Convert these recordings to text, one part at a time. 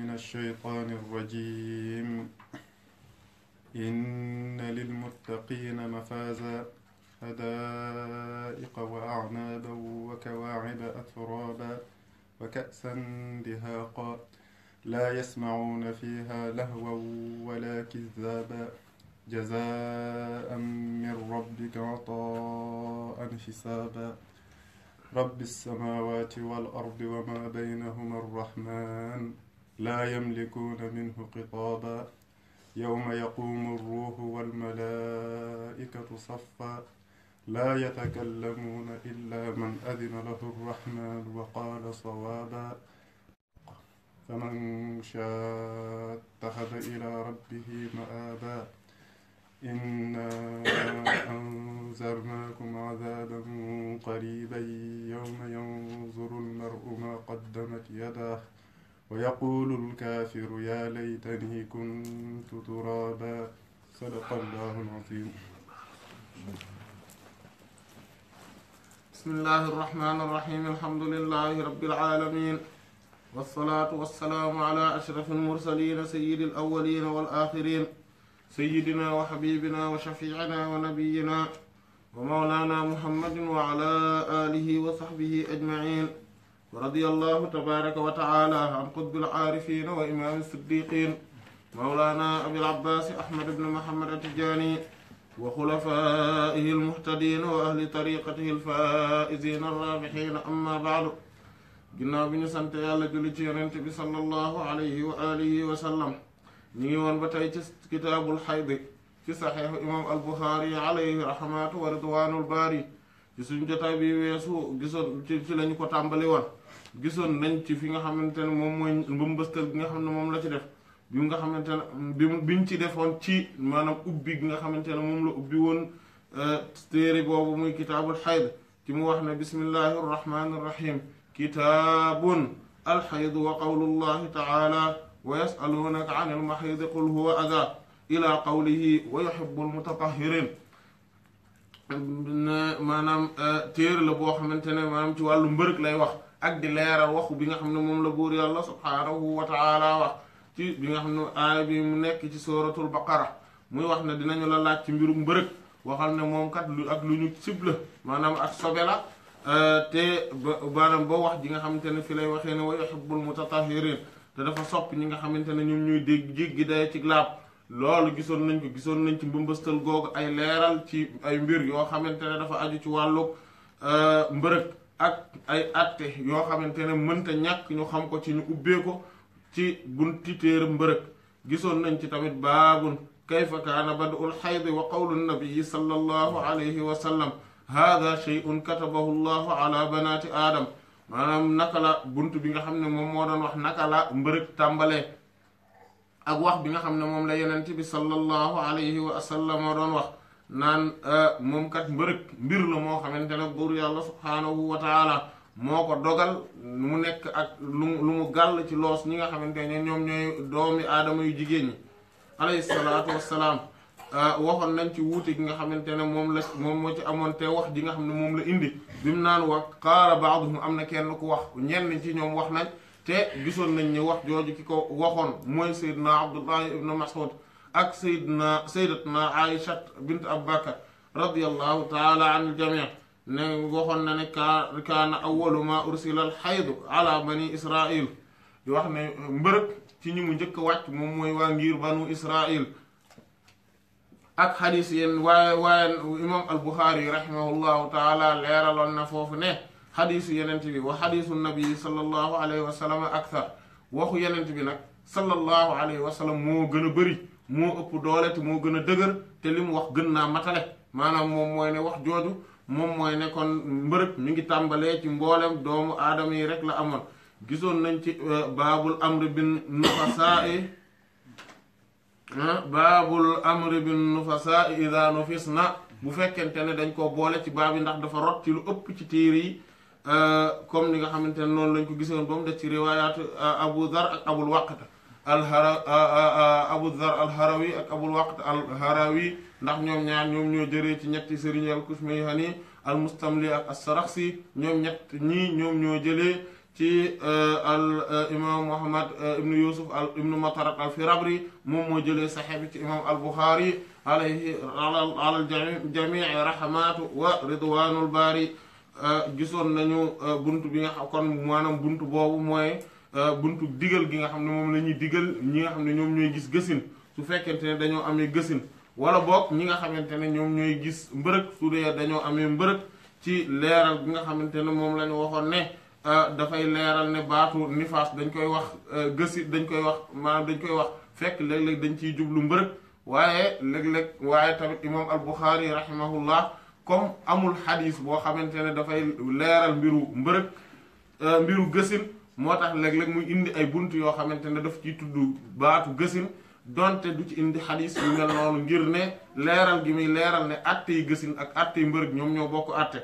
من الشيطان الرجيم إن للمتقين مفازا حدائق وأعنابا وكواعب أترابا وكأسا دهاقا لا يسمعون فيها لهوا ولا كذابا جزاء من ربك عطاء حسابا رب السماوات والأرض وما بينهما الرحمن لا يملكون منه قطابا يوم يقوم الروح والملائكة صفا لا يتكلمون إلا من أذن له الرحمن وقال صوابا فمن شاء اتخذ إلى ربه مآبا إنا أنذرناكم عذابا قريبا يوم ينظر المرء ما قدمت يداه ويقول الكافر يا ليتني كنت ترابا صدق الله العظيم بسم الله الرحمن الرحيم الحمد لله رب العالمين والصلاة والسلام على أشرف المرسلين سيد الأولين والآخرين سيدنا وحبيبنا وشفيعنا ونبينا ومولانا محمد وعلى آله وصحبه أجمعين رضي الله تبارك وتعالى عن قطب العارفين وإمام الصديقين مولانا أبي العباس أحمد بن محمد التجاني وخلفائه المهتدين وأهل طريقته الفائزين الرابحين أما بعد جنا بن سنت يالا جولي صلى الله عليه واله وسلم ني وون باتاي كتاب الحيض في صحيح امام البخاري عليه رحمه ورضوان الباري في سن جوتا بي ويسو غيسون تي لا نكو تامبالي gisoon nañ ci fi nga xamantene ne moom mooy mbëmbëstal bi nga xam ne moom la ci def bi nga xamantene bi biñ ci defoon ci maanaam ubbi gi nga xamantene ne moom la ubbi woon téere boobu muy kitaabul xayd ci mu wax ne bismillahi arrahmani irrahim kitaabun alxayd wa qawlullahi taala wa yasalunaka an almaxidi qul huwa ada ila qawlihi wa yuhibu almutatahirin maanaam téere la boo xamantene ne maanaam ci wàllu mbërëg lay wax ak di leeral waxu bi nga xam ne moom la buur yàlla subhaanahu wa taala wax ci bi nga xam ne aaya bi mu nekk ci sooratul baqara muy wax ne dinañu la laaj ci mbirum mbërëg waxal ne moom kat lu ak lu ñu sibla manaam ak sobe la euh, te maanaam ba wax ji nga xamante ne fi lay waxee ne wa yuhibbul mutatahhirin te dafa sopp ñi nga xamante ne ñoom ñuy dégg jéggi day ci laab loolu gisoon nañ ko gisoon nañ ci mbëmbëstal googu ay leeral ci ay mbir yoo xamante ne dafa aju ci wàllu euh, mbërëg ak ay atte yoo xamante ne mënta ñàkk ñu xam ko ci ñu ubbee ci bunti téere mbërëg gisoon nañ ci tamit baabun kayfa kaana bad'ul xayd wa qawlu nabii sallallahu alayhi wa sallam hada shay'un katabahu llahu ala banaati aadam maanaam naka la bunt bi nga xam ne moom moo doon wax naka la mbërëg tàmbalee ak wax bi nga xam ne moom la yenent bi sallallahu alayhi wa sallam doon wax naan eh, moom kat mbërëg mbir la moo xamante ne buur yàlla la wa taala moo ko dogal lu mu nekk ak lu lu mu gàll ci loos ñi nga xamante ne ñoom ñooy doomi aadama yu jigéen ñi alayhi salaatu wassalaam eh, waxoon nañ ci wuute gi nga xamante ne moom la moom moo ci amoon te wax ji nga xam ne moom la indi bi mu naan wax qaala baaduhum am na kenn ku wax ñenn ci ñoom wax nañ te gisoon nañ ni wax jooju ki ko waxoon mooy sayyidna abdullahi ibnu mas'ud ak sayyidna sayyidatna aisha bint abou radiyallahu taala an jami' ne waxon na ne ka kaana awalu ma ursila al hayd ala bani israil di wax ne mbërëg ci ñu mu jëk wàcc mom moy wa ngir banu israil ak hadith yen waaye waaye imam al bukhari rahimahullahu taala leralon na fofu ne xadisu yenent bi wa hadith an nabi sallallahu alayhi wa sallam akthar waxu yenent bi nak sallallahu alayhi wa sallam mo gëna a moo ëpp doole te moo gën a dëgër te li mu wax gën naa matale maanaam moom mooy ne wax jooju moom mooy ne kon mbërëg mi ngi tàmbalee ci mboolem doomu aadama yi rek la amoon gisoon nañ ci euh, baabul amri bin nufasaai ah, baabul amri bin nufasaai na bu fekkente ne dañ ko boole ci baab yi ndax dafa rot ci lu ëpp ci tiir yi euh, comme ni nga xamante ne noonu lañ ko gisoon ba mu ci riwaayaatu euh, abu dhar ak abul waqata alhara abu dhar alharawi ak abul waqt alharawi ndax ñoom ñaar ñoom ñoo jëree ci ñetti sëriñ al kushmayhani al mustamli ak as-saraxsi ñoom ñett ñii ñoom ñoo jëlee ci euh, al euh, imam muhammad euh, ibnu yusuf al matarak al firabri moom moo jëlee saxe bi ci imam al buxaari alayhi alal jamii rahmatu wa ridwanul baari gisoon nañu bunt bi nga xam kon maanaam bunt boobu mooy Euh, buntu digal gi nga xam ne moom la ñuy digal ñi nga xam ne ñoom ñooy gis gësin su fekkente ne dañoo amee gësin wala boog ñi nga xamante ne ñoom ñooy gis mbërëg su dee dañoo amee mbërëg ci leeral bi nga xamante ne moom lañu waxoon ne euh, dafay leeral ne baatu nifaas dañ koy wax euh, gësi dañ koy wax maanaam dañ koy wax fekk léeg dañ ciy jublu mbërëg waaye léeg-léeg waaye tamit imam al-Bukhari rahimahullah comme amul xadis boo xamante ne dafay leeral mbiru mbërëg mbiru gësin moo tax léeg-léeg muy indi ay bunt yoo xamante ne daf ciy tudd baatu gësin donte du ci indi xadis yu mel noonu ngir ne leeral gi muy leeral ne atte yi gësin ak atti mbër mbërëg ñoom ñoo bokk atte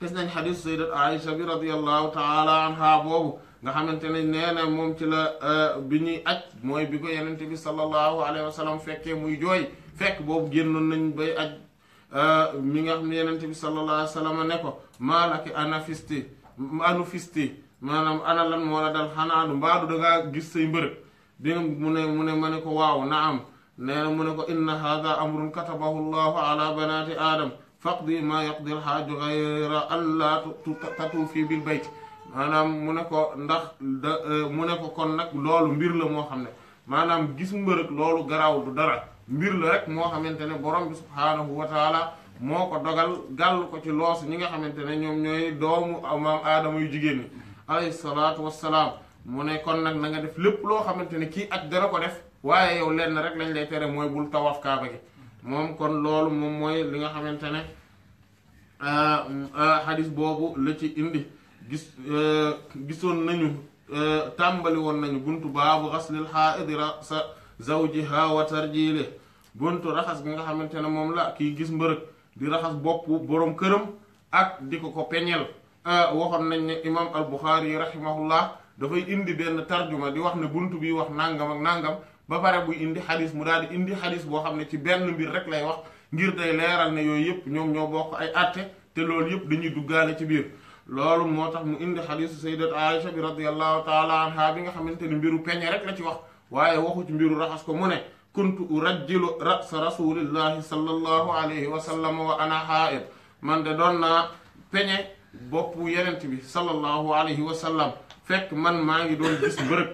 gis nañ xadis sayyidat Aïcha bi radiyallahu taala anha boobu nga xamante ne nee na moom ci la euh, bi ñuy aj mooy bi ko yenente bi sallallahu alayhi wa sallam fekkee muy jooy fekk boobu génnoon nañ bay aj euh, mi nga xam ne yenente bi sallallahu alayhi wa sallam ne ko maalaki anafisti anufisti maanaam ana lan moo la dal xanaa du mbaadu dangaa gis say mbërëg dégg mu ne mu ne ma ne ko waaw na am nee mu ne ko inna hada amrun katabahu llahu ala banaati aadam faqdi maa yaqdi alxaaju gayra an laa tatuufi bil bayt maanaam mu ne ko ndax euh, mu ne ko kon nag loolu mbir la moo xam ne maanaam gisu mbërëg loolu garaaw du dara mbir la rek moo xamante ne borom bi subhaanahu wa moo ko dogal gàll ko ci loosu ñi nga xamante ne ñoom ñooy doomu maam aadama yu jigéen ñi alayhi salaatu wassalaam mu ne kon nag na nga def lépp loo xamante ne kii ak dara ko def waaye yow lenn rek lañ lay tere mooy bul tawaf kaaba gi moom kon loolu moom mooy li nga xamante ne xadis euh, boobu la ci indi gis euh, gisoon nañu euh, tàmbali woon nañu buntu baabu xaslil xaaidi rasa zawjiha wa tarjile buntu raxas bi nga xamante ne moom la kii gis mbërëg di raxas boppu boroom këram ak di ko peñeel waxoon nañ ne imam al buxaari rahimahullah dafay indi benn tarjuma di wax ne bunt bii wax nangam ak nangam ba pare buy indi xadis mu daal indi xadis boo xam ne ci benn mbir rek lay wax ngir day leeral ne yooyu yëpp ñoom ñoo bokk ay àtte te loolu yëpp dañuy duggaale ci biir loolu moo tax mu indi xadisu sayyidat aïcha bi radiallahu taala anha bi nga xamante ne mbiru peñe rek la ci wax waaye waxu ci mbiru raxas ko mu ne kuntu urajjilu rasa rasulillahi sallallahu alayhi wa sallam wa ana haid man de doon naa peñe bopp yenent bi sallallahu alayhi wa sallam fekk man maa ngi doon gis mbërëg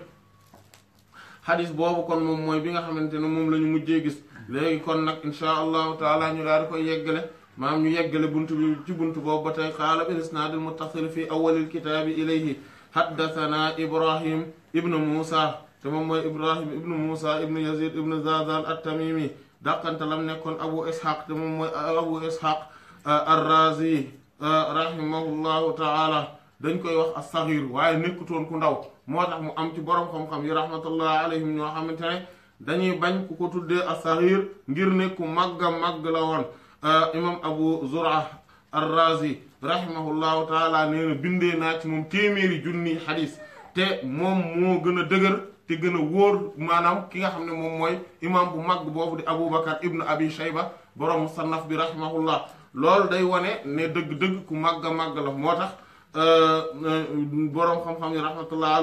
xadis boobu kon moom mooy bi nga xamante ne moom la ñu mujjee gis léegi kon nag insha allahu taala ñu daal di koy yeggale maam ñu yeggale bunt bi ci bunt boobu ba tey bi bil al muttasil fi awalil kitaabi ilayhi haddathana ibrahim ibnu muusa te moom mooy ibrahim ibnu muusa ibnu yazid ibnu zazal at-tamimi dàqante lam nekkoon abu ishaq te moom mooy abu ishaq الرازي Euh, rahimahullahu taala dañ koy wax as-saghir waaye nekkutoon ku ndaw moo tax mu am ci borom xam-xam yi rahmatullah alayhim ñoo xamante ne dañuy bañ ku ko tuddee as-saghir ngir ne ku màgg a màgg la woon euh, imam abu zur'a ar-razi rahimahullahu taala nee bindee naa ci moom téeméeri junni xadis te moom moo gën a dëgër te gën a wóor maanaam ki nga xam ne moom mooy imam bu màgg boobu di aboubacar ibnu abi shayba borom musannaf bi rahimahullah loolu day wane ne dëgg-dëgg ku màgg a màgg la moo tax euh, euh, boroom xam-xam yi rahmatullah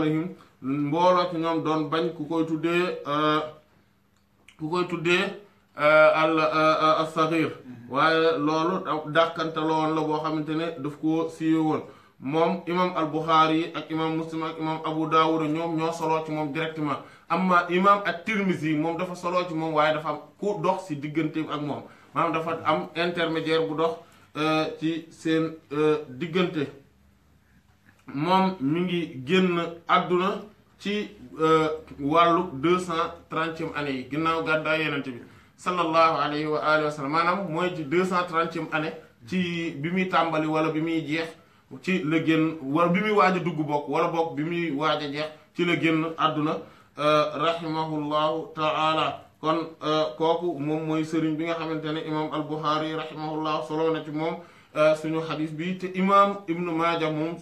mbooloo ci ñoom doon bañ ku koy tuddee euh, ku koy tuddee al assaxir waaye loolu da la woon la goo xamante ne daf ko siiwe woon moom imam al buxaari yi ak imam muslim ak imam abu daawud ñoom ñoo soloo ci moom directement amma imam at yi moom dafa soloo ci moom waaye dafa am ku dox si digganteem ak moom maanaam dafa am intermédiaire bu dox euh, ci seen euh, diggante moom mu ngi génn àdduna ci euh, wàllu deux cent trentième année yi ginnaaw gàddaay yenente bi sallallahu alayhi wa alihi wa sallam maanaam mooy ci deux cent année ci bi muy tàmbali wala bi muy jeex ci la génn wala bi muy waaj a dugg bokk wala bokk bi muy waaj a jeex ci la génn àdduna rahimahullahu taala kon koku mom moy sëriñ bi nga xamantene imam al-Bukhari rahimahullah solo na ci mom suñu hadith bi te imam ibnu majah mom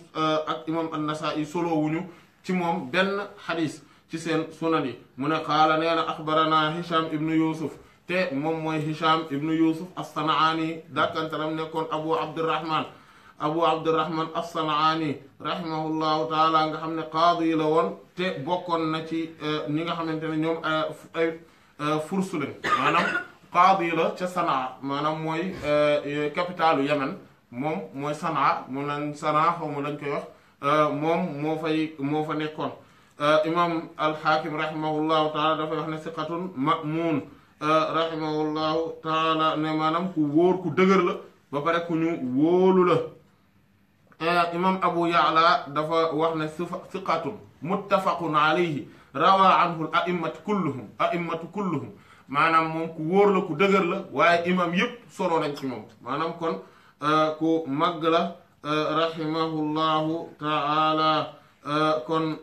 ak imam an nasai solo wuñu ci mom ben hadith ci sen sunani yi qala ne akhbarana Hisham ibnu Yusuf te mom moy Hisham ibnu Yusuf as-San'aani dàkkantaram nekkon Abu Abdurrahman Abu Abdurrahman as-San'aani rahimahullah taala nga xamne qadi lawon te bokon na ci ñi nga xamantene ñom ay. Euh, furs lañ maanaam qaadi la ca sanaa maanaam mooy euh, euh, capitalu Yemen moom mooy sanaa moom lañ sanaa xaw ma lañ koy wax moom moo fay moo fa nekkoon imam alxaakim rahimahullahu taala dafay wax ne siqatun mamuun rahimahullahu taala ne maanaam ku wóor ku dëgër la ba pare ku ñu wóolu la imam abu yaala dafa wax ne siqatun muttafaqun alayhi rawaa anhu l a'immatu kulluhum a'immatu kulluhum maanaam moom ku wóor la ku dëgër la waaye imam yépp soloo nañ ci moom maanaam kon ku màgg la rahimahullahu ta'ala kon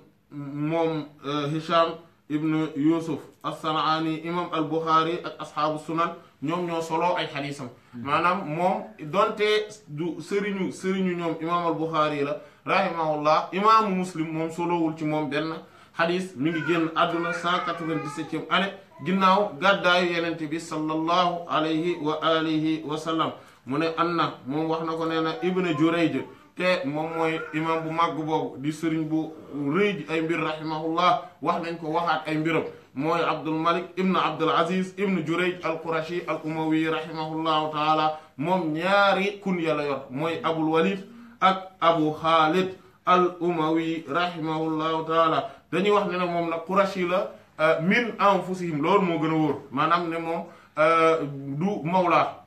moom hisham ibnu yusuf as-san'ani imam al buxaari ak asxaabu sunan ñoom ñoo soloo ay xadiisam maanaam moom donte du sëriñu sëriñu ñoom imam al buxaari la rahimahullah imaamu muslim moom solowul ci moom benn xadis mi ngi génn àdduna 197e année ginnaaw gàddaayu yelente bi sallallahu alayhi wa alihi wa sallam mune anna mom waxna ko neena ibnu jurayj te mom moy imam bu màgg boobu di serigne bu reej ay mbir rahimahullah wax nañ ko waxat ay mbiram moy abdul malik ibn abdul aziz ibn jurayj al qurashi al umawi rahimahullah taala moom ñaari kunya la yor moy abul walid ak abu khalid al umawi rahimahullah taala dañuy wax ne ne moom nag Qurashi la euh, min anfusihim loolu moo gën a wóor maanaam ne moom euh, du mawla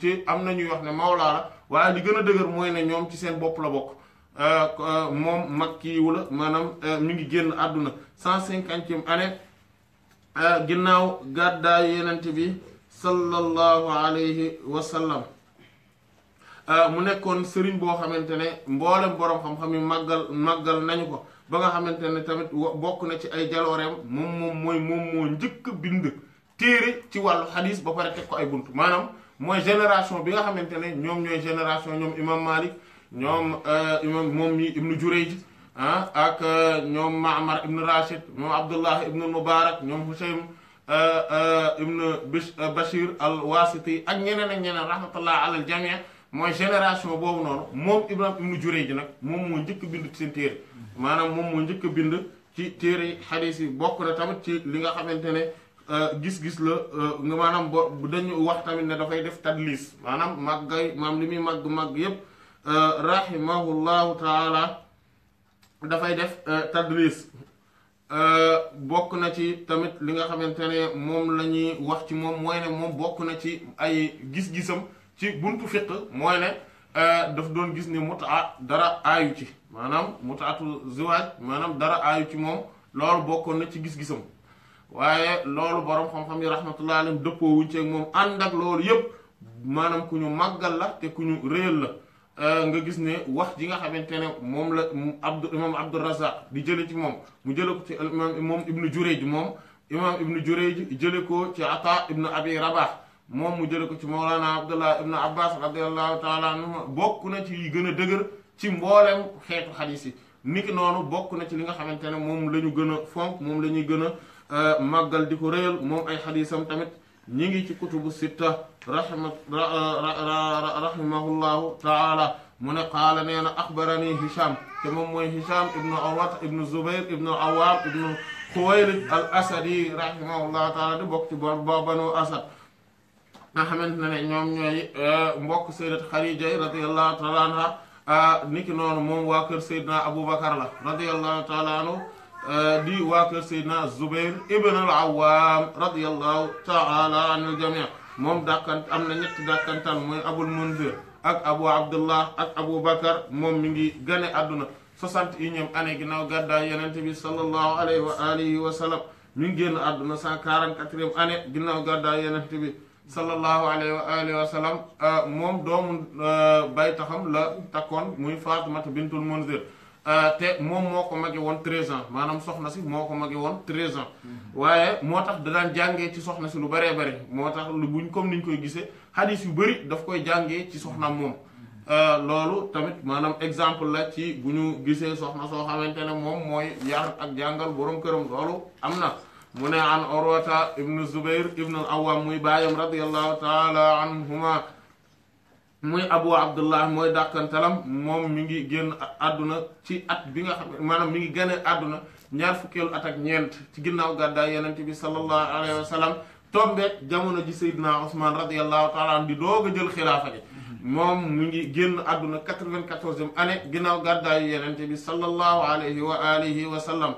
ci euh, am na ñuy wax ne mawla la waaye li gën a dëgër mooy ne ñoom ci seen bopp la bokk moom makkiwu la maanaam mi ngi génn àdduna cent cinquantième année ginnaaw gàddaay yenent bi sallallahu alayhi wa sallam mu nekkoon sëriñ boo xamante ne mboolem boroom xam-xam yi màggal màggal nañu ko ba nga xamante ne tamit bokk na ci ay jalooreem moom moom mooy moom moo njëkk bind téere ci wàllu xadis ba pare teg ko ay bunt maanaam mooy génération bi nga xamante ne ñoom ñooy génération ñoom imam Malik ñoom euh, imam moom mi ibnu Jurayj ah, ak euh, ñoom Maamar ibnu Rashid moom Abdullah ibnu Mubarak ñoom Husaym euh, ibnu Bashir al Wasiti ak ñeneen ñeneen rahmatullah alal jamii mooy génération boobu noonu moom Ibrahim ibnu Jurayj ji nag moom moo njëkk bind ci seen téere maanaam moom moo njëkk bind ci téere xadiis yi bokk na tamit ci li nga xamante ne euh, gis-gis la euh, nga maanaam bo dañu wax tamit ne dafay def tadlis maanaam màggay maam li muy màgg màgg yépp euh, rahimahullahu taala dafay def tadlis bokk na ci tamit li nga xamante ne moom la ñuy wax ci moom mooy ne moom bokk na ci ay gis-gisam ci buntu fiq mooy ne euh, daf doon gis ne mutaa dara aayu ci maanaam mutaatu ziwaaj maanaam dara aayu ci moom loolu bokkoon na ci gis-gisam waaye loolu borom xam-xam yi rahmatullahi alayhi dëppoo wuñ ceeg moom ànd ak loolu yépp maanaam ku ñu màggal la te ku ñu réel la euh, nga gis ne wax ji nga xamante ne moom la mu abdu imam abdourazaq di jële ci moom mu jële ko ci imam moom ibnu juréej moom imam ibnu juréej jële ko ci ata ibnu abi rabah moom mu jële ko ci Mawlana Abdullah ibnu Abbas radiallahu taala anhuma bokk na ci yi gën a dëgër ci mboolem xeetu xadiis yi niki noonu bokk na ci li nga xamante ne moom la ñu gën a fonk moom la ñuy gën a euh, màggal di ko réyal moom ay xadiisam tamit ñi ngi ci kutubu sitta rahima rahimahullahu taala mu ne qaala nee na axbarani Hisham te moom mooy Hisham ibnu Urwat ibnu Zubayr ibnu Awaam ibnu Xuwaylid al Asadi rahimahullahu taala di bokk ci banu Asad nga xamante ne ñoom ñooy euh, mbokk sayyidat Xadija radiyallahu taala anha euh, niki noonu moom waa kër Seydina Aboubacar la radiyallahu taala euh, di waa kër Seydina Zubair ibn al Awam radiyallahu taala moom dàkkant am na ñetti dàkkantaan mooy Abul Munzir ak Abu Abdullah ak Aboubacar moom mi ngi gane aduna soixante et unième année ginnaaw gàddaay Yonent bi sallallahu alayhi wa alihi wa sallam mi ngi génn àdduna cent quarante-quatrième année ginnaaw gàddaay Yonent sallallahu alayhi wa wa sallam euh, moom doomu euh, bay taxam la takkoon muy Fatimata bintul Munzir euh, te moom moo ko magi woon 13 ans maanaam soxna si moo ko magi woon 13 ans mm-hmm. waaye moo tax da daan jàngee ci soxna si lu bëree bëri moo tax lu ñu comme ni ñu koy gisee xadis yu bëri daf koy jàngee ci soxnaam moom. Mm-hmm. loolu tamit maanaam exemple la ci bu ñu gisee soxna soo xamante ne moom mooy yar ak jàngal boroom këram loolu am na. mu ne an urwata ibnu zubair ibnu awam muy baayam radiallahu taala anhuma muy abu abdullah mooy dàkkantalam moom mi ngi génn àdduna ci at bi nga xam maanaam mi ngi gane àdduna ñaar fukkeelu at ak ñeent ci ginnaaw gàddaay yonent bi sallallahu alayhi wa sallam tombeek jamono ji seydina Ousmane radiallahu taala an di doog a jël xilaafa gi moom mu ngi génn àdduna quatre-vingt-quatorzième année ginnaaw gàddaayu yonent bi sallallahu alayhi wa alihi wa sallam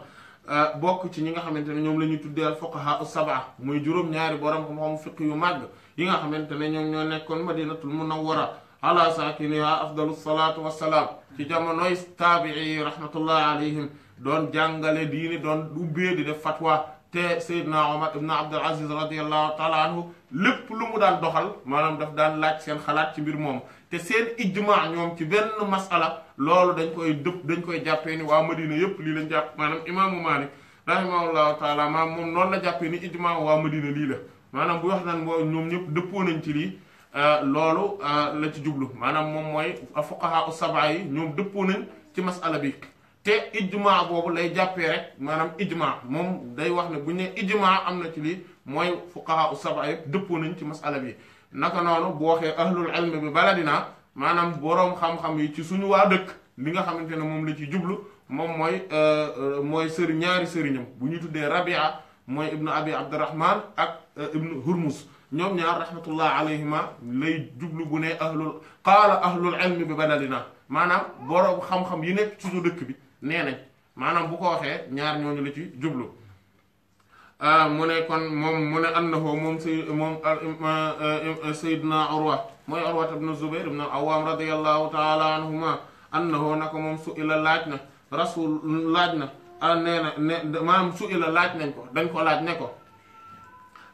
Euh, bokk ci ñi nga xamante ne ñoom la ñu tuddee al fuqaha as muy juróom-ñaari borom xam-xam fiq yu màgg yi nga xamante ne ñoom ñoo nekkoon madinatul munawwara ala saakiniha afdalu salaatu wassalaam ci jamonoy taabii rahmatullah alayhim doon jàngale diini doon ubbee di def fatwa te Seydina Omar ibn Abdul Aziz radiallahu taala anhu lépp lu mu daan doxal maanaam daf daan laaj seen xalaat ci mbir moom te seen ijmaa ñoom ci benn masala loolu dañ koy dëpp dañ koy jàppee ni waa Madina yépp lii lañ jàpp maanaam imaamu Maalik rahimahullahu taala maam moom noonu la jàppee ni ijmaa waa Madina lii la maanaam bu wax naan boo ñoom ñëpp dëppoo nañ ci lii euh, loolu euh, la ci jublu maanaam moom mooy fuqahaa u sabaa yi ñoom dëppoo nañ ci masala bi te ijmaa boobu lay jàppee rek maanaam ijmaa moom day wax ne bu ñu nee am na ci lii mooy fuqahaa u sabaa yëpp dëppo nañ ci masala bi naka nonu bu waxe ahlul ilm bi baladina manam borom xam-xam yi ci suñu wa dëkk li nga xamantene mom la ci djublu mom moy euh moy sëriñ ñaari sëriñam bu ñu tuddé rabia moy ibnu abi abdurrahman ak ibnu hurmus ñom ñaar rahmatullah alayhima lay djublu bu ne ahlul qala ahlul ilm bi baladina manam borom xam-xam yi nekk ci suñu dëkk bi nee manam bu ko waxe ñaar ñoñu la ci djublu mune kon mom mune annahu mom si mom sayidna urwa moy urwa ibn zubair ibn awam radiyallahu taala anhuma annahu naka mom su ila lajna rasul lajna anena mam su ila laaj nañ ko dañ ko laaj ne ko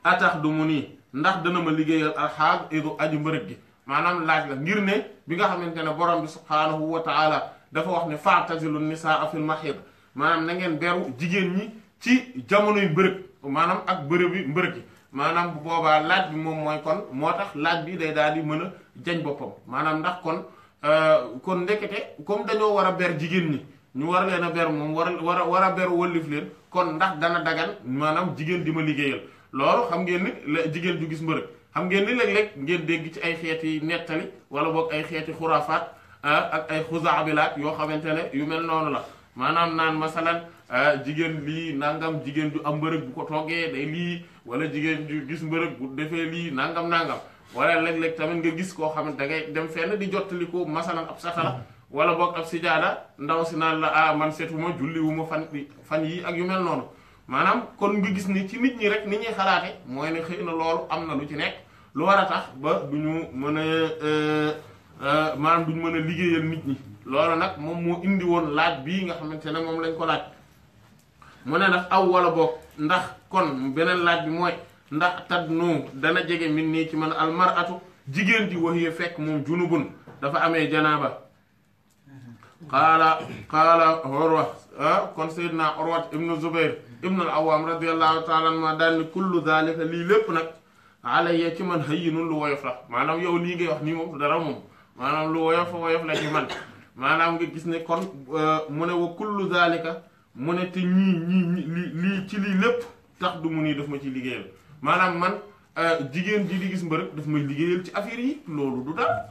atakhdumuni ndax dana ma ligeyal al alxaag idu aju mbeureug gi manam laj la ngir ne bi nga xamantene borom bi subhanahu wa taala dafa wax ne faatazilu nisaa fil mahid manam na ngeen beru jigen ñi ci jamono yu mbeureug maanaam ak bërëb bi mbërëg yi maanaam bu boobaa laaj bi moom mooy kon moo tax laaj bi day daal di mën a jañ boppam maanaam ndax kon euh, kon ndekete comme dañoo war a ber jigéen ñi ñu war leen a ber moom war a war a war a ber wëllif kon ndax dana dagan maanaam jigéen di ma liggéeyal loolu xam ngeen ni jigéen ju gis mbërëg xam ngeen ni léeg-léeg ngeen dégg ci ay xeeti nettali wala boog ay xeeti xuraafaat euh, ak ay xuzaabilaat yoo xamante ne yu mel noonu la maanaam naan masalan Ah, jigéen lii nangam jigéen ju am mbërëg bu ko toggee day lii wala jigéen ju gis mbërëg bu defee lii nangam nangam wala léeg-léeg tamit nga gis koo xam ne da ngay dem fenn di jottalikoo ko masalan ab satala wala boog ab sijaada ndaw si naan la ah man setuma julliwuma fan fan yi ak yu mel noonu maanaam kon nga gis ni ci nit ñi rek ni ñuy xalaate mooy ne xëy na loolu am na lu ci nekk lu war a tax ba du ñu mën a euh, euh, maanaam du ñu mën a liggéeyal nit ñi loolu nag moom moo indi woon laaj bii nga xamante ne moom lañ ko laaj mu ne ndax aw wala boog ndax kon beneen laaj bi mooy ndax tad nu dana jege min nii ci man almaratu jigéen ji waxiye fekk moom junubun dafa amee janaaba qaala qaala Urwa ah, kon Seydina Urwa ibnu Zubair ibnu al Awaam radiallahu taala anhuma daal ni kullu daalika lii lépp nag alayya ci man hayyinun lu woyof la maanaam yow lii ngay wax nii moom dara moom maanaam lu woyof woyof la man maanaam nga gis ne kon ah, mu ne wa kullu daalika mu ne te ñii ñii lii lii ci lii lépp tax du mu nii daf ma ci liggéeyal maanaam man euh, jigéen ji di gis mbërëg daf ma liggéeyal ci affaire yi loolu du dara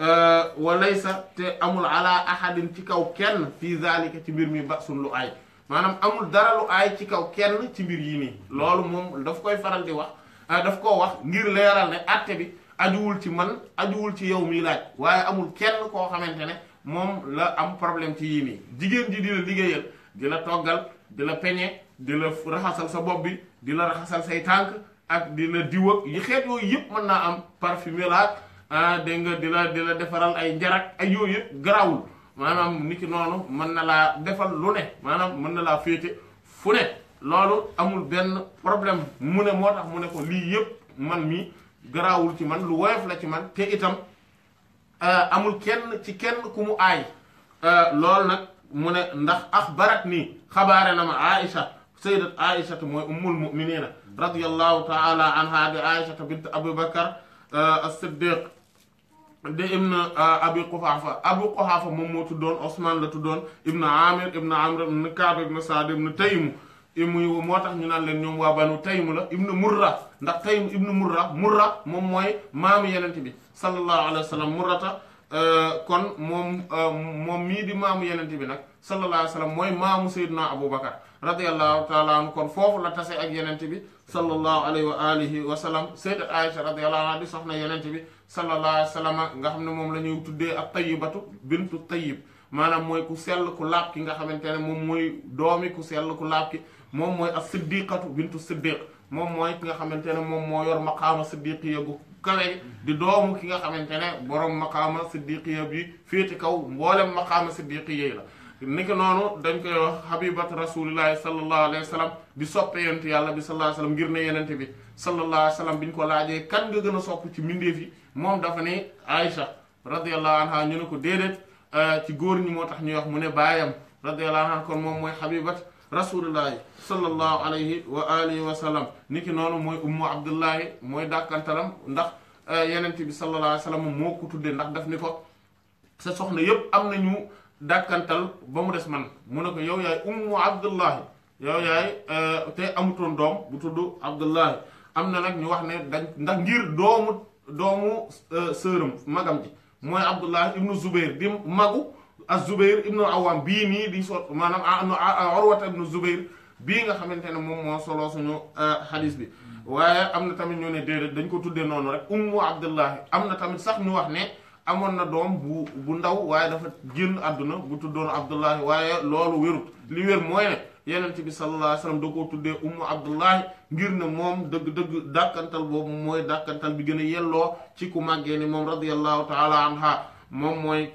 euh, walay sa te amul ala ahadin ci kaw kenn fii zalika ci mbir mi basun lu ay maanaam amul dara lu aay ci kaw kenn ci mbir yii nii loolu moom daf koy faral di wax euh, daf koo wax ngir leeral ne àtte bi ajuwul ci man ajuwul ci yow miy laaj waaye amul kenn koo xamante ne moom la am problème ci yii nii jigéen ji di liggéeyal di la toggal di la peñe di la raxasal sa bopp bi di la raxasal say tànk ak di la diw ak yi xeet yooyu yëpp mën naa am parfumé la ak ah, dégg nga di la di la defaral ay njarak ay yooyu yëpp garaawul maanaam nit ki noonu mën na laa defal lu ne maanaam mën na laa féete fu ne loolu amul benn problème mu ne moo tax mu ne ko lii yëpp man mi garaawul ci man lu woyof la ci man te itam ah, amul kenn ci kenn ku mu aay ah, loolu nag mu ne ndax axbarat nii xabaare na ma aïcha sayyidat aïchata mooy ummul muminina radiyallahu taala anha di aïchata bint abu bakar as-siddiq di ibn abi quhafa abu quhafa moom moo tuddoon osman la tuddoon ibn amir ibn amr ibn kaab ibn saad ibn taymu imu moo tax ñu naan leen ñoom waa banu taymu la ibn murra ndax taymu ibn murra murra moom mooy maamu yenente bi sallallahu alayhi wa murrata Euh, kon moom euh, moom mii di maamu yenente bi nag sallallahu alayhi wa sallam mooy maamu sayyidina abu bakar radiallahu taala kon foofu la tase ak yenente bi sallallahu alayhi wa alihi wa sallam sayyidat aïcha radiallahu bi sallallahu alayhi wa nga xam ne moom la ñuy tuddee ak tayyibatu bintu tayyib maanaam mooy ku sell ku laab ki nga xamante ne moom mooy doomi ku sell ku laab ki moom mooy ak siddiqatu bintu siddiq moom mooy ki nga xamante ne moom moo yor maqaama siddiqiya gu kawe di doomu ki nga xamante ne borom maqaama siddiqiya bi féete kaw mboolem maqaama siddiqiya yi la niki noonu dañ koy wax habibat rasulillahi sallallahu alayhi wa sallam di soppe yonent yàlla bi sallallahu alayhi wa sallam ngir ne yenente bi sallallahu alayhi wa sallam bi ko laajee kan nga gën a sopp ci mbindeef yi moom dafa ne Aïcha radiyallahu anha ñu ne ko déedéet euh, ci góor ñi moo tax ñuy wax mu ne baayam radiyallahu anha kon moom mooy habibat rasulillahi sallallahu alayhi wa alihi wa sallam niki noonu mooy ummu abdullahi mooy dàkkantalam ndax eh, yenent bi sallallahu alayhi wa sallam moo ko tuddee ndax def ni ko sa soxna yépp am na ñu dàkkantal ba mu des man mu ne ko yow yaay ummu abdullahi yow yaay eh, te amutoon doom bu tudd abdullahi am na nag ñu wax ne dañ ndax ngir doomu doomu eh, sëram magam ji mooy abdullahi ibnu zubair di magu az-Zubayr ibnu Awwam bii nii di sot maanaam Urwata ibnu Zubayr bii nga xamante ne moom moo solo suñu xadis bi waaye am na tamit ñu ne déedéet dañ ko tuddee noonu rek ummu abdullahi am na tamit sax ñu wax ne amoon na doom bu bu ndaw waaye dafa génn àdduna bu tuddoon abdullahi waaye loolu wérut li wér mooy ne yenent bi sallallahu alayhi wasallam da koo tuddee ummu abdullahi ngir ne moom dëgg-dëgg dàkkantal boobu mooy dàkkantal bi gën a yelloo ci ku màggee ni moom radiyallahu taala anha moom mooy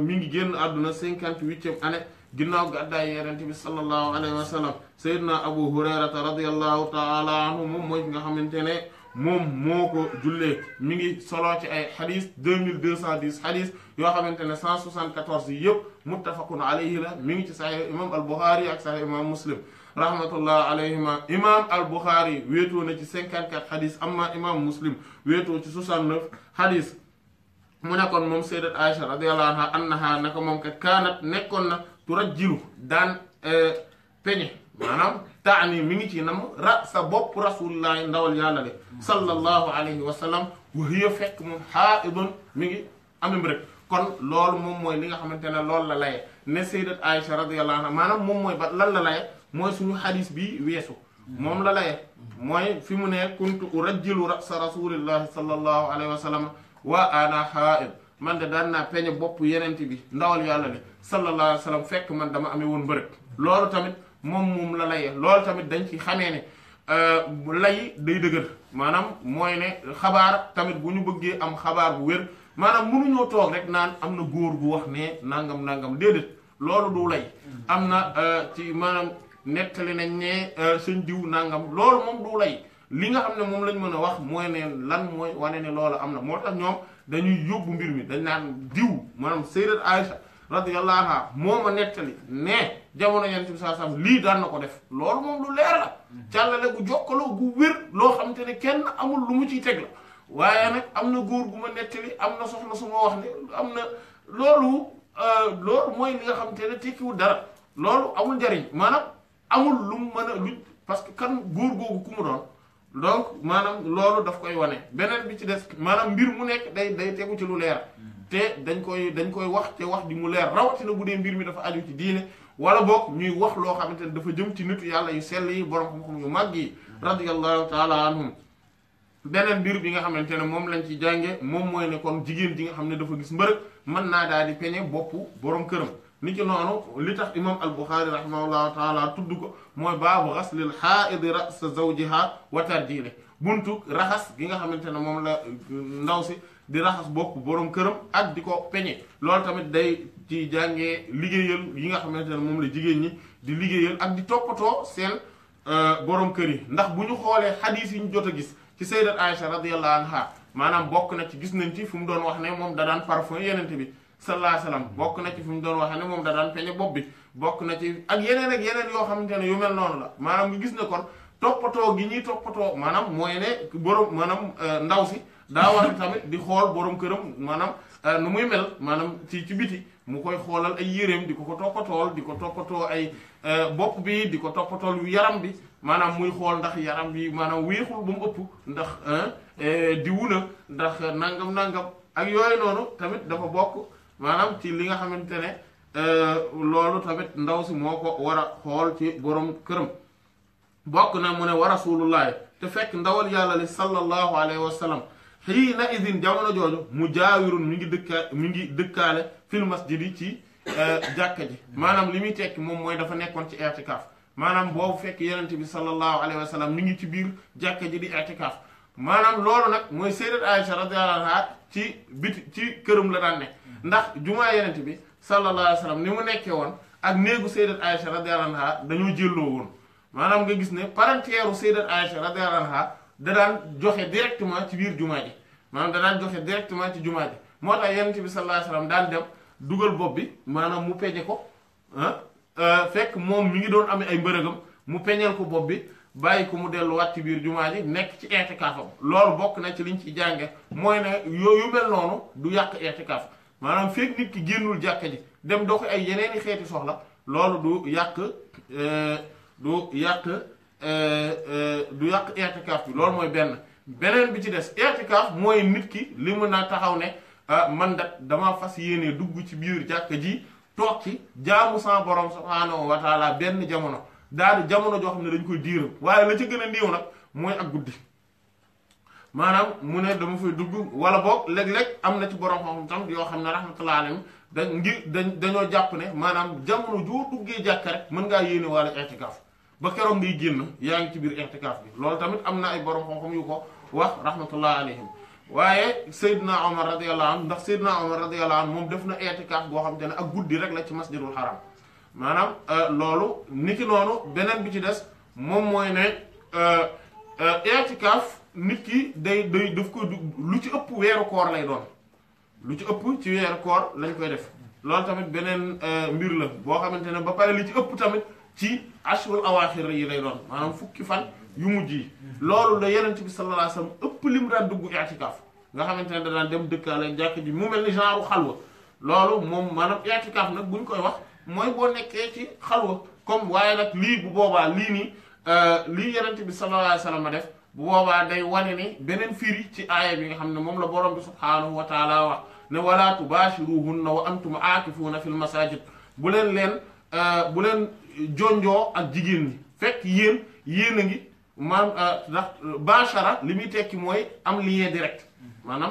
mi ngi génn àdduna cinquante-huitième année ginnaaw gàddaay yerente bi sallallahu alayhi wa sallam sayyidna abu hurayrata radiyallahu taala anhu moom mooy nga xamante ne moom moo ko jullee mi ngi soloo ci ay xadis 2210 xadis yoo xamante ne 174 yi yëpp muttafaqun alayhi la mi ngi ci saxih imam al buxaari ak saxih imam muslim rahmatullah alayhima imam al buxaari wéetoo na ci 54 xadis amma imam muslim wéetoo ci 69 xadis mu nekkoon moom sayyidat Aïcha radiyallahu anha annaha naka moom kat kaanat nekkoon na turajjilu daan euh, peñe maanaam taani mi ngi ci nam sa bopp rasulillahi ndawal yàlla de sallallahu alayhi wa fekk moom mi ngi amim kon loolu moom mooy li nga xamante ne loolu la laye ne sayyidat Aïcha radiyallahu anha maanaam moom mooy ba lan la laye mooy suñu xadis bi weesu moom la laye mooy fi mu ne kuntu urajjilu ra sa rasulillahi sallallahu alayhi waa ana haa'id man de daan naa peñe bopp yenente bi ndawal yàlla li sallallahu alayhi wa fekk man dama amee woon mbërëg loolu tamit moom moom la laye loolu tamit dañ ci xamee ne euh, lay day dëgër maanaam mooy ne xabaar tamit bu ñu bëggee am xabaar bu wér maanaam mënuñoo toog rek naan am na góor gu wax ne nangam nangam déedéet loolu du lay mm-hmm. am na euh, ci maanaam nettali nañ ne euh, sëñ diw nangam loolu moom du lay li nga xam ne moom lañ mën a wax mooy ne lan mooy wane ne loola am na moo tax ñoom dañuy yóbbu mbir mi dañ naan diw maanaam sayyidat Aïcha radiyallahu anha moo ma nettali ne jamono yonent bi lii daan na ko def loolu moom lu leer la gu jokkaloo gu wér loo xam ne kenn amul lu mu ciy teg waaye nag am na góor gu ma nettali am na soxna su ma wax ne am na loolu euh, loolu mooy li nga xam te ne tekkiwul dara loolu amul njariñ maanaam amul lu mu mën a lu parce que kan góor googu ku mu doon donc maanaam loolu daf koy wane beneen bi ci des maanaam mbir mu nekk day day tegu ci lu leer te dañ koy dañ koy wax te wax di mu leer rawatina bu dee mbir mi dafa aju ci diine wala boog ñuy wax loo xamante ne dafa jëm ci nitu yàlla yu sell yi borom xam-xam yu màgg yi radiyallahu taala anhum beneen mbir bi nga xamante ne moom lañ ci jànge moom mooy ne kon jigéen ji nga xam ne dafa gis mbërëg mën naa daal di peñe boppu borom këram niki nonu li tax imam al-Bukhari rahimahullahu taala tuddu ko mooy baabu xaslil haid ra's zawjiha wa tarjili buntu rahas gi nga xamantene mom la ndaw si di rahas bok borom kërëm ak diko peñe loolu tamit day ci jangé ligéyel yi nga xamantene mom la jigéñ ñi di ligéyel ak di toppatoo sel borom kër yi ndax buñu xolé hadith yi ñu jotta gis ci sayyidat Aisha radiyallahu anha manam bok na ci gis nañ ci fu mu doon wax ne mom da daan parfum yenente bi sallallahu alayhi bokk na ci fi mu doon waxee ne moom da daan peñe bopp bi bokk na ci ak yeneen ak yeneen yoo xamante ne yu mel noonu la maanaam nga gis ne kon toppatoo gi ñuy toppatoo maanaam mooy ne borom maanaam euh, ndaw si daa war tamit di xool borom këram maanaam euh, nu muy mel maanaam ci ci biti mu koy xoolal ay yéreem di ko ko toppatool di ko toppatoo ay euh, bopp bi di ko toppatool yaram bi maanaam muy xool ndax yaram bi maanaam wéexul ba ëpp ndax diwu ndax nangam nangam ak yooyu noonu tamit dafa bokk. maanaam ci li nga xamante ne euh, loolu tamit ndaw si moo ko war a xool ci borom këram bokk naa mu ne wa rasulullahi te fekk ndawal yàlla li sallallahu alayhi wa sallam xii na idin jamono jooju mu jaawirun mi ngi dëkkaa mi ngi dëkkaale fil masjid yi ci euh, jàkka ji maanaam li muy tekki moom mooy dafa nekkoon ci i'tikaaf maanaam boobu fekk yenente bi sallallahu alayhi wa sallam mi ngi ci biir jàkka ji di i'tikaaf maanaam loolu nag mooy sayyidat Aïcha radiyallahu anha ci biti ci këram la ndax jumaa yenent bi sallallahu alayhi wa sallam ni mu nekkee woon ak néegu sayyidat Aïcha radiyallahu anha dañoo jëlloo woon maanaam nga gis ne parenteeru sayyidat Aïcha radiyallahu anha da daan joxe directement ci biir jumaa ji maanaam da daan joxe directement ci jumaa ji moo tax yenent bi sallallahu alayhi wa dem dugal bopp bi maanaam mu peñe ko ah, euh, fekk moom mi ngi doon amee ay mbërëgam mu peñal ko bopp bi bàyyi ko mu delluwaat ci biir jumaa ji nekk ci i'tikaafam loolu bokk na ci liñ ci jànge mooy yooyu mel du yàq i'tikaaf maanaam fekk nit ki génnul jàkka ji dem dox ay yeneeni xeeti soxla loolu du yàq euh, du yàq euh, euh, du yàq i'tikaaf bi loolu mooy benn beneen bi ci des i'tikaaf mooy nit ki li mën a taxaw ne ah, man dat dama fas yéene dugg ci biir jàkka ji toog ci jaamu sa borom subhaanahu wa taala benn jamono daal jamono joo xam ne dañ koy diiram waaye la ci gën a néew nag mooy ak guddi maanaam mu ne dama fay dugg wala boog léeg-léeg am na ci borom xam-xam tam yoo xam ne rahmatullahi alayhim da ngir dañoo jàpp ne maanaam jamono joo duggee jàkka rek mën ngaa yéene wala i'tikaaf ba keroog ngay génn yaa ngi ci biir i'tikaaf bi loolu tamit am na ay borom xam-xam yu ko wax rahmatullahi alayhim waaye Seydina Omar radiyallahu anhu ndax Seydina Omar radiyallahu anhu moom def na i'tikaaf boo xam te ne ak guddi rek la ci masjidul haram maanaam euh, loolu niki noonu beneen bi ci des moom mooy ne euh, euh, i'tikaaf nit ki day day daf ko lu ci ëpp weeru koor lay doon lu ci ëpp ci weeru koor lañ koy def loolu tamit beneen euh, mbir la boo xamante ne ba pare li ci ëpp tamit ci ashurul awaaxir yi lay doon maanaam fukki fan yu mujj yi loolu la yeneen bi sallallahu alayhi wasallam li mu daan dugg i'tikaaf nga xamante ne danaan dem dëkkaale jàkk ji mu mel ni genre xalwa loolu moom maanaam i'tikaaf nag buñ koy wax mooy boo nekkee ci xalwa comme waaye nag lii bu boobaa lii nii euh, lii yeneen bi sallallahu alayhi wasallam a def bu boobaa day wone ni benen firi ci aya bi nga xamne mom la borom bi subhanahu wa taala wax ne wala tubashiruhun wa antum aakifuuna fil masajid bu len len euh bu len jonjoo ak jigen ñi fek yéen yéen ngi man ndax bachara li tekki moy am lien direct manam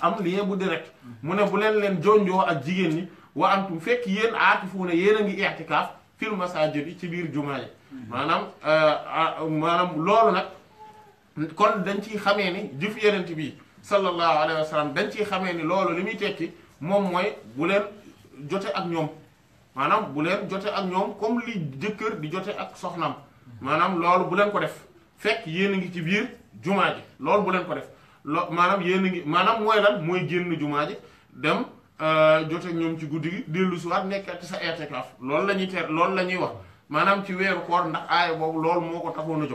am lien bu direct mu ne bu len len jonjoo ak jigen ñi wa antum fek yéen aakifuuna yéen ngi i'tikaaf fil masajid ci bir jumaa manam euh manam lolu nak kon dañ ciy xamee ni jëf yenent bi sallallahu alayhi wa sallam dañ ci xamee ni loolu li muy tekki moom mooy bu leen jote ak ñoom maanaam bu leen jote ak ñoom comme li jëkkër di jote ak soxnaam maanaam loolu bu leen ko def fekk yéen a ngi ci biir jumaa ji loolu bu leen ko def lo maanaam yéen a ngi maanaam mooy lan mooy génn jumaa ji dem euh, jotee ak ñoom ci guddi gi dellu si waat ci sa i'tikaaf loolu la ñuy teer loolu la ñuy wax maanaam ci weeru koor ndax aaya boobu loolu moo ko taxoon a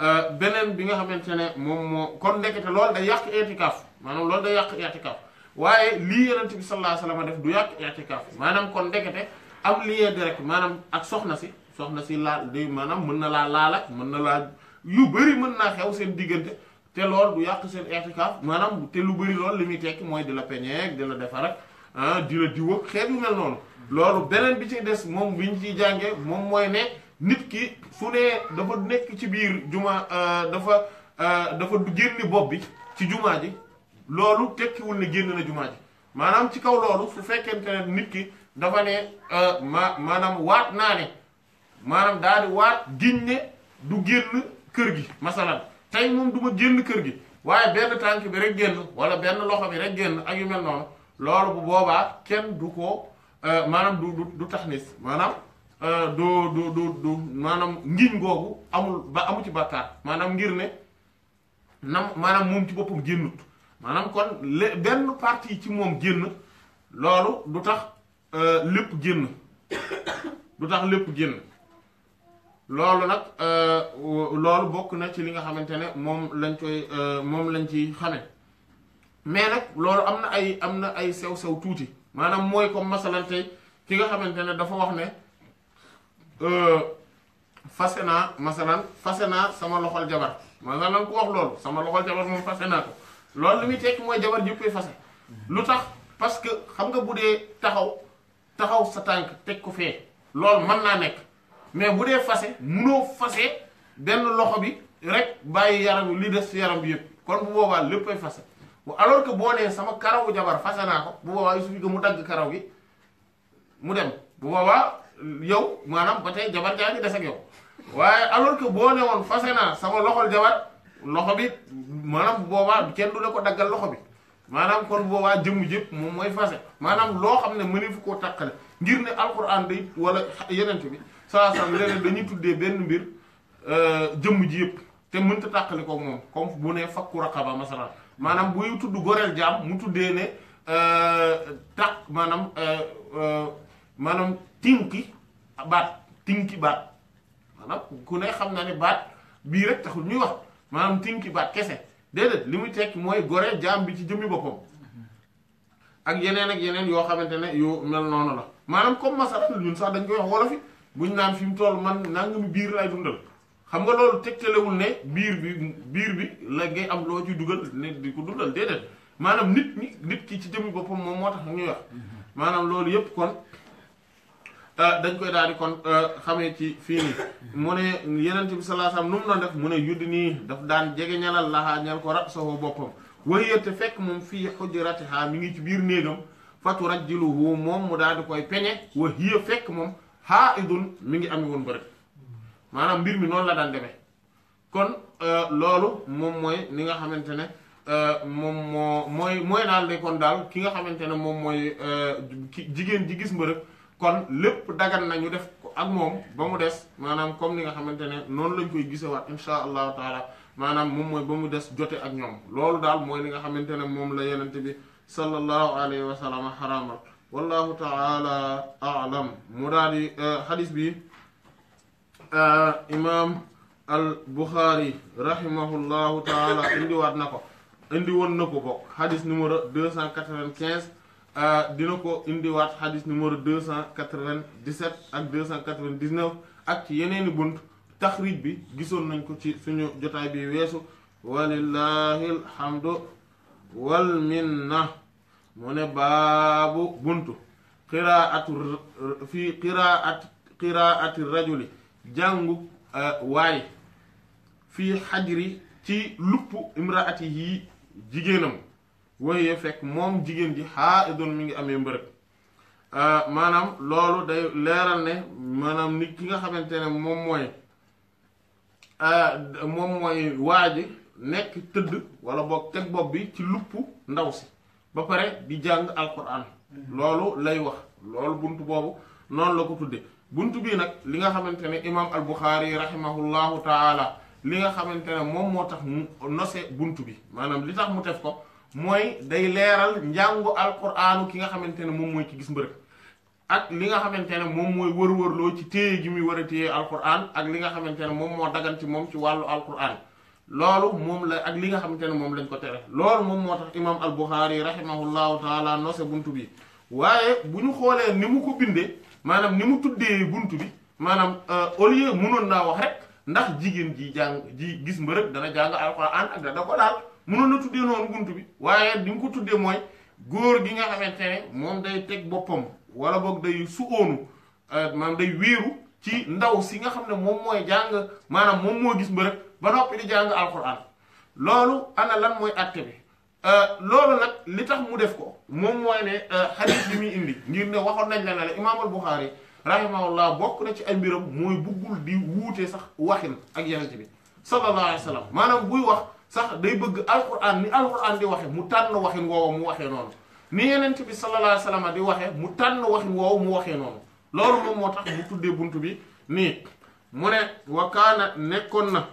Euh, beneen bi nga xamante ne moom moo kon ndekete lool da yàq itikaaf maanaam loolu day yàq itikaaf waaye lii yonent bi sallallahu alayhi wa sallam def du yàq itikaaf maanaam kon ndekete am lien direct maanaam ak soxna si soxna si laal day maanaam mën na laa laala mën na laa yu bëri mën naa xew seen diggante te lool du yàq seen itikaaf maanaam te lu bëri lool li muy tekki mooy di la peñeeg di la defar ak ah di la diw ak mel noonu loolu beneen bi ci des moom bi ñu ciy jàngee moom mooy ne. nit ki fu ne dafa nekk ci biir juma euh, dafa euh, dafa génni bopp bi ci jumaa ji loolu tekkiwul ne génn na jumaa ji maanaam ci kaw loolu su fekkente ne nit ki dafa ne euh, ma maanaam waat naa ne maanaam daal di waat giñ ne du génn kër gi masalan tey moom duma ma génn kër gi waaye benn tànk bi rek génn wala benn loxo bi rek génn ak yu mel noonu loolu bu boobaa kenn du ko maanaam du du tax nis maanaam Euh, du doo du du maanaam ngiñ googu amul ba amu ci bàkkaar maanaam ngir ne nam maanaam moom ci boppam génnut maanaam kon le benn partie ci moom génn loolu du tax euh, lépp génn du tax lépp génn loolu nag euh, loolu bokk na ci li nga xamante ne moom lañ koy moom lañ ci xame mais nag loolu am na ay am na ay sew-sew tuuti maanaam mooy comme masalante ki nga xamante ne dafa wax ne Euh, fase naa masalan fase naa sama loxol jabar masalan ku wax loolu sama loxol jabar moom fase naa ko loolu li muy tekki mooy jabar jëppee fase lu tax parce que xam nga bu dee taxaw taxaw sa tànk teg ko fee loolu mën naa nekk mais bu dee fase munoo fase benn loxo bi rek bàyyi yaram bi li des si yaram bi yëpp kon bu boobaa léppay fase alors que boo nee sama karawu jabar fase naa ko bu boobaa il suffit que mu dagg karaw gi mu dem bu boobaa yow maanaam ba tey jabar jaa ngi des yow waaye alors que boo ne woon fase naa sama loxol jabar loxo bi maanaam boobaa kenn du ne ko daggal loxo bi maanaam kon boobaa jëmm jëpp moom mooy fase maanaam loo xam ne mëni fu koo tàqale ngir ne alquran day wala yenent bi saa dañuy tuddee benn mbir euh, jëmm ji yëpp te mënta tàqali ko ne fakku raqaba maanaam buy tudd goreel jaam mu tuddee ne euh, tàq maanaam euh, maanaam tinki baat tinki baat maanaam ku ne xam na ni baat bii rek taxul ñuy wax maanaam tinki baat kese déedéet li muy tekki mooy gore jaam bi ci jëmmi boppam ak yeneen ak yeneen yoo xamante ne yu mel noonu la maanaam comme masaral ñun sax dañ koy wax wolof yi buñ naan fi mu toll man nangami biir lay dundal xam nga loolu tegtalewul ne biir bi biir bi la ngay am loo ci dugal ne di ko dundal déedéet maanaam nit ñi nit ki ci jëmmi boppam moom moo tax ñuy wax mhm. maanaam loolu yépp dañ koy daal di kon euh, xamee ci fii nii mu ne yenent bi sallallahu alayhi wasallam nu mu def mu ne yudd nii daf daan jege ñalal laxaa ñal ko ra sowo boppam wayétte fekk moom fii xujratiha mi ngi ci biir néegam fatu rajjiluhu moom mu daal di koy peñe fekk moom haa idun mi ngi ami woon maanaam mbir mi noonu la daan demee kon euh, loolu moom mooy ni nga xamante ne euh, moom moo mooy naa daal daal ki nga xamante ne moom mooy jigéen ji gis mbërëb kon lépp dagan nañu def ko ak moom ba mu des maanaam comme ni nga xamante ne noonu lañ koy gisewaat insha allah taala maanaam moom mooy ba mu des jote ak ñoom loolu daal mooy li nga xamante ne moom la yenente bi sallallahu alayhi wa sallam xaraamal wallahu mu daal di euh, bi euh, imaam al buxaari rahimahullahu taala indiwaat na ko indi na ko bokk xadis numéro 295 Euh, dina ko indiwaat xadis numéro 297 ak 299 ak ci yeneeni bunt taxrij bi gisoon nañ ko ci suñu jotaay bi weesu walillahi alhamdu wal minna mu ne baabu buntu qiraatu fii qiraat qiraati rajuli jàngu euh, waay fii xajri ci lupp imraati yi jigéenam waxyee fekk moom jigéen ji xaa idun mi ngi amee mbërëg euh, maanaam loolu day leeral ne maanaam nit ki nga xamante ne moom mooy euh, moom mooy waa ji nekk tëdd wala boog teg bopp bi ci lupp ndaw si ba pare di jàng alquran mm-hmm. loolu lay wax loolu bunt boobu noonu la ko tudde bunt bii nag li nga xamante ne imaam al buxaari rahimahullahu taala li nga xamante ne moom moo tax mu nose bunt bi maanaam li tax mu tef ko mooy day leeral njàngu alqur'aanu ki nga xamante ne moom mooy ci gis mbërëg ak li nga xamante ne moom mooy wër-wërloo ci téye gi muy war a téye alqur'aan ak li nga xamante ne moom moo dagan ci moom ci wàllu alqur'aan loolu moom la ak li nga xamante ne moom lañ ko tere loolu moom moo tax imaam al-Bukhari rahimahullahu taala noose buntu bi waaye bu ñu xoolee ni mu ko bindee maanaam ni mu tuddee buntu bi maanaam euh, au lieu mënoon naa wax rek ndax jigéen ji jàng ji gis mbërëg dana jàng alqur'aan ak dana ko daal. mënoon na tuddee noonu bunt bi waaye ni mu ko tuddee mooy góor gi nga xamante ne moom day teg boppam wala boog day su óonu euh, maanaam day wiiru ci ndaw si nga xam ne moom mooy jàng maanaam moom moo gis mbërëg ba noppi di jàng alxuraan loolu ana lan mooy àtte bi euh, loolu nag li tax mu def ko moom mooy ne euh, xadiis bi muy indi ngir ne waxoon nañ la ne la imaamul Buxaari rahimahullah bokk na ci ay mbiram mooy buggul di wuute sax waxin ak yeneen bi sallallahu alayhi maanaam buy wax. sax day bëgg alquran ni alquran di waxe mu tànn waxin woowu mu waxee noonu ni yenent bi sallallahu alayhi wasallam di waxe mu tànn waxin woowu mu waxe noonu loolu moom moo tax mu tuddee bunt bi nii mu ne wa kaana nekkoon na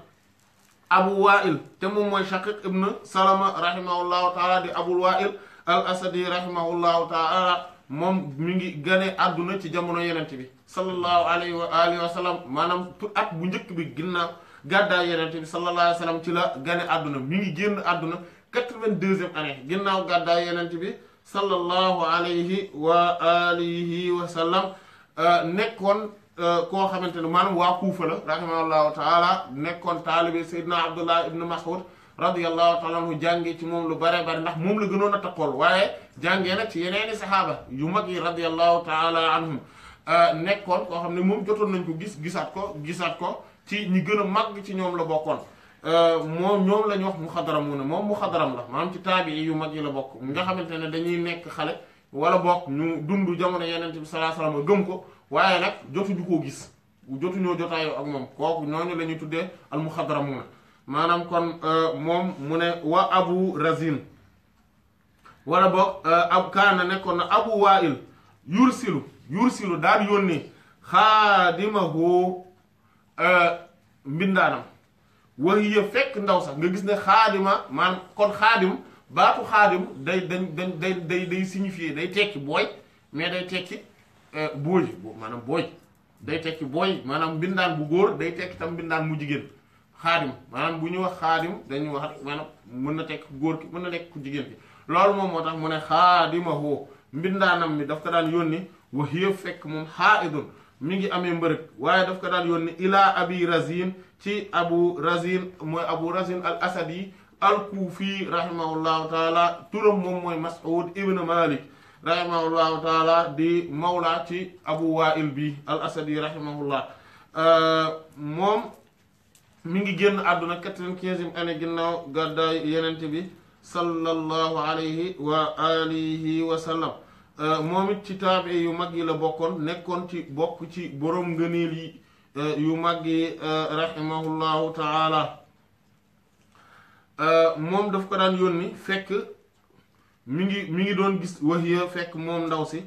abu wa'il te moom mooy shaqiq ibn salama rahimahullahu taala di abul wa'il al asadi rahimahullahu taala moom mu ngi gane àdduna ci jamono yenent bi sallallahu alayhi wa alihi wa sallam maanaam at bu njëkk bi ginnaaw gadda yonent bi sallallahu alayhi wasallam ci la gane aduna mi ngi genn aduna 82e ane ginnaw gadda gàddaay yonent bi sallallahu alayhi wa alihi wa sallam nekkon ko xamante manam wa kufa la rahimahullahu taala nekkon taalibe sayyidina Abdullah ibn Mas'ud radiyallahu taala hu jàngee ci mom lu bare bare ndax mom la gënoon a takkool waaye jàngee nag ci yeneeni sahaba yu magi radiyallahu taala anhum nekkon ko xamne mom moom nañ ko gis gisat ko gisat ko ci ñi gën a màgg ci ñoom la bokkoon euh, moom ñoom lañu wax wax muxadaramuuna moom muxadaram la maanaam ci taabii yu mag yi la bokk nga xamante ne dañuy nekk xale wala bokk ñu dund jamono yeneen bi sallallahu alayhi gëm ko waaye nag jotuñu koo gis jotuñoo jotaayoo ak moom kooku ñooñu la ñuy tuddee al muxadaramuuna maanaam kon euh, moom mu ne wa abu razin wala bokk euh, ab kaana nekkoon na abu waa'il yursilu yursilu daal yónnee xaadimahu Euh, mbindaanam wax yë fekk ndaw sax nga gis ne xaadima maanaam kon xaadim baatu xaadim day dañ dañ day day day signifier day tekki booy mais day tekki euh, booy maanaam booy day tekki booy maanaam mbindaan bu góor day tekki tam mbindaan mu jigéen xaadim maanaam bu ñuy wax xaadim dañuy wax maanaam mën na tekk góor ki mën na nekk ku jigéen ki loolu moom moo tax mu ne xaadima woo mbindaanam mi daf ko daan yónni wax fekk moom xaa idun mi ngi amee mbërëg waaye daf ko daan yónni ilaa abi razin ci abu razin mooy abu razin al asadi al kuufi rahimahullahu taala turam moom mooy mas'ud ibn malik rahimahullahu taala di mawla ci abu wail bi al asadi rahimahullah euh, moom mi ngi génn àdduna quatre-vingt-quinzième année ginnaaw gàddaay yenente bi sallallahu alayhi wa alihi wa sallam Eh, momit citaɓe yo maggi la bokkon nekkon ci bokk ci borom ngeneel yi eh, yu maggi eh, rahimahullahu taala moom daf ko daan yónni fekk mi ngi mi ngi doon gis wahiya fekk moom ndaw si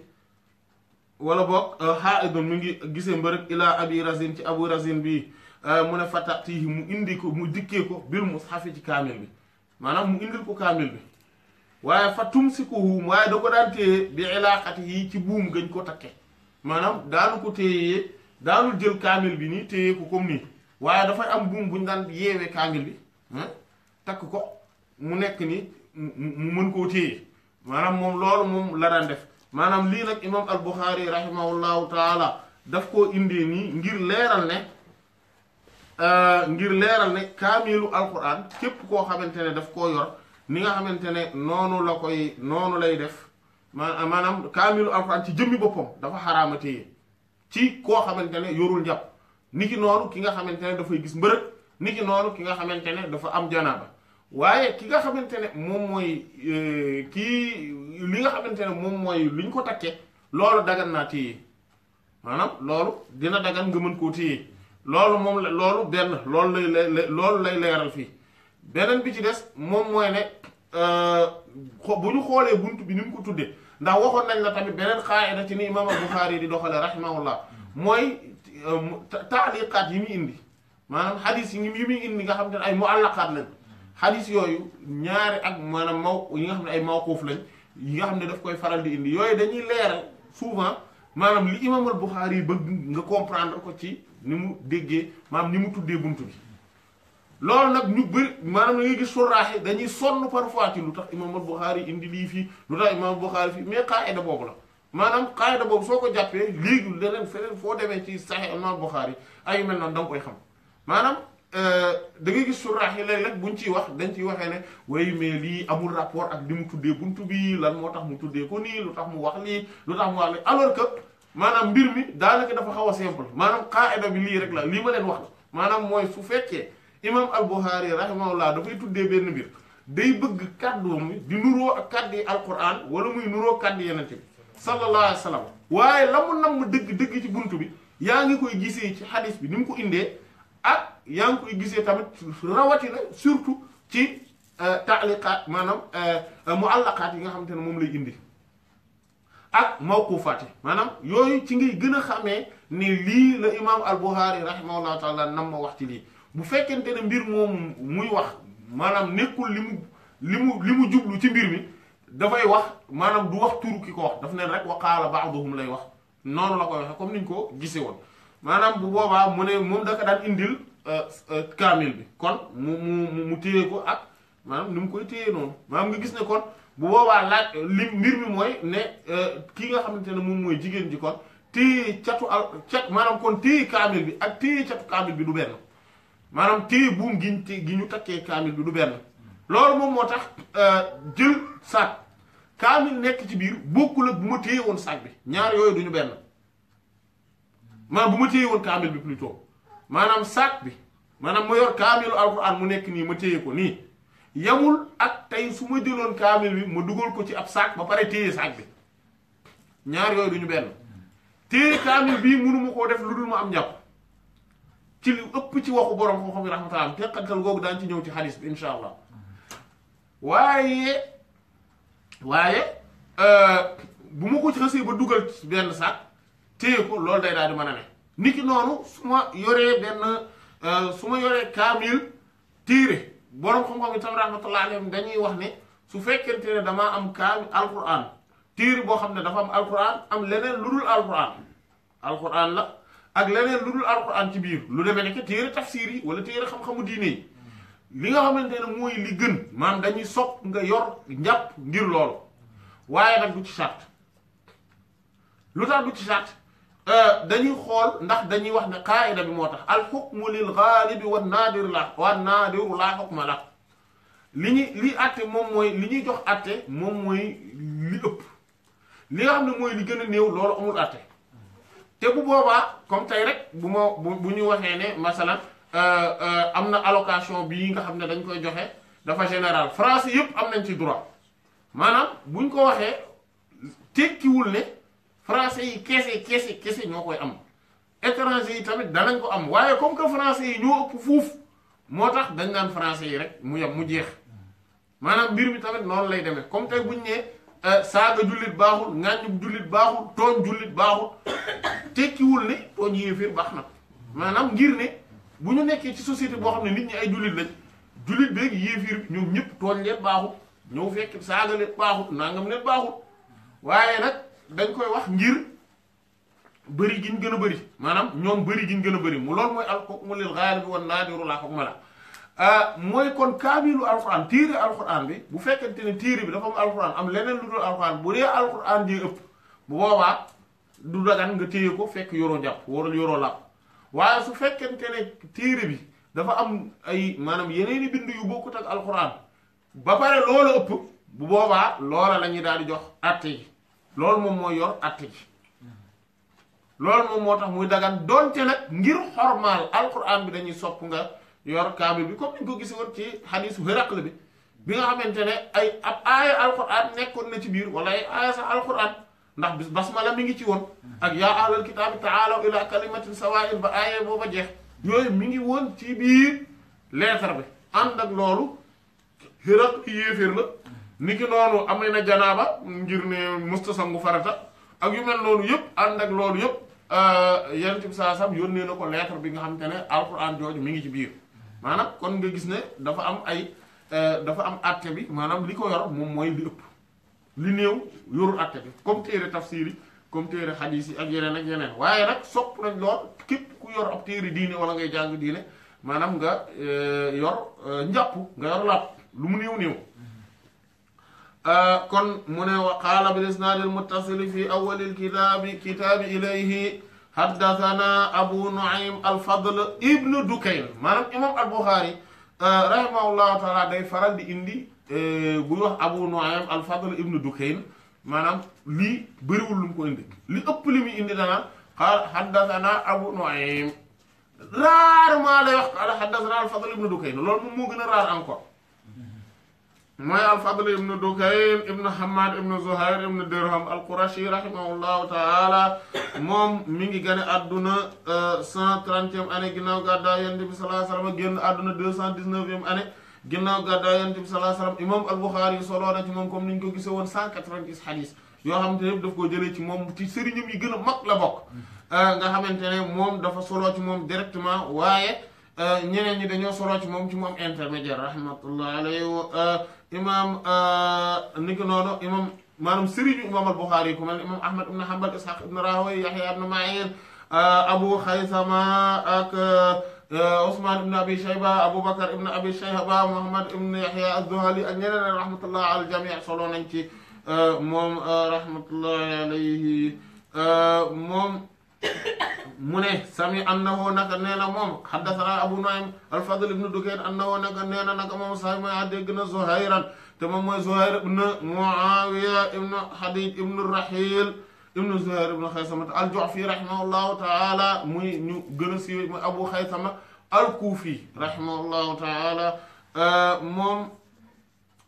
wala bokk haa idon mi ngi gisee mbërëg ila abi rasin ci abu rasin bi mu ne fatatihi mu indi ko mu dikkee ko bir mus xafe ci kaamil bi maanaam mu indil ko kaamil bi waaye fa tumsikuhum waaye da ko daan téye bi ilaaqati yi ci buum gañ ko takke maanaam daanu ko téye daanul jël kaamil bi nii téye ko comme nii waaye dafay am buum buñ daan yeewee kaamil bi takk ko mu nekk ni mu mën koo téye maanaam moom loolu moom la def maanaam lii nag imam al buxaari rahimahullahu taala daf koo indee nii ngir leeral ne euh, ngir leeral ne kaamilu alquran képp koo xamante ne daf koo yor ni nga xamante ne noonu la koy noonu lay def maanaam kaamilu alxuraan ci jëmmi boppam dafa xaraama téye ci koo xamante ne yorul njàpp ki noonu ki nga xamante ne dafay gis mbërëg niki noonu ki nga xamante ne dafa am janaaba waaye ki nga xamante ne moom mooy euh, kii li nga xamante ne moom mooy lu ñu ko takkee loolu dagan naa téye maanaam loolu dina dagan nga mën koo téye loolu moom la loolu benn loolu lay lay loolu lay leeral fii beneen bi ci des moom mooy ne euh, bu ñu xoolee bunt bi ni mu ko tuddee ndax waxoon nañ la tamit beneen xaayida ci ni imaam Buxaari di doxale rahimahullah mooy euh, taaliqaat yi muy indi maanaam xadis yi muy indi nga xam ne ay muallaqaat lañ xadis yooyu ñaari ak maanaam maw yi nga xam ne ay mawquuf lañ yi nga xam ne daf koy faral di indi yooyu dañuy leeral souvent maanaam li imaam Buxaari yi bëgg nga comprendre ko ci ni mu déggee maanaam ni mu tuddee bunt bi loolu nag ñu bëri maanaam da gis suraax yi dañuy sonn parfois ci lu tax imaam al-Bukhari indi lii fii lu tax imaam al-Bukhari fii mais qaayida boobu la maanaam qaayida boobu soo ko jàppee léegi leneen feneen foo demee ci Sahih imaam al-Bukhari ay mel koy xam maanaam euh, da ngay gis suraax yi léeg-léeg buñ ciy wax dañ ciy waxee ne way mais lii amul rapport ak li mu tuddee buntu bi lan moo tax mu tuddee ko nii lu tax mu wax lii lu tax mu wax maanaam mbir mi daanaka dafa xaw a simple maanaam qaayida bi lii rek la lii ma leen wax la maanaam mooy su fekkee. imam al-Bukhari rahimahullah dafay tuddee benn mbir day bëgg kàddoom di nuroo ak kàddi alquran wala muy nuroo kàddi yenente bi sallallahu alayhi wa sallam waaye la mu nam dëgg dëgg ci bunt bi yaa ngi koy gisee ci xadis bi ni mu ko indee ak yaa ngi koy gisee tamit rawatina surtout ci euh, taaliqaat maanaam euh, muallaqaat yi nga xamante ne moom lay indi ak mawqufaat yi maanaam yooyu ci ngay gën a xamee ni lii na imam al-Bukhari rahimahullah taala nam ma wax ci lii bu fekkente ne mbir moom muy wax maanaam nekkul li mu li mu li mu jublu ci mbir mi dafay wax maanaam du wax turu ki ko wax daf ne rek wa qaala ba'duhum lay wax noonu la koy waxee comme niñ ko gisee woon maanaam bu boobaa mu ne moom da daan indil euh, euh, kaamil bi kon mu mu ko ak maanaam ni mu koy téye noonu nga gis ne kon bu boobaa laaj li mbir mi mooy ne euh, kii nga xamante ne moom mooy jigéen ji kon téye catu al cat maanaam kon téye kaamil bi ak téye catu kaamil bi du benn. manam téye buum ginti giñu takke kamil kaamil du ben lolu mom motax tax euh, jël sac kaamil nekk ci bir bokkul ak bu ma won woon sac bi ñaar yoy duñu ben man bu ma won kamil bi plutôt manam sac bi manam ma yor kamil alquran mu nek ni ma ko ni yamul ak tayin su dulu on kamil bi ma dugal ko ci ab sac ba pare tey sac bi ñaar yoy duñu ben tey kamil bi munu ma ko def mu am njàpp ci li ëpp ci waxu borom xam-xam yi rahmatullah teqantal googu daan ci ñëw ci xadis bi insha allah waaye waaye euh, bu ma ko ci xasee ba dugal ci benn saak téye ko loolu day daal di mën a ne niki noonu su ma yoree benn euh, su ma yoree kaamil téere borom xam-xam yi tam rahmatullah alayhim dañuy wax ni su fekkente ne damaa am kaamil alquran téere boo xam ne dafa am alquran am leneen lu dul alquran alquran la ak leneen lu dul alquran ci biir lu demee nekk téere tafsir yi wala téere xam-xamu diine yi li nga xamante ne mooy li gën maanaam dañuy sopp nga yor njàpp ngir loolu waaye nag du ci sart lu tax du ci sart euh, dañuy xool ndax dañuy wax ne qaayida bi moo tax al xukmu lil gaalibi wa naadir la wa laa xukma la li ñuy li àtte moom li ñuy jox àtte moom mooy li ëpp li nga xam ne mooy li gën a néew loolu amul àtte te bu boobaa comme tey rek bu ma bu ñu waxee ne masalan euh, euh, am na allocation bii nga xam ne dañ koy joxe dafa général France yëpp am nañ ci droit maanaam buñ ko waxee tekkiwul ne français yi kese kese kese ñoo koy am étranger yi tamit danañ ko am waaye comme que français yi ñu ëpp fuuf moo tax dañ naan français yi rek mu yem mu jeex maanaam mbir mi tamit noonu lay demee comme bu ñu ne Eh, saaga jullit baaxul ŋàññub jullit baaxul tooñ jullit baaxul tekkiwul ne tooñ yéeféer baax na maanaam ngir ne bu ñu nekkee ci société boo xam ne nit ñi ay jullit lañ jullit bee yéeféer bi ñoom ñëpp tooñ leen baaxul ñëw fekk saaga leen baaxul nangam leen baaxul waaye nag dañ koy wax ngir bëri giñ gën a bëri maanaam ñoom bëri giñ gën a bëri mu loolu mooy alxukmu lil gaalib wan naadiru laa hukma la Ah, moy kon kaamilu alquran tire alquran bi bu fekkente ni tire bi dafa am alquran am leneen lu dul alquran bu dee alquran di ëpp bu boba du dagan nga téye ko fekk yoro japp warul yoro la waaye su fekkente ne téere bi dafa am ay maanaam yeneeni bind yu bokkut ak alquran ba pare loola ëpp bu boobaa loola la ñuy daal di jox atte yi loolu moom yor atte yi loolu moom moo tax muy dagan donte nag ngir xormaal alquran bi dañuy sopp nga yor kaabe bi comme niñ ko gis woon ci xadiisu Hiraql bi bi nga xamante ne ay ab aaya alquran nekkoon na ci biir wala ay aaya sax alquran ndax bis basmala mi ngi ci woon ak yaa ahlal kitaabi taalaw ila kalimatin sawaa'in ba aaya booba jeex mi ngi woon ci biir lettre bi ànd ak loolu Hiraql yéeféer la niki noonu amee na janaaba ngir ne mustasangu farata ak yu mel loolu yëpp ànd ak loolu yëpp euh, yenent bi saa sam yónnee na ko lettre bi nga xamante ne alquran jooju mi ngi ci biir maanaam kon nga gis ne dafa am ay euh, dafa am àtte bi maanaam li ko yor moom mooy li ëpp li néew yorul àtte bi comme téere tafsir yi comme téere xadiis ak yeneen ak yeneen waaye nag sopp nañ lool képp ku yor ab téere diine wala ngay jàng diine maanaam nga euh, yor euh, njàpp nga yor làpp lu mu néew néew kon mu ne wa qaala bil isnaadil muttasili fi awwalil kitaabi kitaabi ilayhi haddathana abu nuaym alfadl ibnu dukayn maanaam imam albuxaari rahimahullahu taala day faral di indi buy wax abu nuaym alfadl ibnu dukayn maanaam lii bëriwul lu mu ko indi li ëpp li muy indi dana qaala haddathana abu nuaym rarement lay wax qaala haddathana alfadl ibnu dukayn loolu moom moo gën a raar encore mooy alfadl ibnu dukayn ibnu hamad ibnu zuhair ibnu dirham alqurashi rahimahullahu taala moom mi ngi gane àdduna euh, cent trentième année ginnaaw gàddaay yonent bi salaa sallam génn àdduna deux cent dix-neuvième année ginnaaw gàddaay yonent bi salaa sallam imam albuxaari yi soloo na moom comme ni ñu ko gisee woon cent quatre-vingt-dix xadis yoo xamante ne yëpp daf koo jëlee ci moom ci sëriñam yi gën a mag la bokk mm-hmm. euh, nga xamante ne moom dafa soloo ci moom directement waaye Euh, ñeneen ñi dañoo soroo ci moom ci mu am intermédiaire euh, imam euh, ni ko noonu imam maanaam sëriñu imam al-Bukhari yi ku mel ne imam ahmad ibn hanbal ishaq ibn rahaway yahya ibn abu xaysama ak usman ibn abi shayba abubakar shayba muhammad ibn yahya az-zuhali ak ñeneen al jami' solo nañ moom rahmatullah alayhi moom مني سامي أنه نك نينا مم حدثنا أبو نعيم الفضل ابن دكين أنه نك نينا نك مم سامي أديكنا زهيرا تمام زهير بن معاوية ابن حديد ابن الرحيل ابن زهير ابن خيثمة الجعفي رحمه الله تعالى مي نجنسي أبو خيثمة الكوفي رحمه الله تعالى مم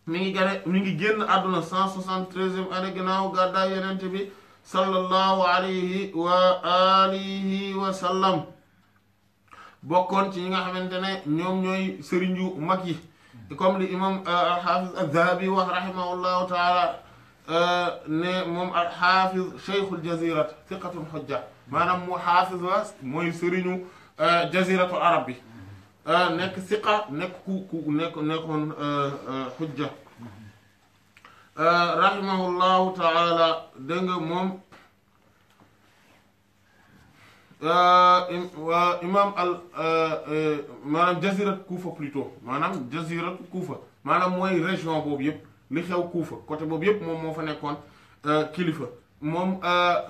ميجي جن ميجي جن أدنى 173 أنا جناو قدا ينتبه صلى الله عليه وآله وسلم bokkoon ci ñi nga xamante ne ñoom ñooy sëriñ yu mag yi comme li imam alxaafiz alzahabi wax rahimahullahu taala ne moom alxaafiz cheikhul jazirat siqatun xojja maanaam mu xaafiz la mooy sëriñu jaziratu arab bi nekk siqa nekk ku ku nekk nekkoon xujja rahimahullahu taala dégg nga moom imam al maanaam jazirat kuufa plutôt maanaam jazirat kuufa maanaam mooy région boobu yëpp li xew kuufa côté boobu yëpp moom moo fa nekkoon kilifa moom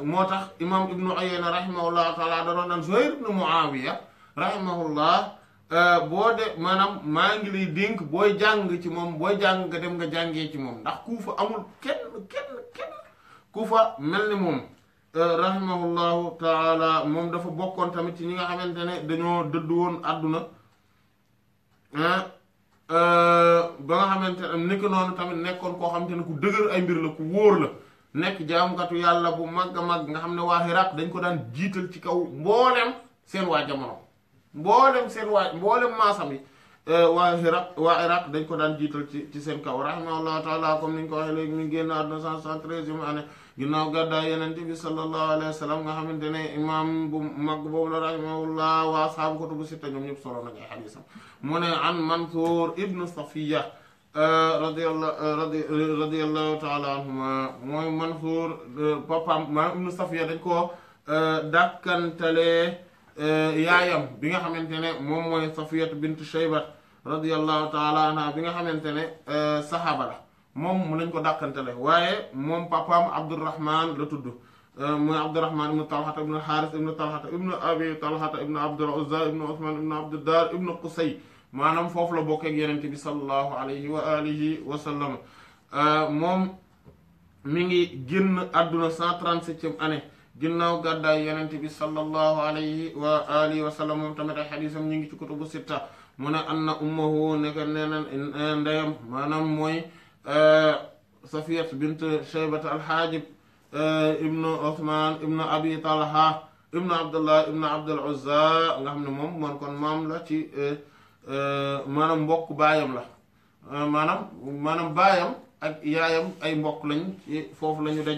moo tax imam ibnu ayena rahimahullahu taala da doon naan zuhair ibnu muawiya rahimahullah Euh, boo de maanaam maa ngi lay dénk booy jàng ci moom booy jàng nga dem nga jàngee ci moom ndax kuufa amul kenn kenn kenn kuufa mel ni moom euh, rahimahullahu taala moom dafa bokkoon tamit ci ñi nga xamante ne dañoo dëdd woon àdduna euh, ba nga xamante ne nekk noonu tamit nekkoon koo xamante ne ku dëgër ay mbir la ku wóor la nekk jaamukatu yàlla bu mag a mag nga xam ne waa dañ ko daan jiital ci kaw mboolem seen waa jamono mboolem seen waa mboolem maasam mi euh, waa Iraq waa Iraq dañ ko daan jiital ci ci seen kaw rahimahullahu taala comme ni ñu ko waxee léegi mi génn àdduna cent soixante-treize mu année ginnaaw gàddaay yenente bi sallallahu alayhi nga xamante ne imam bu mag boobu la rahimahullah waa asxaabu kutubu sitta ñoom ñëpp solo nañu ay xadiisam mu ne an Mansuur ibnu Safiya euh, radiyallahu euh, radiyallahu taala anhuma mooy Mansuur papam ma ibnu Safiya dañ ko dàkkantalee Eh, yaayam bi nga xamante ne moom mooy safiyat bint shaybat radiallahu taala anha bi nga xamante ne eh, saxaaba la moom mu lañ ko dàqantele waaye moom papaam abdurahman la tudd eh, muy abdurahman ibnu talxata ibnu xaaris ibnu talxata ibnu abi talxata ibnu abdul uzza ibnu usman ibnu abdudar ibnu qusay maanaam foofu la bokkeek yenente bi salallahu alayhi wa alihi wa sallam moom mi ngi génn àdduna 137e année ginnaw gadda yonent bi sallallahu alayhi wa alihi wa sallam tamata tamit ñingi ci kutubu sita muna anna ummuhu naka nenan ndayam manam moy safiyat bint shaybat alxaajib ibnu uthman ibnu abi talha ibnu abdullah ibnu abdul uzza nga xamne mom mon kon mam la ci manam mbokk bayam la manam manam bayam ak yaayam ay mbokk lañ fofu lañu la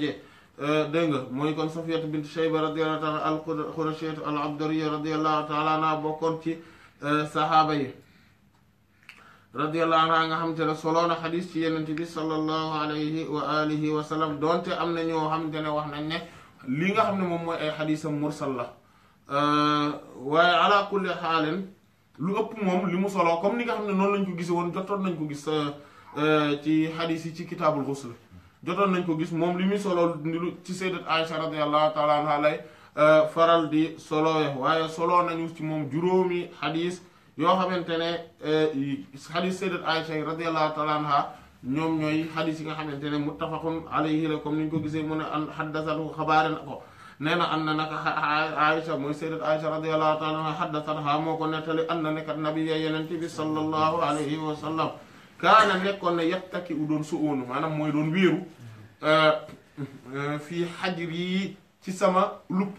dégg nga mooy kon safiyatu bint shayba radiyallahu taala al qurashiyatu al abdariya radiyallahu taala anha bokkoon ci sahaaba yi radiyallahu anha nga xamante ne soloona xadis ci yenente bi sallallahu alayhi wa alihi wa sallam donte am na ñoo xamante ne wax nañ ne li nga xam ne moom mooy ay xadisam mursal la waaye ala kulli xaalin lu ëpp moom li mu soloo comme ni nga xam ne noonu lañ ko gise woon jotoon nañ ko gis ci xadis yi ci kitaabul xusl jotone nagn ko gis mom limi solo ci sayyidat Aisha radhiyallahu taala anha lay faral di solo waye solo nañu ci mom juromi hadith yo xamantene hadith sayyidat Aisha radhiyallahu taala anha ñom ñoy hadith yi nga xamantene muttafaqun alayhi la comme ni ko gisee mu ne an hadathahu khabaran ko neena an na naka Aisha mooy sayyidat Aisha radhiyallahu taala anha hadathaha moo ko nettali an na nekkat nabiya yenente bi sallallahu alayhi wa sallam kaana nekkoon na yattaki u doon su'oonu mooy doon wéeru euh, euh, fii xajir ci sama lupp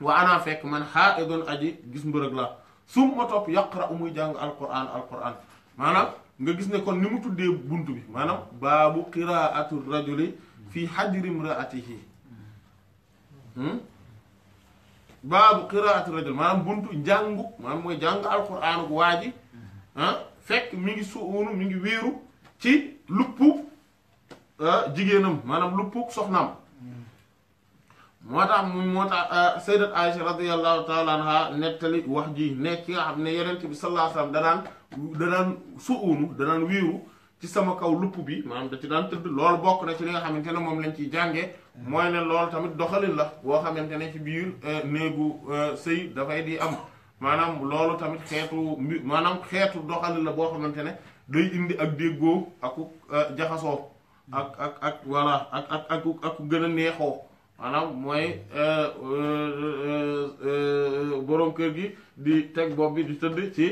wa ana fekk man xaa e doon gis mbërëg la summa topp yaqra u muy jàng alquran alquran maanaam nga gis ne kon ni mu tuddee bunt bi maanaam baabu qiraatu rajuli fii xajri imraatihi hmm? baabu qiraatu rajuli maanaam buntu njàngu maanaam mooy jàng alquran waa ji ah, fekk mi ngi suunu mi ngi wéeru ci luppu ah, jigéenam maanaam luppu soxnaam moo tax moo tax ah, sayyidat Aisha radiyallahu taala anha nettali wax ji nekk ki nga xam ne yonent bi sallallahu alayhi wa sallam danaan danaan suunu danaan wéeru ci sama kaw lupp bi maanaam da ci daan tëdd loolu bokk na ci li nga xamante ne moom lañ ciy jànge mooy ne loolu tamit doxalin la boo xamante ne ci biir eh, néegu eh, sëy dafay di am maanaam loolu tamit xeetu mbi maanaam xeetu doxalin la boo xamante ne day indi ak déggoo aku euh, jaxasoo ak ak ak ak ak ak gën a neexoo maanaam mooy euh, euh, borom kër gi di teg bopp bi di tëdd ci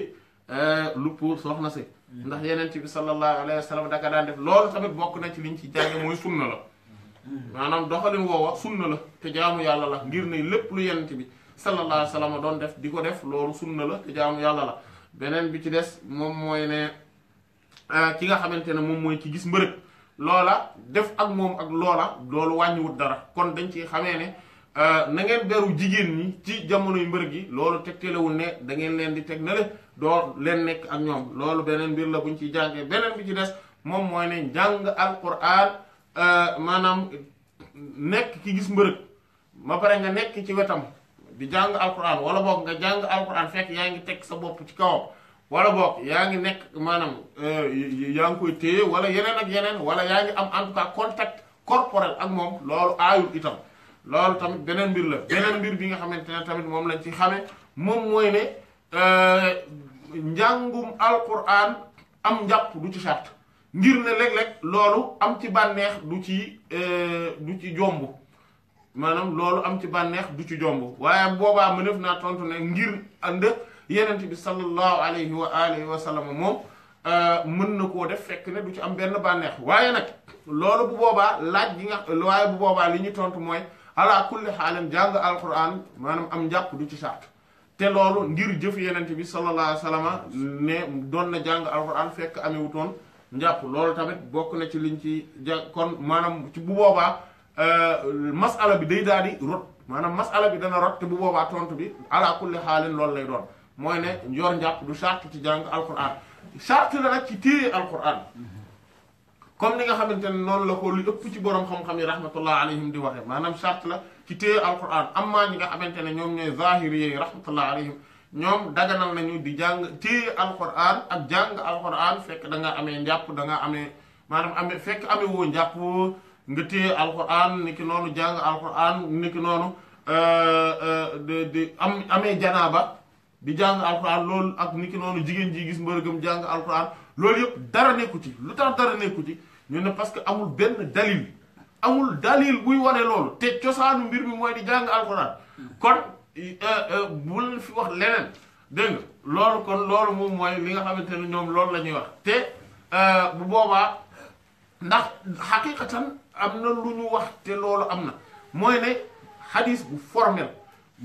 lu pour soxna si mm-hmm. ndax yeneen ci bi sallallahu alayhi wa sallam daka daan def loolu tamit bokk na ci liñ ci jànge mooy sunna la mm-hmm. maanaam doxalin woowa sunna la te jaamu yàlla la ngir ne lépp lu yenent bi sallallahu alayhi wa sallam doon def di ko def loolu sunna la te jaamu yàlla la beneen bi ci des moom mooy ne euh, ki nga xamante ne moom mooy ki gis mbërëg loola def ak moom ak loola loolu wàññiwut dara kon dañ ci xamee ne euh, na ngeen beru jigéen ñi ci jamonoy mbërëg yi loolu tegtalewul ne da ngeen leen di teg nale doo leen nekk ak ñoom loolu beneen mbir la buñ ciy jàngee beneen bi ci des moom mooy ne njàng alquran euh, maanaam nekk ki gis mbërëg ba pare nga nekk ci wetam di jàng alquran wala boog nga jàng alquran fekk yaa ngi teg sa bopp ci kawam wala boog yaa ngi nekk maanaam euh, yaa ngi koy téye wala yeneen ak yeneen wala yaa ngi am en tout cas contact corporel ak moom loolu aayul itam loolu tamit beneen mbir la beneen mbir bi nga xamante ne tamit moom lañ ci xame moom mooy ne euh, njàngum alquran am njàpp du ci charte ngir ne léeg-léeg loolu am ci bànneex du ci euh, du ci jomb maanaam loolu am ci bànneex du ci jomb waaye boobaa mënef naa tontu ne ngir ànd yenent bi sallallahu alayhi wa alihi wa sallam moom euh, mën na koo def fekk ne du ci am benn bànneex waaye nag loolu bu boobaa laaj gi nga waaye bu boobaa li ñu tontu mooy ala kulli xaalam jàng alquran maanaam am njàpp du ci sàrt te loolu ngir jëf yenent bi sallallahu alayhi wa sallam ne doon na jàng alquran fekk amewutoon njàpp loolu tamit bokk na ci liñ ci ja kon maanaam ci bu boobaa Eh, masala bi day daal rot manam masala bi dana rot te bu boba tontu bi ala kulli halin lol lay don moy ne ndior ndiap du charte ci jang alquran charte la nak ci tire alquran comme ni nga xamantene non la ko lu ëpp ci borom xam-xam yi rahmatullah alayhim di waxe manam charte la ci tire alquran amma ni nga xamantene ñom ñoy ñooy zahiri yi rahmatullah alayhim ñom daganal nañu di jang tire alquran ak jang alquran fek da nga amé ndiap da nga amé manam amé fek amé wo ndiap nga téye alquran niki noonu jàng alquran niki noonu euh, euh, de di am amee janaaba di jàng alquran loolu ak niki noonu jigéen ji gis mbërëgam jàng alquran loolu yëpp dara nekku ci lu tax dara nekku ci ñu ne parce que amul benn dalil amul dalil buy wane loolu te cosaanu mbir mi mooy di jàng alquran kon euh, bul fi wax leneen dégg nga loolu kon loolu moom mooy li nga xamante ne ñoom loolu la ñuy wax te bu boobaa ndax xaqiqatan am na lu ñu wax te loolu am na mooy ne xadis bu formel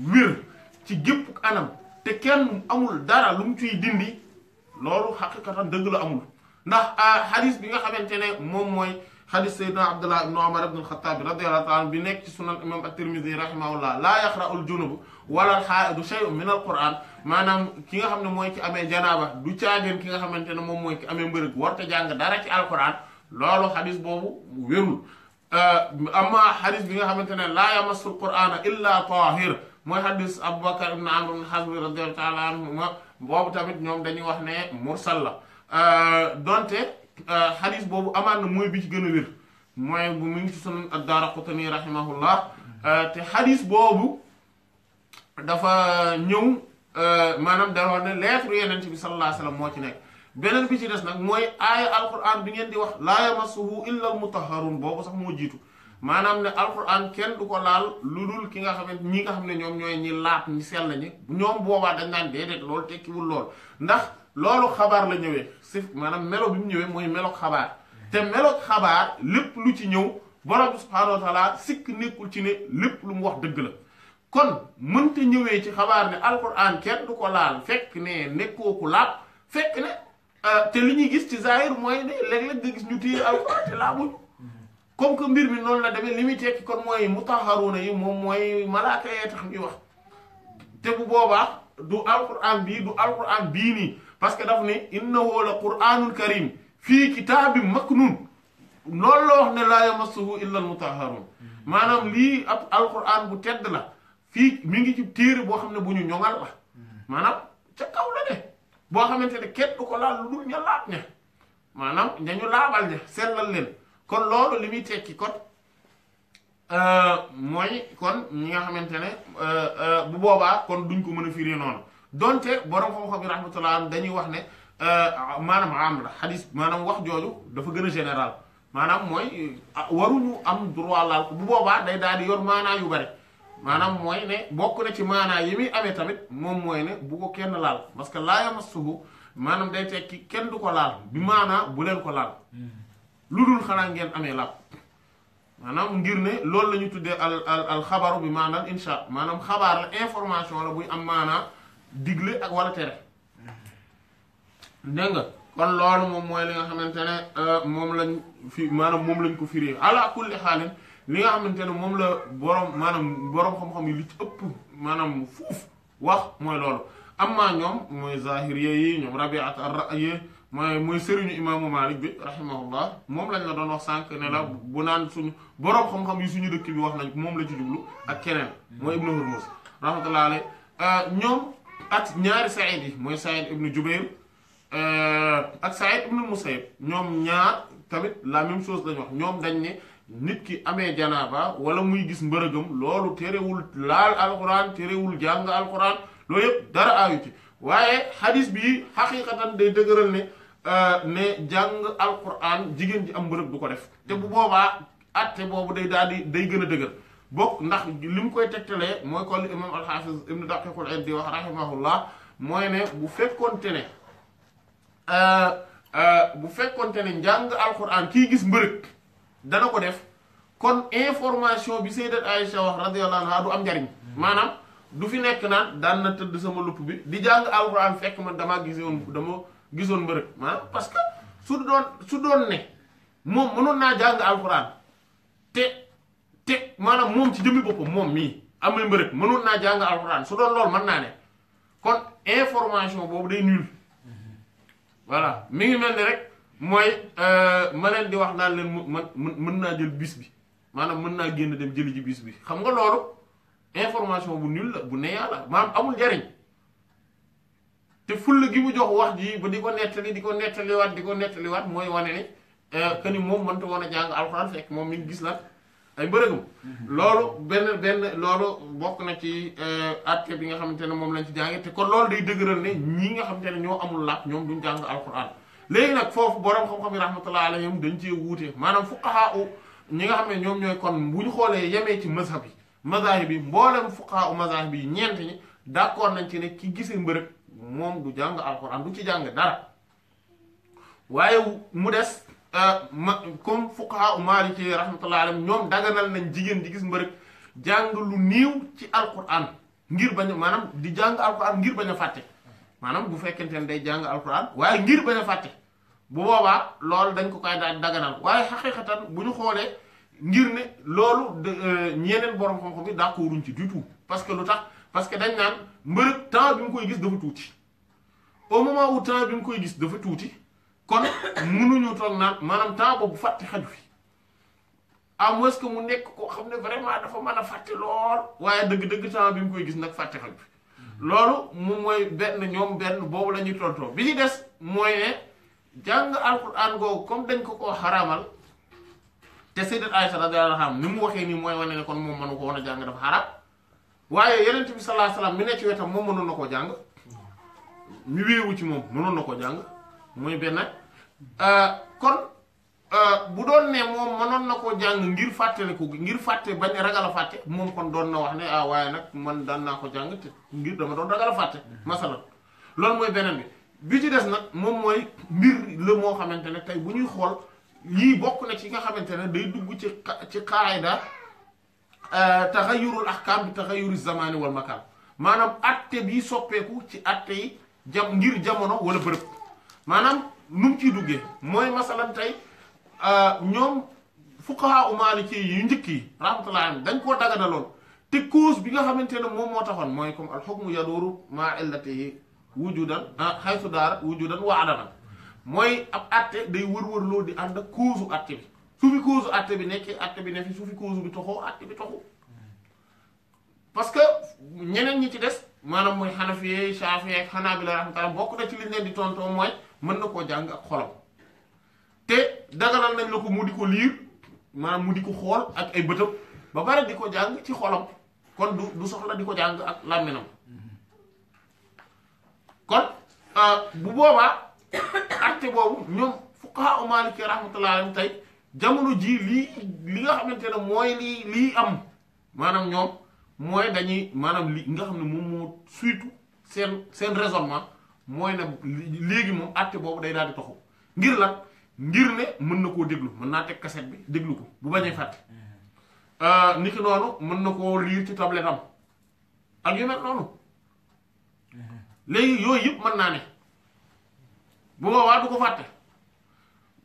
wér ci gépp anam te kenn amul dara lu mu ciy dindi loolu xaqiqatan dëgg la amul ndax xadis bi nga xamante ne moom mooy xadis sayyidina abdullah ibnu omar ibnu alxataabi radiallahu taala bi nekk ci sunan imam at-tirmidi rahimahullah laa yaxra'ul junub wala xaaidu shay'un min alquran maanaam ki nga xam ne mooy ki amee janaaba du caageen ki nga xamante ne moom mooy ki amee mbërëg warta jàng dara ci alquran loolu xadis boobu wérul آه، اما حديث بيغا خامتاني لا يمس القران الا طاهر موي حديث ابو بكر بن عمرو بن حزم رضي الله تعالى عنه بوبو تاميت نيوم داني واخ ني مرسل لا ا آه، دونت آه، حديث بوبو امان موي بيتي غنا وير موي بو مين في سنن الدار قطني رحمه الله ا تي حديث بوبو دا فا نيوم ا مانام دا هون ليتر يونتي بي صلى الله عليه وسلم موتي نيك beneen bi ci des nag mooy aaya alquran bi ngeen di wax laa yamassuhu illa al mutahharun boobu sax moo jiitu maanaam ne alquran kenn du ko laal lu dul ki nga xamante ñi nga xam ne ñoom ñooy ñi laat ñi sell ñi ñoom boobaa dañ naan déedéet loolu tekkiwul lool ndax loolu xabaar la ñëwee si maanaam melo bi mu ñëwee mooy melo xabaar te melo xabaar lépp lu ci ñëw borom bi subhaanahu wa taala ci ne lépp lu mu wax dëgg la kon mënta ñëwee ci xabaar ne alquran kenn du ko laal fekk ne nekkooku laat fekk ne Euh, te li ñuy gis ci zahir mooy ne léeg-léeg nga gis ñu téye alxuraan te mbir mi noonu la demee li muy tekki kon mooy mutahharuna yi moom mooy malaaka yee tax ñuy wax te bu boobaa du alxuraan bii du alxuraan bii nii parce que daf ne innahu la qur'aanun karim fii kitaabin maknuun loolu la wax ne laa yamassuhu illa al maanaam lii ab alxuraan bu tedd la fii mi ngi ci téere boo xam ne bu ñu ñoŋal la maanaam ca kaw de boo xamante ne kenn du ko laal lu dul ña laab ña maanaam dañu laabal ña sellal leen kon loolu li muy tekki kon euh, mooy kon ñi nga xamante ne euh, euh, bu boobaa kon duñ ko mën a firi noonu donte borom xam-xam yi rahmatullah dañuy wax ne maanaam am la xadis maanaam wax jooju dafa gën a général maanaam mooy waruñu am droit laal ko bu boobaa day daal di yor maanaa yu bari maanaam mooy ne bokk na ci maanaa yi muy amee tamit moom mooy ne bu ko kenn laal parce que laa yamassuhu maanaam day tekki kenn du ko laal bi maanaa bu leen ko laal lu dul xanaa ngeen amee laal maanaam ngir ne loolu la ñu tuddee al al al bi maanaam insha maanaam xabaar la information la buy am maanaa digle ak wala tere dégg nga kon loolu moom mooy li nga xamante ne euh, moom lañ fi maanaam moom lañ ko firee ala kulli xaalin li nga xamante ne moom la borom maanaam borom xam-xam li ci ëpp maanaam fuuf wax mooy loolu amma ñoom mooy zahiriya yi ñoom rabiat ar-ra'yi mooy mooy sëriñu imaamu Malik bi rahimahullah moom lañ la doon wax sànq ne la bu naan suñu borom xam-xam yi suñu dëkk bi wax nañ moom la ci jublu ak keneen mooy ibnu Hurmuz rahmatullah alay ñoom ak ñaari Saïd yi mooy Saïd ibnu Jubayr ak Saïd ibnu Musayyib ñoom ñaar tamit la même chose lañ wax ñoom dañ ne nit ki amee janaaba wala muy gis mbërëgam loolu terewul laal alxuraan terewul jàng alxuraan loolu yëpp dara aayu ci waaye xadis bi xaqiqatan day dëgëral ne euh, ne jàng alxuraan jigéen ji am mbërëg du ko def te bu boobaa atte boobu day daal di day gën a dëgër bokk ndax li mu koy tegtalee mooy kon li imam alxaafis ibnu daqiqul id di wax rahimahullah mooy ne bu fekkoonte ne euh, euh, bu fekkoonte ne njàng alxuraan kii gis mbërëg dana ko def kon information bi sayyidat Aïcha wax radiyallahu anha du am njariñ maanaam du fi nekk naan daan na tëdd sama lupp bi di jàng alxuraan fekk man damaa gisoon dama gisoon mbërëg maanaam parce que su doon su doon ne moom mënoon naa jàng alxuraan te te maanaam moom ci jëmmi boppam moom mii amul mbërëg mënoon naa jàng alxuraan su doon lool mën naa ne kon information boobu day nul voilà mu ngi mel ni rek mooy euh, ma leen di wax naan leen mën naa jël bis bi maanaam mën naa génn dem jëli ji bis bi xam nga information bu nul bu amul jariñ te fulla gi mu jox wax ji ba di ko nettali di ko nettaliwaat di ko nettaliwaat mooy wane ni euh, que ni moom mënta woon a jàng alxuraan fekk moom mi ngi gis la ay mbërëgam mhm. loolu benn benn loolu bokk na ci àtte euh, bi nga xamante ne moom lañ ci jànge te kon loolu day dëgëral ne ñi nga xamante ne amul laat ñoom duñ jàng alxuraan léegi nag foofu borom xam-xam yi mu alayhim dañ cee wuute maanaam fuqahaa ñi nga xam ne ñoom ñooy kon bu ñu xoolee yemee ci mazhab yi mazahib yi mboolem fuqahaa mazahib yi ñeent ñi nañ ci ne ki gisee mbërëg moom du jàng alxuraan du ci jàng dara waaye mu des euh, ma comme fuqahaa maaliki rahmatullah alayhim ñoom daganal nañ jigéen di gis mbërëg jàng lu néew ci alxuraan ngir bañ a maanaam di jàng alxuraan ngir bañ a fàtte. maanaam bu fekkente ne day jàng alxuraan waaye ngir bañ a fàtte bu boobaa loolu dañ ko koy daal daganal waaye xaqiqatan bu ñu xoolee ngir ne loolu euh, ñeneen borom xam-xam bi d'accorduñ ci du tout parce que lu tax parce que dañ naan mbërëg temps bi mu koy gis dafa tuuti au moment où temps bi koy gis dafa tuuti kon mënuñu toog naan maanaam temps bu fàtte xaju fi am moins que mu nekk koo xam ne vraiment dafa mën a fàtte lool waaye dëgg-dëgg temps bi mu koy gis nag fàtte xaju fi loolu moom mooy benn ñoom benn boobu la ñuy tontoo bi ñu des mooy ne jàng alquran googu comme dañ ko koo xaramal te sayyidat Aïcha radiyallahu anha ni mu waxee nii mooy wane ne kon moom mënu ko woon a jàng dafa xaraam waaye yeneen bi sallallahu alayhi wasallam mi ne ci wetam moom mënoon na koo jàng mi wéewu ci moom mënoon na koo jàng mooy benn euh, kon Euh, bu doon nee moom mënoon na koo jàng ngir fàttaliku ngir fàtte bañ a ragal a fàtte moom kon doon na wax ne ah waaye nag man daan naa ko jàng te ngir dama doon ragal a fàtte masalan loolu mooy beneen bi bi ci des nag moom mooy mbir la moo xamante ne tey bu ñuy xool lii bokk na ci nga xamante ne day dugg ci ci qaayda euh, taxayurul ahkaam bi taxayuri zamaani wal makaan maanaam atte bi soppeeku ci atte yi jam ngir jamono wala bërëb maanaam nu duggee mooy tey Euh, ñoom fuqaha u maliki yu njëkk yi rahmatullahi dañ koo daganaloon te cause bi nga xamante ne moom moo taxoon mooy comme alxukmu yaduuru maa illatihi wujudan xaysu ah, daara wujudan wa adaman mooy ab atte day wër-wërloo di ànd ak cause u atte bi su fi cause u atte bi nekkee atte bi nekk su fi cause bi toxoo atte bi toxu parce que ñeneen ñi ci des maanaam mooy xanafiye saafiyee ak xanaabila rahmatullah bokk na ci li leen di tontoo mooy mën na koo jàng ak xolam té dagalal nañ lako mu diko lire liir mu diko xol ak ay beutep ba pare diko jang ci xolam kon du du soxla diko jang ak laminam kon euh, bu boba acte bobu ñom fuqaha o maliki rahmatullahi alayhi tay jamono ji lii li nga xamantene moy li lii am manam ñom moy dañuy manam li nga xamne ne mo suitu sen sen raisonnement moy na léegi mom acte bobu day dal di taxu ngir lan ngir ne mën na koo déglu mën naa teg kaset bi déglu ko bu bañee mm-hmm. fàtte mm-hmm. euh, niki noonu mën na koo liir ci tablette am ak yu mel noonu mm-hmm. léegi yooyu yëpp mën naa ne bu ko fàtte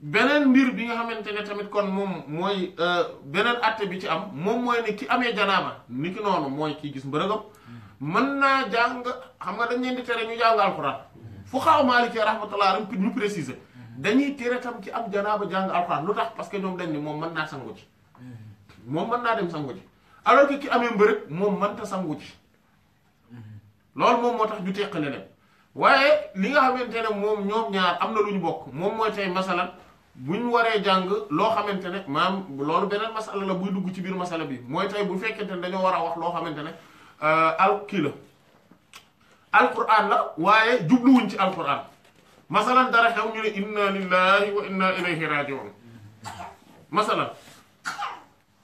beneen mbir bi nga xamante ne tamit kon moom mooy euh, beneen atte bi ci am moom mooy ne ki amee janaaba niki noonu mooy kii gis mbërëgam mën naa jàng xam nga dañ leen di tere ñu jàng alxuraan fu xaaw Maalik rahmatullah ñu préciser dañuy tere tam ci am janaaba jàng alxuraan lu tax parce que ñoom dañ ni moom man naa sangu ci moom mën naa dem sangu ci alors que ki amee mbërëg moom mënta sangu ci loolu moom moo tax ñu teqale leen waaye li nga xamante ne moom ñoom ñaar am na lu ñu bokk moom mooy tey masalan bu ñu waree jàng loo xamante ne maam loolu beneen masala la buy dugg ci biir masala bi mooy tey bu fekkente ne dañoo war a wax loo xamante ne euh, al kii la alquran waaye jubluwuñ ci alquran مثلا دار خاو ني ان لله وانا اليه راجعون مثلا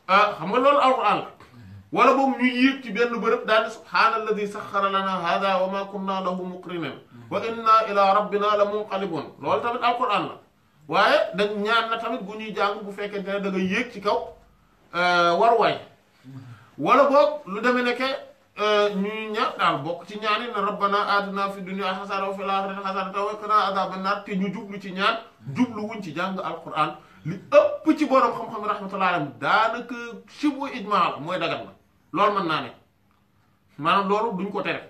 ا آه، خما لول القران ولا بوم ني ييب تي بن بروب دا سبحان الذي سخر لنا هذا وما كنا له مقرنين وانا الى ربنا لمنقلبون لول تامت القران لا واي دا نيان نا نعم تامت بو ني جان بو فيك دا دا ييب تي كاو ا آه، وار واي ولا بوك لو دمي نكه Eh, ñuy ñaan daal bokk ci ñaan yi ne rabbana aadina fi dunya xasana wa fil axirati xasana wa qina an nar te ñu jublu ci ñaan jublu wuñ ci jàng alquran li ëpp ci borom xam-xam rahmatullahi alayhi daanaka sibu ijma la mooy dagat la loolu mën naa ne maanaam loolu duñ ko tere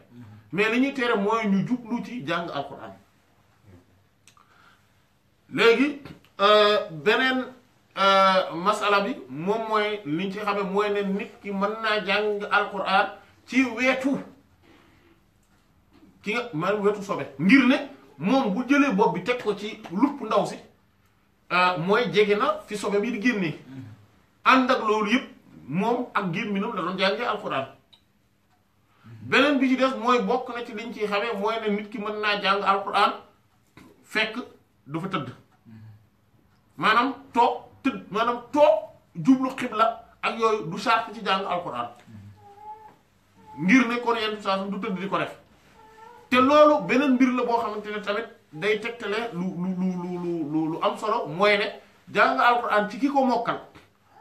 mais li ñuy tere mooy ñu jublu ci jàng alquran léegi euh, beneen euh, masala bi moom mooy liñ ci xame mooy ne nit ki mën naa jàng alquran ci weetu ki nga maanaam wetu sobe ngir ne moom bu jëlee bopp bi teg ko ci lupp ndaw si euh, mooy jege na fi sobe bi di génnee ànd ak loolu yëpp moom ak gémminam la doon jàngee alxuraan beneen bi ci des mooy bokk na ci liñ ciy xamee mooy ne mën naa jàng alxuraan fekk dafa tëdd maanaam toog tëdd maanaam toog jublu xibla ak yooyu du sart ci jàng alxuraan ngir ne kon yenn saa du tëdd di ko def te loolu beneen mbir la boo xamante ne tamit day tegtale lu lu lu lu lu am solo mooy ne jàng alquran ci ki ko mokkal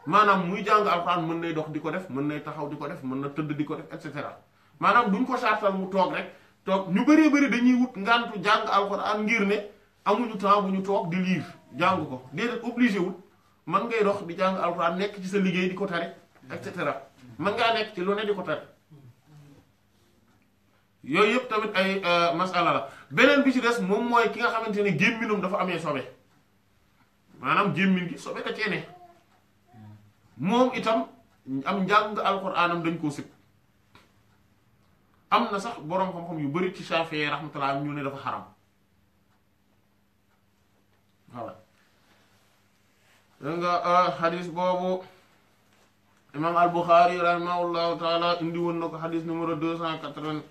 maanaam muy jàng alquran mën nay dox di ko def mën nay taxaw di ko def mën na tëdd di ko def et cetera maanaam duñ ko sartal mu toog rek toog ñu bëree bëri dañuy wut ngantu jàng alquran ngir ne amuñu temps bu ñu toog di jàng ko déedéet obligé wut mën ngay dox di jàng alquran nekk ci sa liggéey di cetera mën ngaa nekk ci lu di ko tare yooyu yëpp tamit ay euh, masala la beneen bi ci des moom mooy ki nga xamante ne gémminum dafa amee sobe maanaam gémmin gi sobe da moom itam am njàng alxuraanam dañ koo sib am na sax boroom xam-xam yu bari ci Shaafi'i rahmatullah ñu ne dafa xaram voilà nga xadis euh, boobu imaam al-Bukhari rahimahullahu taala indi woon na ko xadis numéro deux cent quatre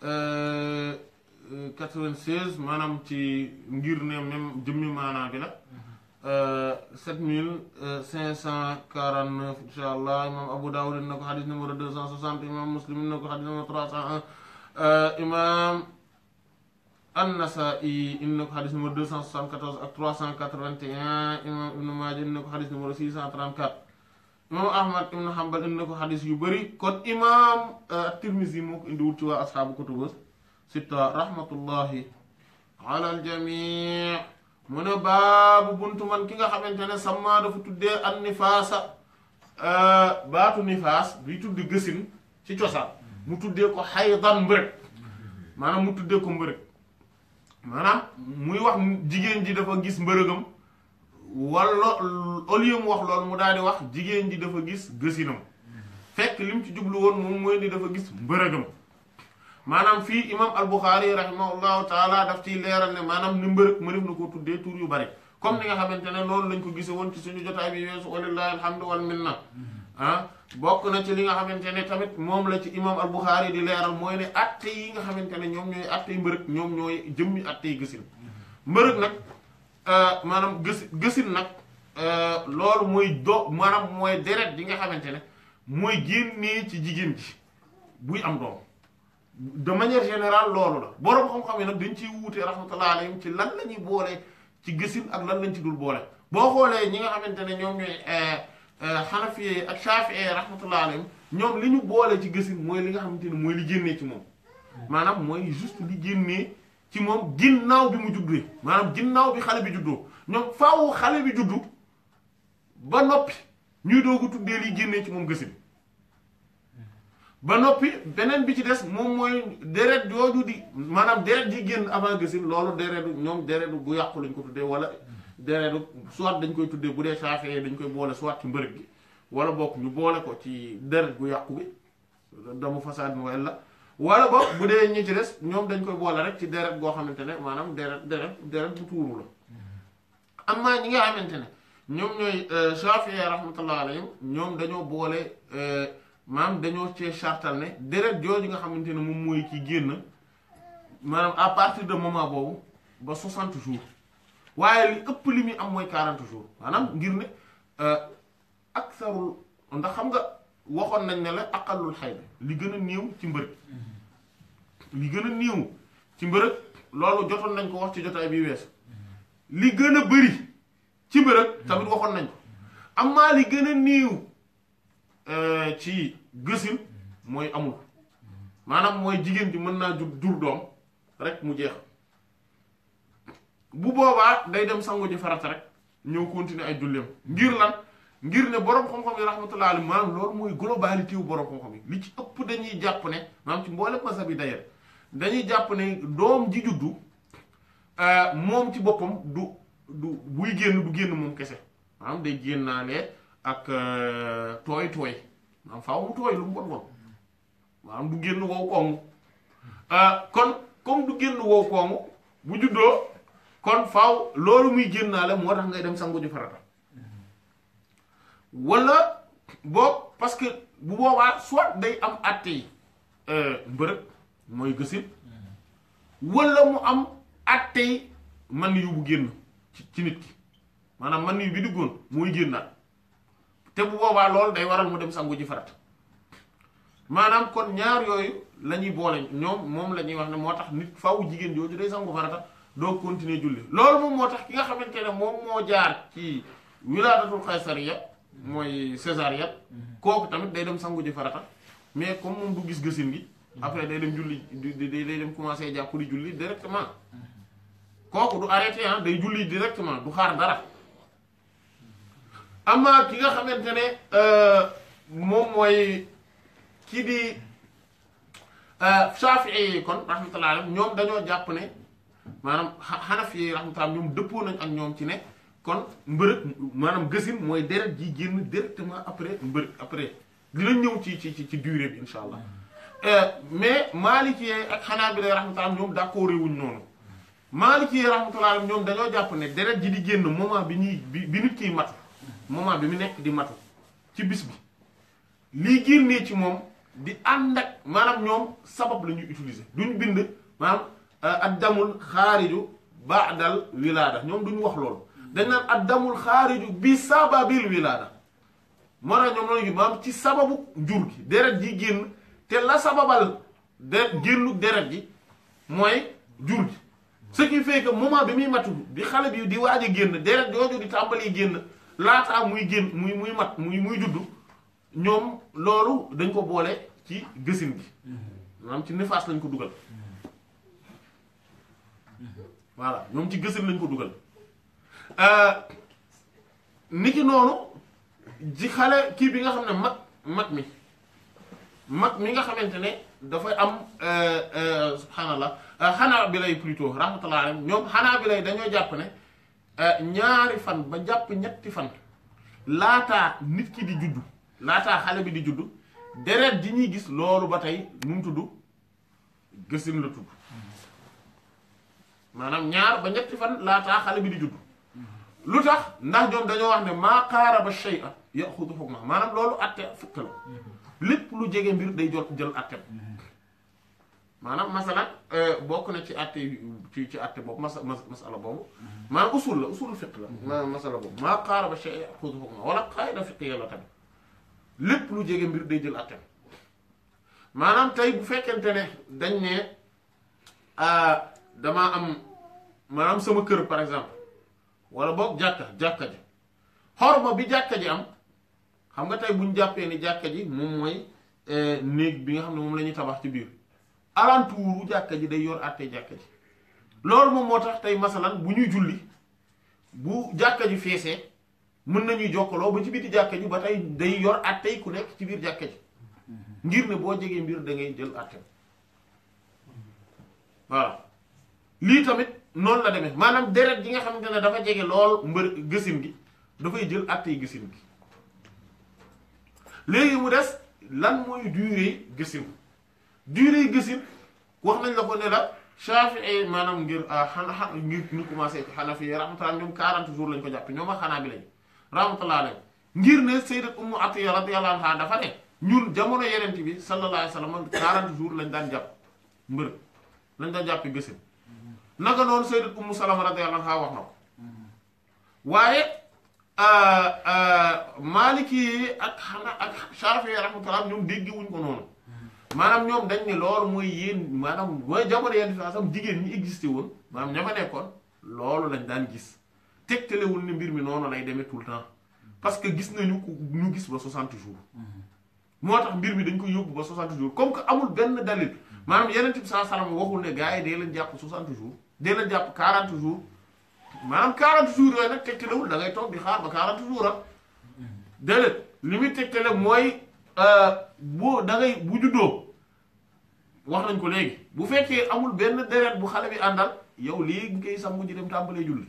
96 euh, euh, maanaam ci ngir ne même jëmmi maanaa bi la 7549 euh, incha allah imam Abu Dawud na ko xadis numéro 260 imam Muslim na ko xadis numéro 301 imam An-Nasa'i na ko xadis numéro 274 ak 381 imam Ibn Maaja na ko xadis numéro 634. imam ahmad ibn hanbal indi na ko xadis yu bëri kon imam euh, tirmisi moo ko indiwul ci waa asxaabu kutubu sitta rahmatullahi ala aljami mu ne baabu buntu man ki nga xamante ne sama dafa tuddee an nifaasa euh, baatu nifaas bi tudd gësin ci cosaan mu tuddee ko xaydan mbërëg maanaam mu tuddee ko mbërëg maanaam muy wax jigéen ji dafa gis mbërëgam walla au lieu mu wax loolu mu daal di wax jigéen ji dafa gis gësinam fekk lim ci jublu woon moom mooy ni dafa gis mbërëgam maanaam fii imam al-Bukhari rahimahullahu taala daf ciy leeral ne maanaam ni mbërëg mënef na ko tuddee tur yu bari comme ni nga xamante ne loolu lañ ko gise woon ci suñu jotaay bi weesu walillahi alhamdu wal minna ah bokk na ci li nga xamante ne tamit moom la ci imam al-Bukhari di leeral mooy ne atte yi nga xamante ne ñoom ñooy atte mb ñoom ñooy jëmmi atte yi gësin mbërëg nag Euh, maanaam gësi gësin nag euh, loolu mooy do maanaam mooy deret bi nga xamante ne mooy génnee ci jigéen ji buy am doom de manière générale loolu la boroom xam-xam nag dañ ciy wuute rahmatullah alayhim ci lan la ñuy boole ci gësin ak lan lañ ci dul boole boo xoolee ñi nga xamante ne ñoom ñooy xanafi euh, ak shaafi'i rahmatullah alayhim ñoom li ñu boole ci gësin mooy li nga xamante ni mooy li génnee ci moom maanaam mooy juste li génnee ci moom ginnaaw bi mu juddee maanaam ginnaaw bi xale bi juddoo ñoom faaw xale bi juddu ba noppi ñuy doogu tuddee liy génnee ci moom gësin ba noppi beneen bi ci des moom mooy deret jooju di maanaam deret ji génn avant gësin loolu deretu ñoom deretu bu yàqu lañ ko tuddee wala deretu soit dañ koy tuddee bu dee saafee dañ koy boole soit ci mbërëg gi wala bokk ñu boole ko ci deret gu yàqu bi damu fasaad walla wala boog bu dee ñi ci des ñoom dañ koy boole rek ci deret goo xamante ne maanaam deret deret deret bu tuuru la am na ñi nga xamante ne ñoom ñooy euh, Shafi'i rahmatullah alayhim ñoom dañoo boole euh, maam dañoo cee chartal ne deret jooju nga xamante ne moom mooy ci génn maanaam à partir de moment boobu ba 60 jours waaye li ëpp li muy am mooy 40 jours maanaam ngir ne euh, ak sarul ndax xam nga. waxoon nañ ne la aqalul xayda li gën a néew ci mbërëg li gën a néew ci mbërëg loolu jotoon nañ ko wax ci jotaay bi wees li gën a bëri ci mbërëg tamit waxoon nañ am amaa li gën a néew euh, ci gësin mooy amul maanaam mooy jigéen ji mën naa jub jur doom rek mu jeex bu boobaa day dem sangu ji farata rek ñëw continuer ay julleem ngir lan ngir ne borom xam-xam yi rahmatullahi alayhi maanaam loolu mooy globalité wu borom xam-xam yi li ci ëpp dañuy jàpp ne maanaam ci mboolem masab yi d'ailleurs dañuy jàpp ne doom ji juddu euh, moom ci boppam du du buy génn du génn moom kese maanaam day génnaale ak euh, tooy tooy maanaam faaw mu tooy lu mu bon bon maanaam du génn wow kongu euh, kon kom du génn wow kongu bu juddoo kon faaw loolu muy génnaale moo tax ngay dem sangu ji farata wala boobu parce que bu boobaa soit day am àttey euh, mbërëg mooy gësit walla mu am àttey man yu bu génn ci nit ki maanaam man yu bi duggoon mooy nag te bu boobaa loolu day waral mu dem sangu ji farat maanaam kon ñaar yooyu la ñuy boole ñoom moom la ñuy wax ne moo tax nit faaw jigéen jooju day sangu farata doo continuer julli loolu moom moo tax ki nga xamante ne moom moo jaar ci wilaadatul xaysariya mooy césarienne mhm. kooku tamit day dem sangu ji farata mais comme moom du gis gësin gi mhm. après day dem julli day dem commencé jàpp di julli directement kooku du arrêté ah day julli directement du xaar dara amaa ki nga xamante ne euh, moom mooy kii di euh, Shaafi'i yi kon rahmatullah alayhim ñoom dañoo jàpp ne maanaam Hanafi yi rahmatullah ñoom dëppoo nañ ak ñoom ci ne kon mbërëg maanaam gësin mooy deret ji génn directement après mbërëg après dinañ ñëw ci ci ci durée bi incha allah euh, mais maalikiyee ak xanaabila rahmatullah ñoom d'accord wuñ noonu maalikiyee rahmatullah ñoom dañoo jàpp ne deret ji di génn moment bi ñuy bi nit kiy matu moment bi mu nekk di matu ci bis bi lii génnee ci moom di ànd ak maanaam ñoom sabab la ñuy utiliser duñ bind maanaam euh, ak damul xaariju baadal wilaada ñoom duñ wax lool dañ naan ad damul xaariju bi sababil wilaada moo tax ñoom noonu maam ci sababu jur gi deret ji génn te la sababal de génnu deret mooy jur gi ce qui fait que bi muy di génn deret jooju di tàmbali génn laataa muy génn muy muy mat muy muy juddu ñoom loolu dañ ko boole ci gësin gi maanaam ci nifaas lañ ko dugal mm-hmm. voilà ñoom ci gësin lañ ko dugal Euh, nit ki noonu ji xale kii bi nga xam ne mag mag mi mag mi nga xamante ne dafay am euh, euh, subhaanallah xanaa bi lay plutôt rahmatullah alayhi ñoom xanaa bi lay dañoo jàpp ne ñaari fan ba jàpp ñetti fan laata nit ki di juddu laataa xale bi di juddu deret ji ñuy gis loolu ba tey nu mu tudd gësin la tudd maanaam ñaar ba ñetti fan laataa xale bi di juddu lu tax ndax ñoom dañoo wax ne maa qaaraba shay'a yaxudu a maanaam loolu atte fiq lépp lu jege mbir day jot jël atte maanaam masala euh, bokk na ci atte ci ci atte boobu masa masala boobu maanaam usul la usul fiq la maanaam masala maa qaaraba shay'a yaxudu hukma wala qaayida fiqiyya la tamit lu jege mbir day jël atte maanaam tey bu fekkente ne dañ ne euh, damaa am maanaam sama kër par exemple wala boog jàkka jàkka ji xorma bi jàkka ji am xam nga tey buñ jàppee ni jàkka ji moom mooy eh, néeg bi nga xam ne moom lañuy tabax ci biir alentouru jàkka ji day yor àttee jàkka ji loolu moom moo tax tey masalan bu ñuy julli bu jàkka ji feesee mën nañuy jokkaloo ba ci biti jàkka ji ba tey day yor àttee ku nekk ci biir jàkka ji ngir ne boo jegee mbir da ngay jël àttee voilà lii tamit noonu la demee maanaam deret ji nga xamante ne dafa jege lool mbër gësin gi dafay jël àtte yi gësin gi léegi mu des lan mooy durée gësin durée gësin wax nañ la ko ne la Shafi'i maanaam ngir ah, xanaa ngir ñu commencé ci Hanafi rahmatullah ñoom quarante jours lañ ko jàpp ñoom ak xanaa bi lañ rahmatullah lañ ngir ne Sayyidat Ummu Atiyya radiyallahu anha dafa ne ñun jamono yeneen bi sallallahu alayhi wa sallam 40 jours lañ daan jàpp mbër lañ daan jàpp gësin. naka noonu sayyidat ummu salama radiyallahu anha wax na ko mm-hmm. waaye euh, euh, maaliki yi ak xana ak Shaafi'i rahmatullah ñoom déggiwuñ ko noonu mm-hmm. maanaam ñoom dañ ne loolu mooy yéen maanaam mooy jamono yenn saa sam jigéen ñi existé woon maanaam ña fa nekkoon loolu lañ daan gis tegtalewul ni mbir mi noonu nay demee tout le temps mm-hmm. parce que gis nañu ku ñu gis ba 60 jours moo tax mbir mi dañ koy yóbbu ba 60 jours comme que amul benn dalil maanaam yeneen bi saa salaam waxul ne gars yi dee leen jàpp 60 dee jàpp 40 jours maanaam 40 jours yooyu nag tegtalewul da ngay toog bi xaar ba 40 jours ah déedéet li muy tegtale mooy euh, bu dangay ngay bu juddoo wax nañ ko léegi bu fekkee amul benn deret bu xale bi àndal yow léegi nga koy sangu ji dem tàmbalee julli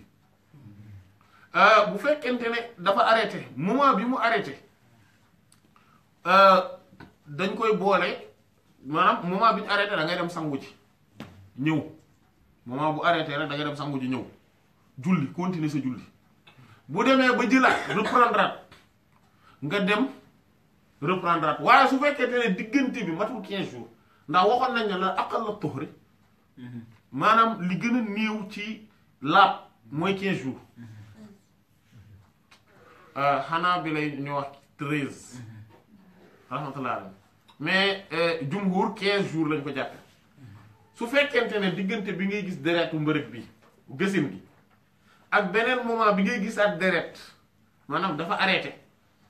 euh, bu fekkente ne dafa arrêté moment bi mu arrêté euh, dañ koy boole maanaam moment bi ñu arrêté ngay dem sangu ji ñëw. moment bu arrêté rek da ngay dem sangu ji ñëw julli continuer sa julli bu demee ba jëlaat reprendre nga dem reprendre waaye su fekkee ne diggante bi matul 15 jours ndax waxoon nañ ne la aqal la tuxri mhm. maanaam li gën a néew ci laab mooy 15 jours mhm. euh, xanaa bi lay ñu wax 13 mhm. rahmatullah mais euh, jumhur 15 jours lañ ko jàppe su fekkente ne diggante bi ngay gis deretu mbërëg bi gësin gi ak beneen moment bi ngay gis ak deret maanaam dafa arrêté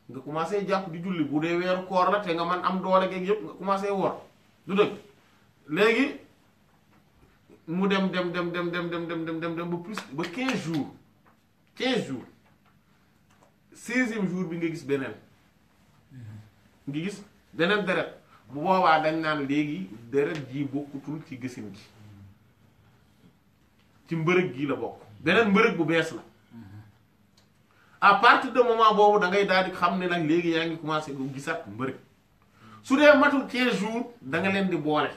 nga commencé jàpp di julli bu dee weeru koor la te nga man am doole geeg yépp nga commencé woor du dëgg léegi mu dem dem dem dem dem dem dem dem dem ba plus ba 15 jours 15 jours 16e jour bi nga gis beneen ngi gis beneen deret bu boobaa dañ naan léegi deret ji bokkutul ci gisin gi ci mbërëg gi la bokk beneen mbërëg bu bees la à partir de moment boobu da ngay daal di xam ne nag léegi yaa ngi commencé du gisat mbërëg su dee matul 15 jour da nga leen di boole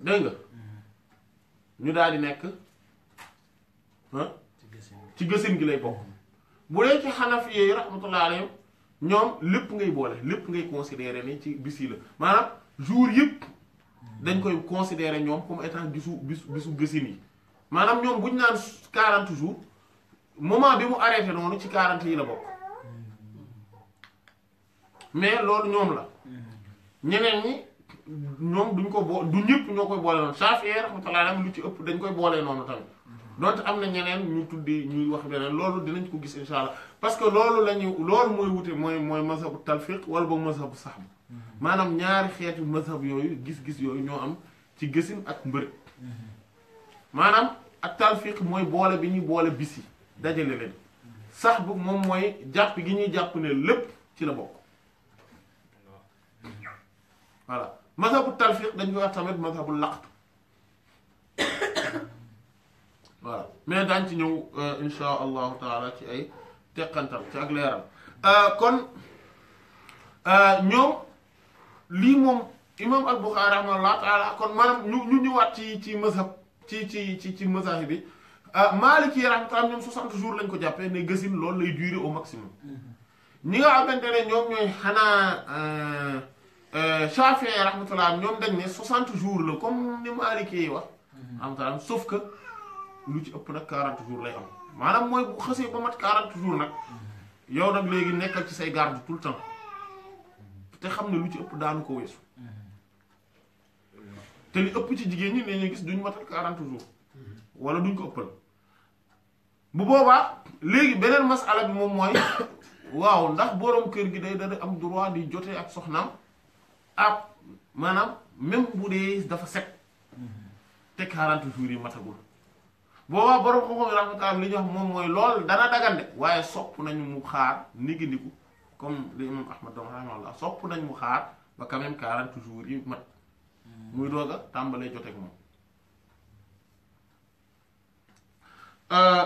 dégg nga ñu daal di nekk ci gësin gi lay bokk bu dee ci xanaf yi rahmatullah alayhim ñom lepp ngay bolé lepp ngay considérer né ci bis yi la maanaam jour yépp dañ koy considérer ñom comme étant bisu bisu bisu bésin yi maanaam ñoom bu 40 jours moment bi mu arrêté noonu ci 40 yi la bok mais loolu ñom la ñeneen ñi ñom duñ ko boo du ñëpp ñoo koy boole noonu saa fi lu ci ëpp dañ koy bolé nonu tamit. donte amna ñeneen ñu tuddi ñuy wax benen loolu dinañ ko gis inshallah parce que loolu lañu ñu moy wute moy moy mazhabu talfiq wala boog mazhabu sahb manam ñaari xeetu mazhab yoyu gis-gis yoyu ño am ci gëssim ak mbeur manam ak talfiq moy boole biñu boole bisi dajale len sahb mom moy jàpp gi ñuy jàpp ne lépp ci la bok voilà mazhabu talfiq dañ ko wax tamit mazhabu laqtu voilà mais daañ ci ñëw euh, insha allahu taala ci ay teqantal ci ak leeral euh, kon euh, ñoom lii moom imam al buxaari rahimahullah taala kon maanaam ñu ñu ñëwaat ci ci mazhab ci ci ci ci mazahib bi maaliki yi rahmatullah ñoom 60 jours lañ ko jàppee ne gësin loolu lay durer au maximum ñi nga xamante ne ñoom ñooy xanaa Shaafi'i rahmatullah ñoom dañ ne 60 jours la comme ni maaliki yi wax mm-hmm. rahmatullah sauf que lu ci ëpp nag 40 jours lay am maanaam mooy bu xasee ba mat 40 jour nag yow nag léegi nekkal ci say garde tout le temps te xam ne lu ci ëpp daanu ko weesu te li ëpp ci jigéen ñi ne ñu gis duñ matal 40 jours wala duñ ko ëppal bu boobaa léegi beneen masala bi moom mooy waaw ndax borom kër gi day dada am droit di jotee ak soxnaam ak maanaam même bu dee dafa set te 40 jour yi matagul. boobaa borom xam-xam rahmatullah li ñu wax moom mooy lool dana dagan de waaye sopp nañu mu xaar nigindiku comme li imam ahmad dom rahmatullah sopp nañ mu xaar ba quand même 40 jours yi mat muy doog a tàmbalee joteeg moom euh,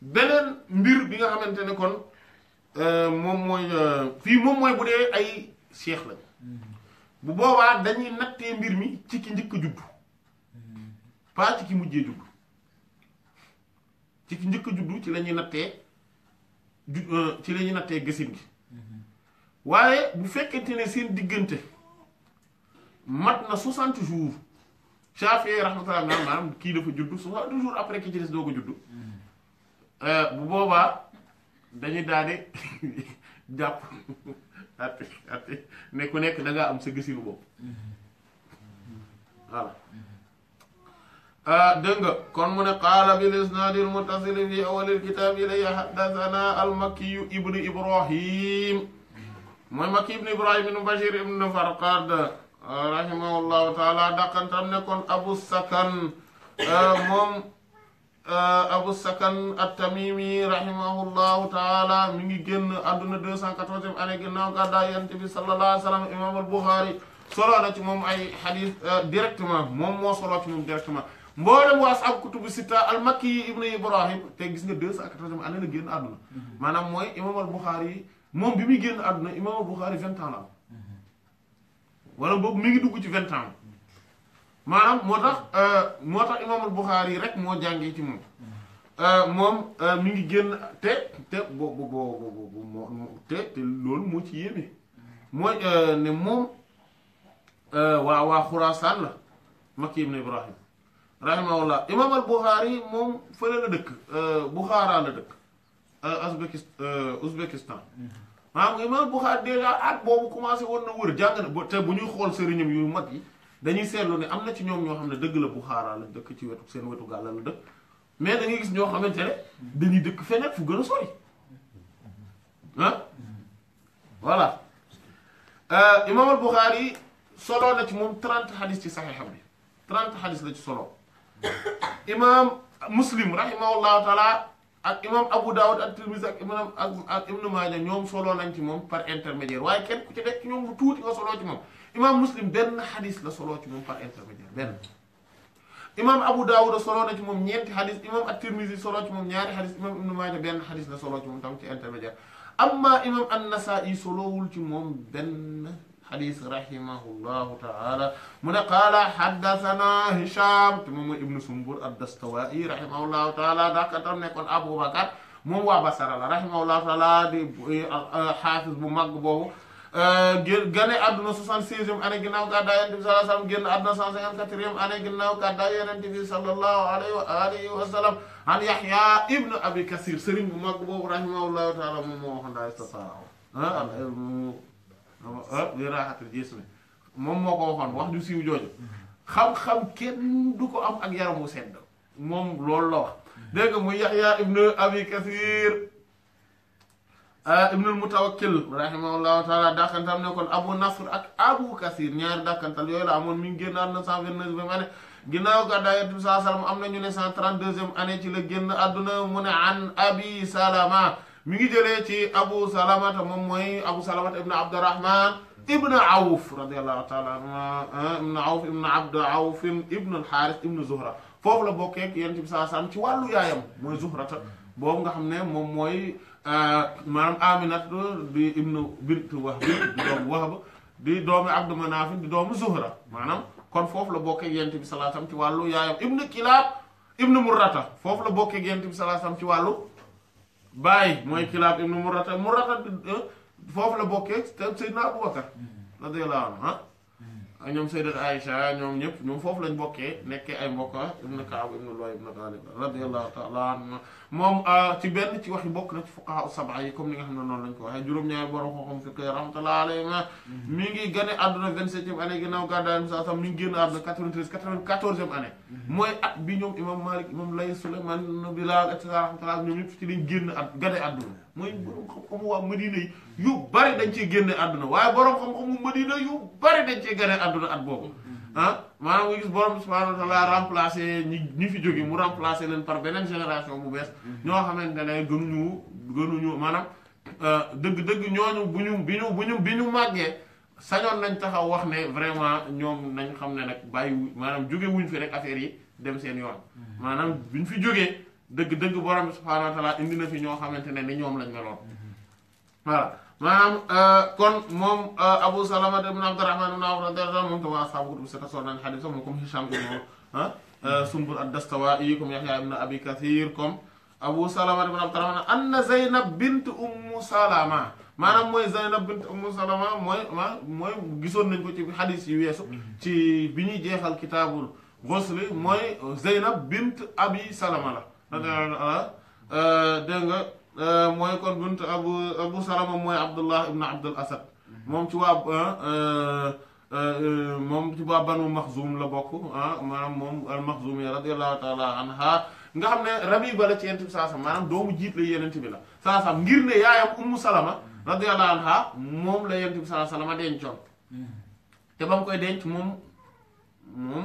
beneen mbir bi nga xamante ne kon euh, moom mooy euh, fii moom mooy bu dee ay cheikh la bu boobaa dañuy nattee mbir mi ci ki njëkk judd pas ci ki mujjee judd ci ki njëkk a juddu ci la ñuy nattee euh, ci la ñuy nattee gësin gi mm-hmm. waaye bu fekkente ne seen diggante mat na 60 jours Shaafi'i rahmatullah maanaam kii dafa juddu 60 jours après ki ci doo ko juddu mm-hmm. euh, bu boobaa dañuy daal di jàpp atte ku nekk da ngaa am sa gësinu bopp mm-hmm. voilà. Ah, dégg nga kon mu ne qaala bil isnaadil muttasili fi awalil kitaab ilay haddathana al makkiyu ibnu ibrahim mooy makki ibnu ibrahim ibnu bashir ibnu farqad rahimahullahu taala dàqantam ne kon abu sakan ah, moom ah, abu sakan at-tamimi rahimahullahu taala mi ngi génn àdduna 280 année ginnaaw gàddaay yonent bi sallallahu alayhi wa sallam imam al buxaari solo na ci moom ay xadis directement moom moo solo ci moom directement mboolem waa ashaabu kutubu sitta al makki ibnu ibrahim te gis nga deux cent quatorzième année la génn àdduna mhm. maanaam mooy imam al buxaari yi moom bi muy génn àdduna imam al buxaari la am mhm. boobu mi ngi dugg ci vingt ans moo tax euh, moo tax imam yi rek moo jàngee ci moom mhm. euh, moom euh, mi ngi génn moo ci yéeme mooy waa waa la makki ibrahim rahimahullah imam al Buxaari yi moom fële la dëkk euh, Buxaara la dëkk euh, Uzbekis euh, Uzbekistan maanaam imam al Buxaari dèjà ak boobu commencé woon na wër jàng na te bu ñuy xool sëriñam yu mag yi dañuy seetlu ne am na ci ñoom ñoo xam ne dëgg la Buxaara la dëkk ci wetu seen wetu gàlla la dëkk mais dañuy gis ñoo xamante ne dañuy dëkk feneen fu gën a sori ah voilà imam al Buxaari yi soloo na ci moom 30 xadis ci saxeexam bi 30 xadis la ci solo imaam muslim rahimahullahu taala ak imaam Abu Dawud ak Tirmidhi ak imaam ak Ibnu Maaja ñoom solo nañ ci moom par intermédiaire waaye kenn ku ci nekk ñoom lu tuuti nga solo ci moom imaam muslim benn xadis la solo ci moom par intermédiaire benn. imaam Abu Dawud solo na ci moom ñeenti xadis imaam ak Tirmidhi solo ci moom ñaari xadis imaam Ibnu Maaja benn xadis la solo ci moom tam ci intermédiaire amma imaam an-Nasaa'i solowul ci moom benn. حديث رحمه الله تعالى من قال حدثنا هشام تمام ابن سنبور الدستوائي رحمه الله تعالى ذاك تنكون أبو بكر مو waa Basara رحمه الله تعالى di xaafis bu mag gane aduna 76 76e année ginnaaw gàddaay Yonent bi sallallahu alayhi wa sallam genn aduna àdduna 154e année ginnaaw gàddaay Yonent bi sallallahu alayhi wa alihi wa sallam an Yahya ibnu Abi Kasir sëriñ bu mag bobu rahimahu allah taala mo mo moo istafa ha li raaxatil jismi moom moo ko waxoon wax ju siiw jooju xam-xam kenn du ko am ak yaramu sedd moom loolu la wax dégg muy yaxya ibnu abi kasir euh, ibnul mutawakkil rahimahullahu taala dàqantal ne kon abu nasr ak abu kasir ñaari dàqantal yooyu la amoon mi ngi génn àdduna cent vingt neuf année ginnaaw gàddaay Yonent bi sallallahu alayhi wa sallam am nañu ne cent trente deuxième année ci la génn àdduna mu ne an abi salama mi ngi jëlee ci abu salamata moom mooy abu salamata ibn abdurahman ibn awf radiallahu taala anhuma ah, ibn awf ibn abd awf ibn alxaaris ibn zuhra foofu la bokkeek yonent bi saa saam ci wàllu yaayam mooy zuhrata boobu nga xam ne moom mooy ah, maanaam aminatu di ibn bint wahb di doomu wahb di doomi abdu manaafin zuhra maanaam kon foofu la bokke yonent bi saa ci wàllu yaayam ibn kilaab ibn murrata foofu la bokke yonent bi saa ci wàllu baay mooy kilaab ibnu murata murata eh, foofu la bokkee seydina abubakar radiyallahu anhu ah hmm. ak ñoom sayyidat aïcha ñoom ñëpp ñoom foofu lañ bokkee nekkee ay mbokka ah, ibnu kaab ibnu luway ibnu ghalib radiyallahu taala moom euh, ci benn ci wax yi bokk na ci fuqaha sab'a yi comme ni nga xam ne noonu lañ ko waxee juróom-ñaari borom xam-xam fi koy rahmatullahi alayhi mm-hmm. mi ngi gane àdduna vingt-septième année ginnaaw gàddaay Musaa sallam mi ngi génn àdduna quatre-vingt-treize quatre-vingt-quatorzième année mm-hmm. génn at gane àdduna mooy borom xam yi yu bari dañ ciy génn àdduna waaye borom xam-xamu Madina yu bari dañ ciy gane àdduna at boobu ah maanaam nga gis borom subhaanahu wa taala remplacer ñi ñi fi jóge mu remplacer leen par beneen génération bu bees ñoo xamante ne gënuñu gënuñu maanaam dëgg-dëgg euh, ñooñu bu ñu bi ñu bu ñu bi ñu màggee sañoon nañ taxaw wax ne vraiment ñoom nañ xam ne nag bàyyi maanaam jóge wuñ fi rek affaire yi dem seen yoon maanaam bu ñu fi jógee dëgg-dëgg borom subhaanahu wa taala indi na fi ñoo xamante ne ni ñoom lañ meloon maanaam euh, kon moom euh, Abu Salama ibn Abdurrahman ibn Awf radiyallahu moom tam waa asxaabu kutub sitta solo nañ xadis moom comme Hisham ko moom ah, euh, Sumbul ad-Dastawaa'i comme ibn Abu Salama ibn Abdurrahman anna Zaynab bint Ummu Salama maanaam mooy Zaynab bint Ummu Salama mooy gisoon nañ ko ci xadis yi weesu ci bi ñuy jeexal kitaabul ghusl mooy Zaynab bint Abi Salama la mm-hmm. dégg nga Euh, mooy kon buntu abu abu salama mooy abdullah ibn abdul asad moom ci waa euh, euh, moom ci waa banu maxzum la bokk ah, maanaam moom al maxzumiya radiallahu nga xam ne la ci yonent bi saasam maanaam doomu jiit la yonent la saasam ngir ne yaayam ummu salama radiallahu anha moom la yonent bi saa salama dencoon te ba koy denc moom moom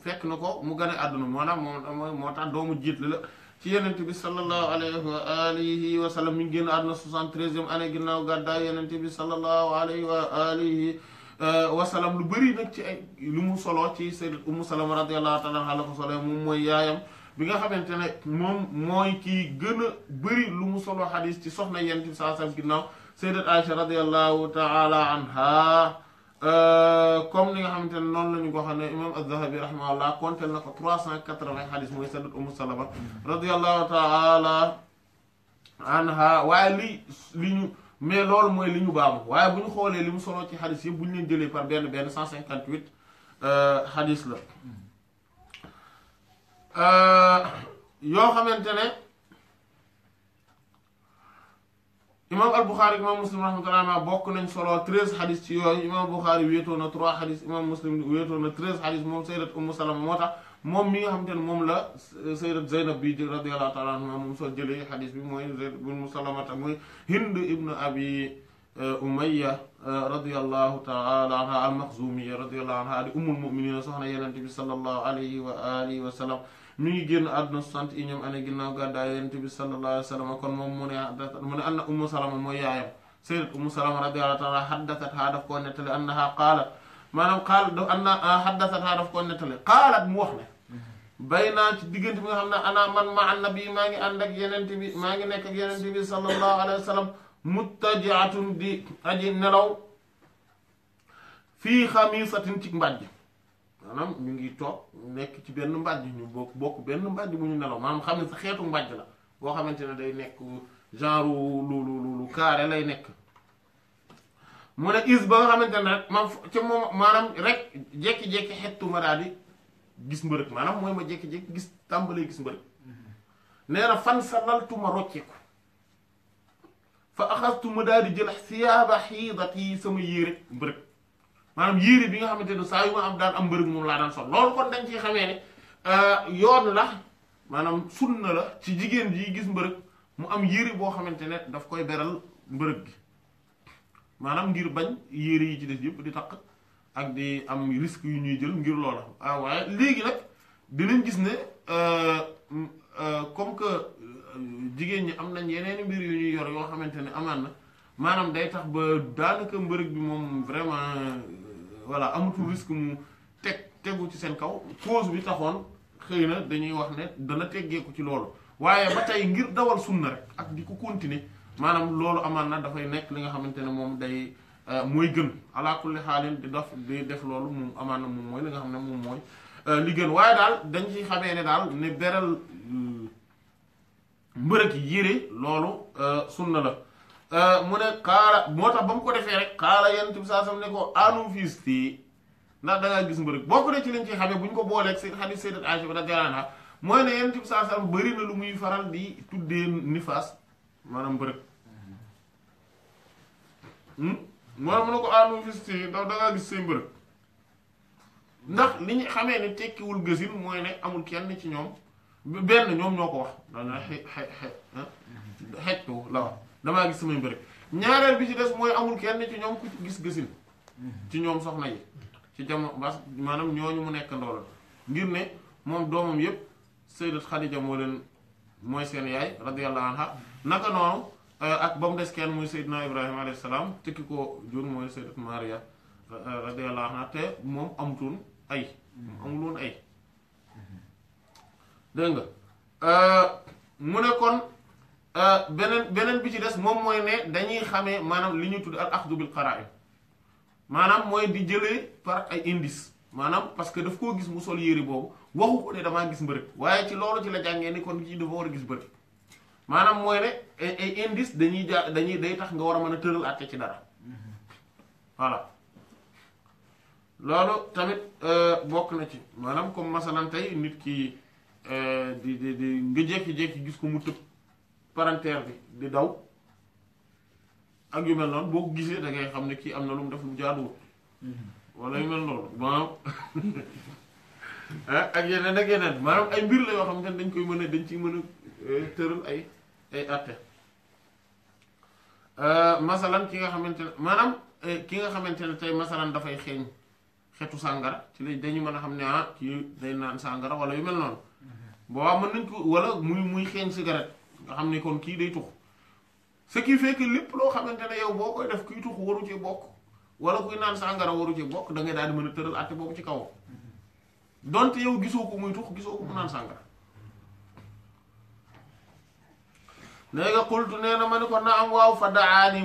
fekk na ko mu gën a àdduna moo tax moo tax doomu jiit la ci yenent bi sallallahu alayhi wa alihi wa sallam mi ngi génn àdduna ginnaaw gàddaay yenent bi sallallahu alayhi wa alihi eh, wa sallam lu bëri nag ay lu mu solo ci sayyidat ummu salama radiyallahu taala anha la ko solo moom mooy yaayam bi nga xamante ne moom mooy kii gën a lu mu solo xadis ci soxna yenent bi sallallahu alayhi wa sallam ginnaaw sayyidat taala anha comme ni nga xamantene non lañu ko xam imam az-Zahabi rahmalahu kontel nako 380 hadith moy quatre-vingts Salama radiyallahu taala anha way li liñu mais lool moy liñu baamu way buñu xolé limu solo ci hadith yi buñu ñu leen jëlee par ben ben 158 euh hadith xadis la yoo xamante ne imam al-Bukhari imam muslim rahmatullah bok nañ solo 13 hadith ci yoy imam bukhari weto na 3 hadith imam muslim weto na 13 hadith mom sayyidat um Salama motax mom mi nga xamantene mom la sayyidat zainab bi radhiyallahu taala anha mom so jele hadith bi moy Zaynab bi Salama ta moy Hind ibn Abi Umayya radhiyallahu taala anha al makhzumi radhiyallahu anha di ummul mu'minina soxna Yonent sallallahu alayhi wa alihi wa sallam mu ngi génn àdduna sant yi ñoom année ginnaaw gàddaay yonent bi sallallahu alayhi wa sallam kon moom mu ne mu ne anna ummu salama mooy yaayam sayyidat ummu salama radiyallahu taala xaddasat haa koo nettali annaha qaalat qaalat daf anna ah, haa daf koo nettali qaalat mu wax ne bay naa ci diggante bi xam ne ana annabi maa ngi ànd ak yenent bi maa ngi nekk ak yenent bi sallallahu alayhi wa sallam muttajiatun di aji nelaw fii xamisatin ci mbàjj manam ñu ngi tok nek ci benn mbaddi ñu bok bok benn mbaddi bu ñu nelaw manam xam sa xéetu mbàjj la bo xamantene day nek genre lu lu lu carré lay nek mu ne is ba nga xamantene rek man jeki moom manam rek jekki-jekki xettu maradi gis mbërëg manam moy ma jekki-jekki gis tambalé gis fan sa laltuma rocceeku fa akhadtu mudadi jil di hidati siyaaba xiidat sama maanaam yére bi nga xamante ne saa yu ma am daan am mbërëg moom laa daan sol loolu kon dañ ciy xamee ne euh, yoon la maanaam na la ci jigéen ji gis mbërëg mu am yére boo xamante ne daf koy beral mbërëg maanaam ngir bañ yére yi ci des di takk ak di am risque yu ñuy jël ngir loola ah léegi nag dinañ gis ne euh, euh, comme jigéen ñi am nañ yeneen mbir yu ñuy yor yoo xamante ne amaan na maanaam day tax ba daanaka mbërëg bi moom vraiment voilà amatul risque mu teg tegu ci seen kaw cause bi taxoon xëy na dañuy wax ne dana teggeeku ci loolu waaye ba tey ngir dawal sunna rek ak di ko continuer maanaam loolu amaan na dafay nekk li nga xamante ne moom day euh, mooy gën ala kulli xaalin di def di def loolu moom amaan na moom mooy li nga xam ne moom mooy euh, li gën waaye daal dañ ci xamee ne daal ne beral euh, mbërëg yére loolu sunna la Euh, mu ne kaala moo tax ba mu ko defee rek kaala yonent bi saa sam ne ko anum ah, fiis fii ndax da ngaa gis mbërëg bokk na ci liñ ci xamee bu ñu ko booleeg si xadis sayyidat Aisha radiyallahu anha mooy ne yonent bi saa sam bëri faral di tuddee nifaas maanaam mbërëg hmm? moo mu ne ko anum fiis fii xamee ne tekkiwul gësin mooy ne amul kenn ci ñoom benn ñoom ñoo ko wax daanaka xej xej xej xejtu la damaa gis samay mbërëg ñaareel bi ci des mooy amul kenn ci ñoom ku gis gisin ci ñoom soxna yi ci jamono bas maanaam ñooñu mu nekk ndoola ngir ne moom doomam yépp sayyidat Xadija moo leen mooy seen yaay radiyallahu anha naka noonu eh, ak des kenn muy sayyidna Ibrahima alayhi salaam te ki ko jur eh, moom amuloon ay dégg eh, mu ne Euh, beneen beneen bi ci des moom mooy ne dañuy xamee maanaam li ñu tudd ak axdu bil qara'in maanaam mooy di jëlee par ay indice maanaam parce que daf koo gis mu sol yére boobu waxu ko ne damaa gis mbërëg waaye ci loolu ci la jàngee ni kon ci dafa war a gis mbërëg maanaam mooy ne ay indice dañuy ja dañuy day tax nga war a mën a tëral àtte ci dara voilà loolu tamit euh, bokk na ci maanaam comme masalan tey nit ki euh, di di di nga jékki-jékki gis ko mu tëb. parenteer bi di daw ak yu mel noonu boo ko gisee da ngay xam ne kii am na lu mu def lu jaaduwul mhm. wala yu mel noonu maanaam ah, ak yeneen ak yeneen maanaam mbir la yoo xam ne dañ koy mën dañ ciy mën a euh, tëral ay ay àtte euh, masalan ki nga xamante ne maanaam euh, ki nga xamante ne tey masalan dafay xeeñ xetu sàngara ci la dañu mën a xam ne ah day naan sàngara wala yu mel noonu mhm. nañ ko wala muy xeeñ cigarette nga xam ne kon kii day tux ce qui lépp loo xamante ne yow boo koy def kuy tux waru ci bokk wala kuy naan sàngara waru ci bokk da ngay daal di mën a tëral boobu ci kaw yow gisoo ko muy tux na ma ni ko na am waaw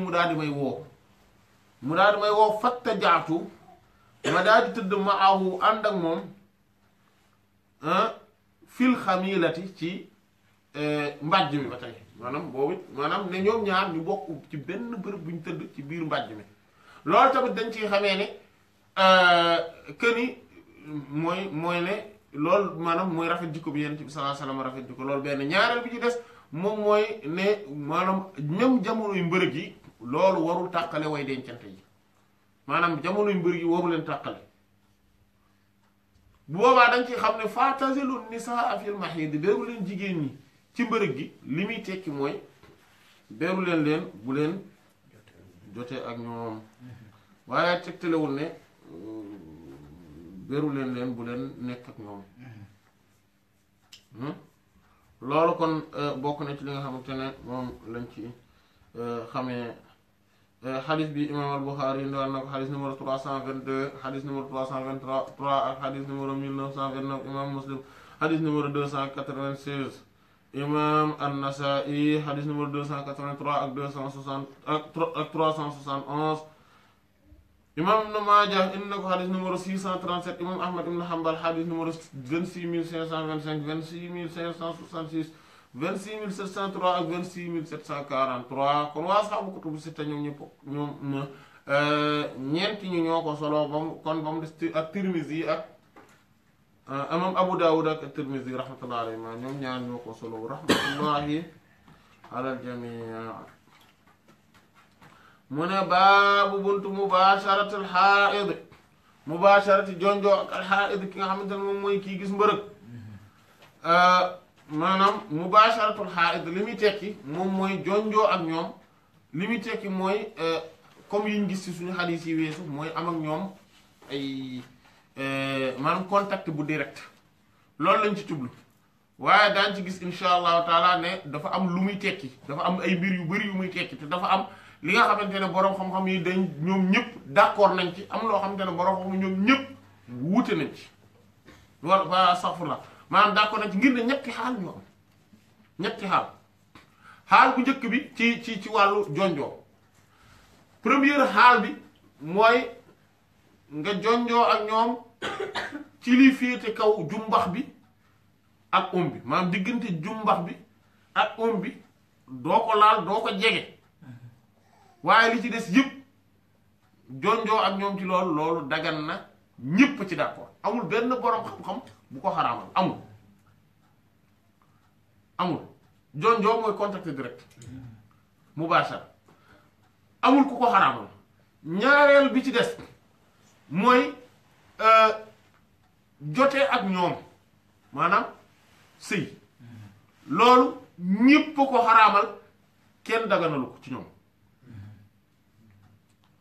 mu daal di may woo daal di may woo fatta jaatu ma daal di tëdd ma awu ànd ak moom ah, fil xamilati ci E, mbàjj mi ba tey maanaam boobu maanaam ne ñoom ñaar ñu bokk ci benn bërëb bu ñu tëdd ci biir mbàjj mi loolu tamit dañ ci xamee ne këni e, mooy mooy ne loolu maanaam mooy rafet jikko bi ci bi sallallahu alayhi wasallam rafet jikko loolu benn ñaareel bi ci des moom mooy ne maanaam même jamonoy mbërëg yi loolu warul tàkkale way dencante yi maanaam jamonoy mbërëg yi waru leen tàqale bu boobaa dañ ci xam ne loolu fatazilu nisaa fil mahid déeru leen jigéen ñi ci mbërëg gi li muy tekki mooy beru leen leen bu leen jotee ak ñoom waaye tegtalewul ne euh, beru leen leen bu leen nekk ak ñoom hmm? loolu kon euh, bokk na ci li nga xamante ne moom lañ ci euh, xamee xadis bi imaam al-Buxaari indiwaat na ko xadis numéro 322 xadis numéro 323 ak xadis numéro 1929 imaam Muslim xadis numéro 296 imam an-Nasa'i xadis numéro 283 ak 260 ak 371 imam Ibn Maaja indi na ko xadis numéro 637 imam Ahmad ibn Hanbal xadis numéro 26525 26566 26703 ak 26743 kon waa saxaabu kutubu sitta ñoom ñëpp ñoom euh, ñeenti ñu ñoo ko solo ba mu kon ba mu des ak Tirmizi yi ak آه، امام ابو داوود اك الترمذي رحمه الله عليه نيوم نيان نوكو سولو رحمه الله على الجميع من باب بنت مباشره الحائض مباشره جونجو الحائض كي خامتن موم موي كي غيس مبرك ا مانام مباشره الحائض لمي تيكي موم موي جونجو اك نيوم لمي تيكي موي كوم يي غيس سي سوني حديث يي ويسو موي ام اك نيوم اي Euh, maanaam contact bu direct loolu lañ ci tublu waaye daan ci gis insha allahu taala ne dafa am lu muy tekki dafa am ay mbir yu bëri yu muy tekki te dafa am li nga xamante ne boroom xam yi dañ ñoom ñëpp d'accord nañ ci am loo xamante ne boroom xam ñoom ñëpp wuute nañ ci war wa astaghfirullah maanaam d'accord ci ngir ne ñetti xaal ñu am ñetti xaal xaal bu njëkk bi ci ci ci wàllu jonjoo première xaal bi mooy nga jonjoo ak ñoom ci li féete kaw jumbax bi ak om bi maanaam diggante jumbax bi ak om bi doo ko laal doo ko jege waaye li ci des yëpp jonjoo ak ñoom ci loolu loolu dagan na ñépp ci d'accord amul benn borom xam bu ko xaraamal amul amul jonjoo mooy contact direct mubashar amul ku ko xaraamal ñaareel bi ci des mooy Euh, jotee ak ñoom maanaam sëy loolu ñëpp ko xaraamal kenn daganalu ko ci ñoom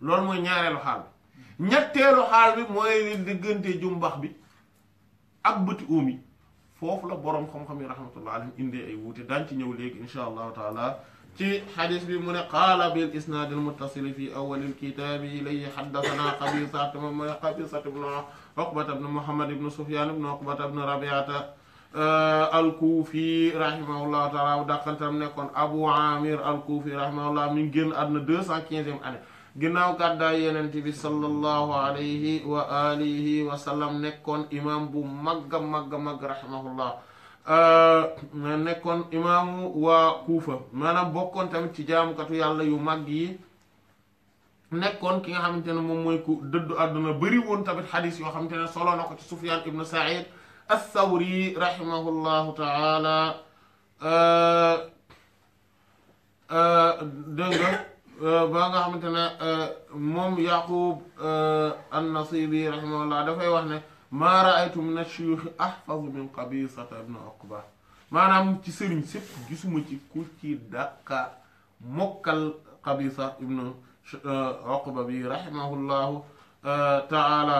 loolu mooy ñaareelu xaal bi ñetteelu xaal bi mooy diggante jumbax bi ak bëti óom yi foofu la boroom xam-xam yi rahmatullah alayhim indee ay wuute daan ci ñëw léegi insha allahu taala في حديث بمن قال بالإسناد المتصل في أول الكتاب إليه حدثنا قبيصة بن قبيصة بن عقبة بن محمد بن سفيان بن عقبة بن ربيعة الكوفي رحمه الله تعالى ودخلت من يكون أبو عامر الكوفي رحمه الله من جن أدنى 215 أنا جناو قد ينتي بي صلى الله عليه وآله وسلم نكون إمام بو مغ مغ مغ رحمه الله Euh, nekkoon imaamu wa Kuufa maanaam bokkoon tamit ci jaamukatu yàlla yu mag yi nekkoon ki nga xamante ne moom mooy ku dëddu àdduna bëri woon tamit xadis yoo xamante ne solo na ko ci Sufyaan ibnu Saïd as-Sawri rahimahullahu taala euh, euh, dégg nga nga xamante ne moom Yaqub an-Nasibi rahimahullah dafay wax ne maa raaytu min ashuyuxi ahfazu min qabisata ibn uqba maanaam ci sëriñ sépp gisuma ci ku ci dàqa mokkal qabisa ibn euh, uqba bi rahimahullahu euh, taala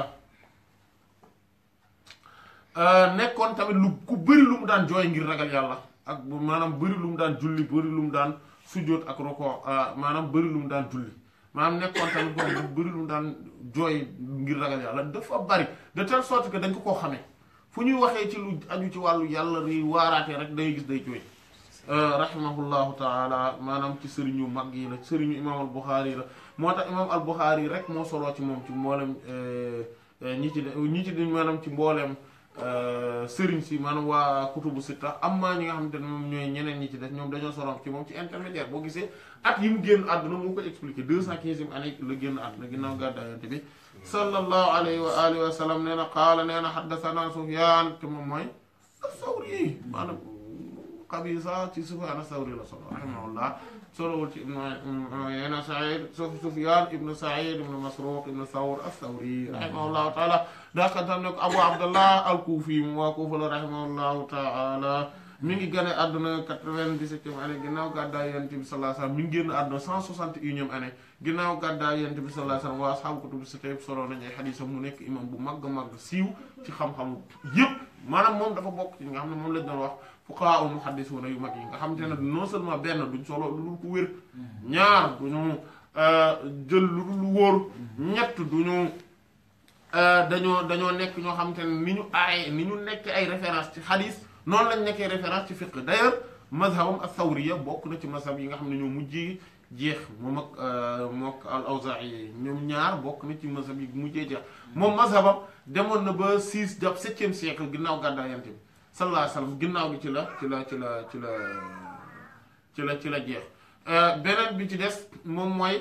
euh, nekkoon tamit lu ku bëri lu mu daan jooy ngir ragal yàlla ak maanaam bëri lu mu daan julli bëri daan sujjóot ak roko maanaam bëri lu mu daan julli nekkoon tamit boobu lu mu daan jooy ngir ragal yàlla dafa bari de telle sorte que dañ ko koo xamee fu ñuy waxee ci lu aju ci wàllu yàlla ri waaraatee rek day gis day jooy euh, rahimahullahu taala maanaam ci sëriñu mag yi la sëriñu imaam al Buxaari la moo tax imaam al Buxaari rek moo soloo ci moom ci mboolem euh, euh, ñi ci ñi ci maanaam ci mbooleem Euh, sëriñ si maanaam waa kutubu sitta am na ñi nga xamante ne moom ñooy ñeneen ñi ci def ñoom dañoo soroom ci moom ci intermédiaire boo gisee at yi mu génn àdduna moo ko expliqué deux cent quinzième année la génn àdduna ginnaaw gàddaay Yonent bi sallallahu alayhi wa alihi wa sallam nee na qaala nee na xaddasana Sufyaan te moom mooy as-Sawri maanaam xabisa ci Sufyaan as-Sawri la solo rahimahullah solowul ci ibnu Saïd Sufyaan ibnu Saïd ibnu Masruuq ibnu Sawr sawri rahimahullahu taala daakantam ne ko abou abdallah al kuufi mu waa kuufa la rahimahullahu taala mi ngi gane àdduna 97e année ginnaaw gàddaay yonent bi sallallahu alayhi wasallam mi ngi génn àdduna 161e année ginnaaw gàddaay yonent bi sallallahu alayhi wasallam waa asxaabu kutubu sitta nañu ay xadiisam mu nekk imam bu mag a mag siiw ci xam-xamu yëpp maanaam moom dafa bokk ci nga xam ne moom lañ doon wax fuqahaa u muhaddisuuna yu mag yi nga xam te ne non seulement benn duñ solo lu dul ko wér ñaar duñu euh, jël lu dul wóor ñett duñu Euh, dañoo dañoo nekk ñoo xamante ne ni ñu aaye ni ñu nekkee ay référence ci xalis noonu lañu nekkee référence ci fiqh d'ailleurs mazhabam as-sawriya bokk na ci mazhab yi nga xam ne ñoo mujjee jeex moom ak euh, mook al-Awzaa'i ñoom ñaar bokk na ci mazhab yi mujjee jeex moom mazhabam demoon na ba six jàpp septième siècle ginnaaw gàddaay Yonent bi sallallahu alayhi wa sallam ginnaaw gi ci la ci la ci la ci la ci la ci la jeex euh, beneen bi ci des moom mooy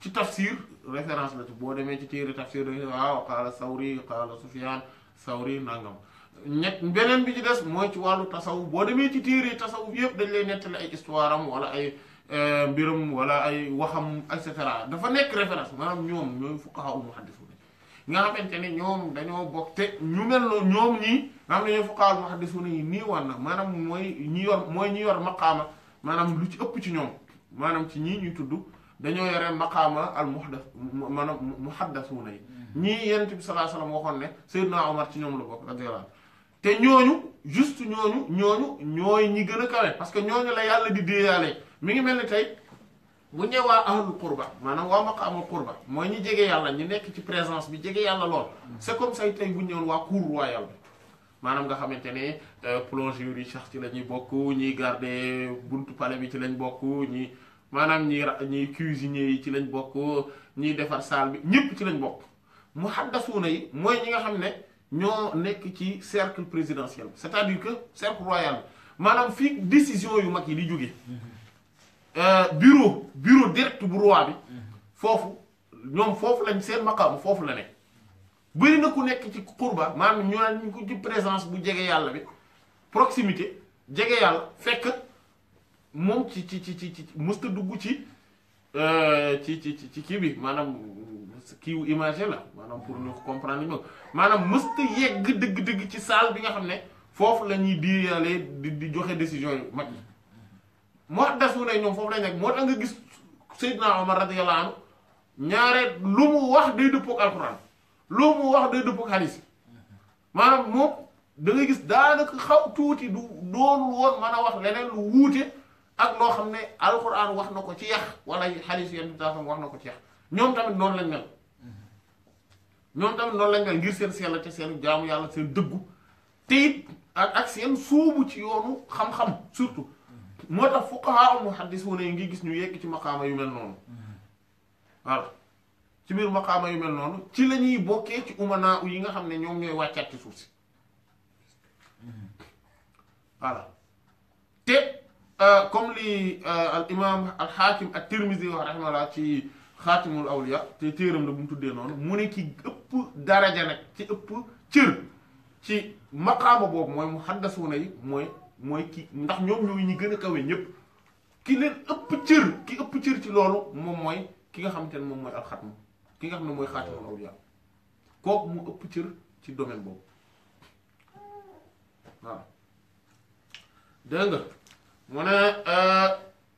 ci tafsir référence la ci boo demee ci téere tafsir waaw qaala sawri qaala sufyaan sawri nangam ñett beneen bi ci des mooy ci wàllu tasaw boo demee ci téere tasawuf yëpp dañ lay nettali ay histoire am wala ay euh, mbiram wala ay waxam et cetera dafa nekk référence maanaam ñoom ñooy fuqahaa muhaddisu nga xamante ne ñoom dañoo bokk te ñu mel noonu ñoom ñii nga xam ne ñooy fuqahaa muhaddisu yi nii wan na maanaam mooy ñi yor mooy ñi yor maqaama maanaam lu ci ëpp ci ñoom maanaam ci ñii ñuy tudd dañu yoré maqama al muhdas maanaam muhaddasuuna yi hmm. ñii yonent bi sallallahu alayhi wasallam waxoon ne Seydina Omar ci ñoom la bokk radiyallahu te ñooñu juste ñooñu ñooñu ñoy ñi gëna kawé parce que ñooñu la yalla di diyalé mi ngi melni tay bu ñëwee waa ahlul qurba maanaam waa maqaamul qurba moy ñi jégué yalla ñi nekk ci présence bi jégué yalla lool hmm. c'est comme say tay bu ñëwoon wa cour royal manam nga xamantene euh plongeurs yi sax ci la ñuy bokk ñiy garder buntu palais bi ci lañ bokku ñi maanaam ñiy ra ñiy cuisinier yi ci lañ bokk ñiy defar saal bi ñëpp ci lañ bokk mu muhaddasuuna yi mooy ñi nga xam ne ñoo nekk ci cercle présidentiel c'est-à-dire que cercle royal maanaam fii décision yu mag yi di jóge mm-hmm. euh, bureau bureau direct bu roi mm-hmm. foofu ñoom foofu lañ seen maqaam foofu la ne bëri na ku nekk ci xurba maanaam ñu naan ñu ko ci présence bu jege yàlla bi proximité jege yàlla fekk moom ci ci ci ci mësta dugg euh, ci ci ci ci kii bi maanaam kiiwu imagé la maanaam pour ñu comprendre li ñu maanaam mësta yegg dëgg-dëgg ci salle bi nga xam ne foofu la ñuy diyalee di di joxe décision yu mag yi moo tax ne ñoom foofu lañ moo tax nga gis Seydina Omar radiyallahu anhu lu wax day dëppook alxuraan lu mu wax day dëppook hadis maanaam moom da nga gis daanaka xaw tuuti du doonul woon mën a wax leneen lu wuute. ak loo xam ne alxuraan wax na ko ci yax wala xadiis yi yenn saa wax na ko ci yax ñoom tamit noonu lañ mel ñoom tamit noonu lañ mel ngir seen sell ci seen jaamu yàlla seen dëggu te ak seen suubu ci yoonu xam-xam surtout moo tax fuqahaa mu xaddis wu ne ngi gis ñu yegg ci maqaama yu mel noonu ci biir maqaama yu mel noonu ci la ñuy bokkee ci umanaa yi nga xam ne ñoom ñooy wàccaat ci suuf si voilà te. Euh, comme li euh, al imam al xaakim ak tirmisi wax rahimahullah ci xaatimul awliya te téeram la bu mu tuddee noonu mu ne ki ëpp daraja nag ci ëpp cër ci maqaama boobu mooy muhaddasuuna yi mooy mooy ki ndax ñoom ñooy ñi gën a kawe ñépp ki leen ëpp cër ki ëpp cër ci loolu moom mooy ki nga xamante ne moom mooy alxatm ki nga xam ne mooy xaatimul awliya kooku mu ëpp cër ci domaine boobu waaw dégg Euh,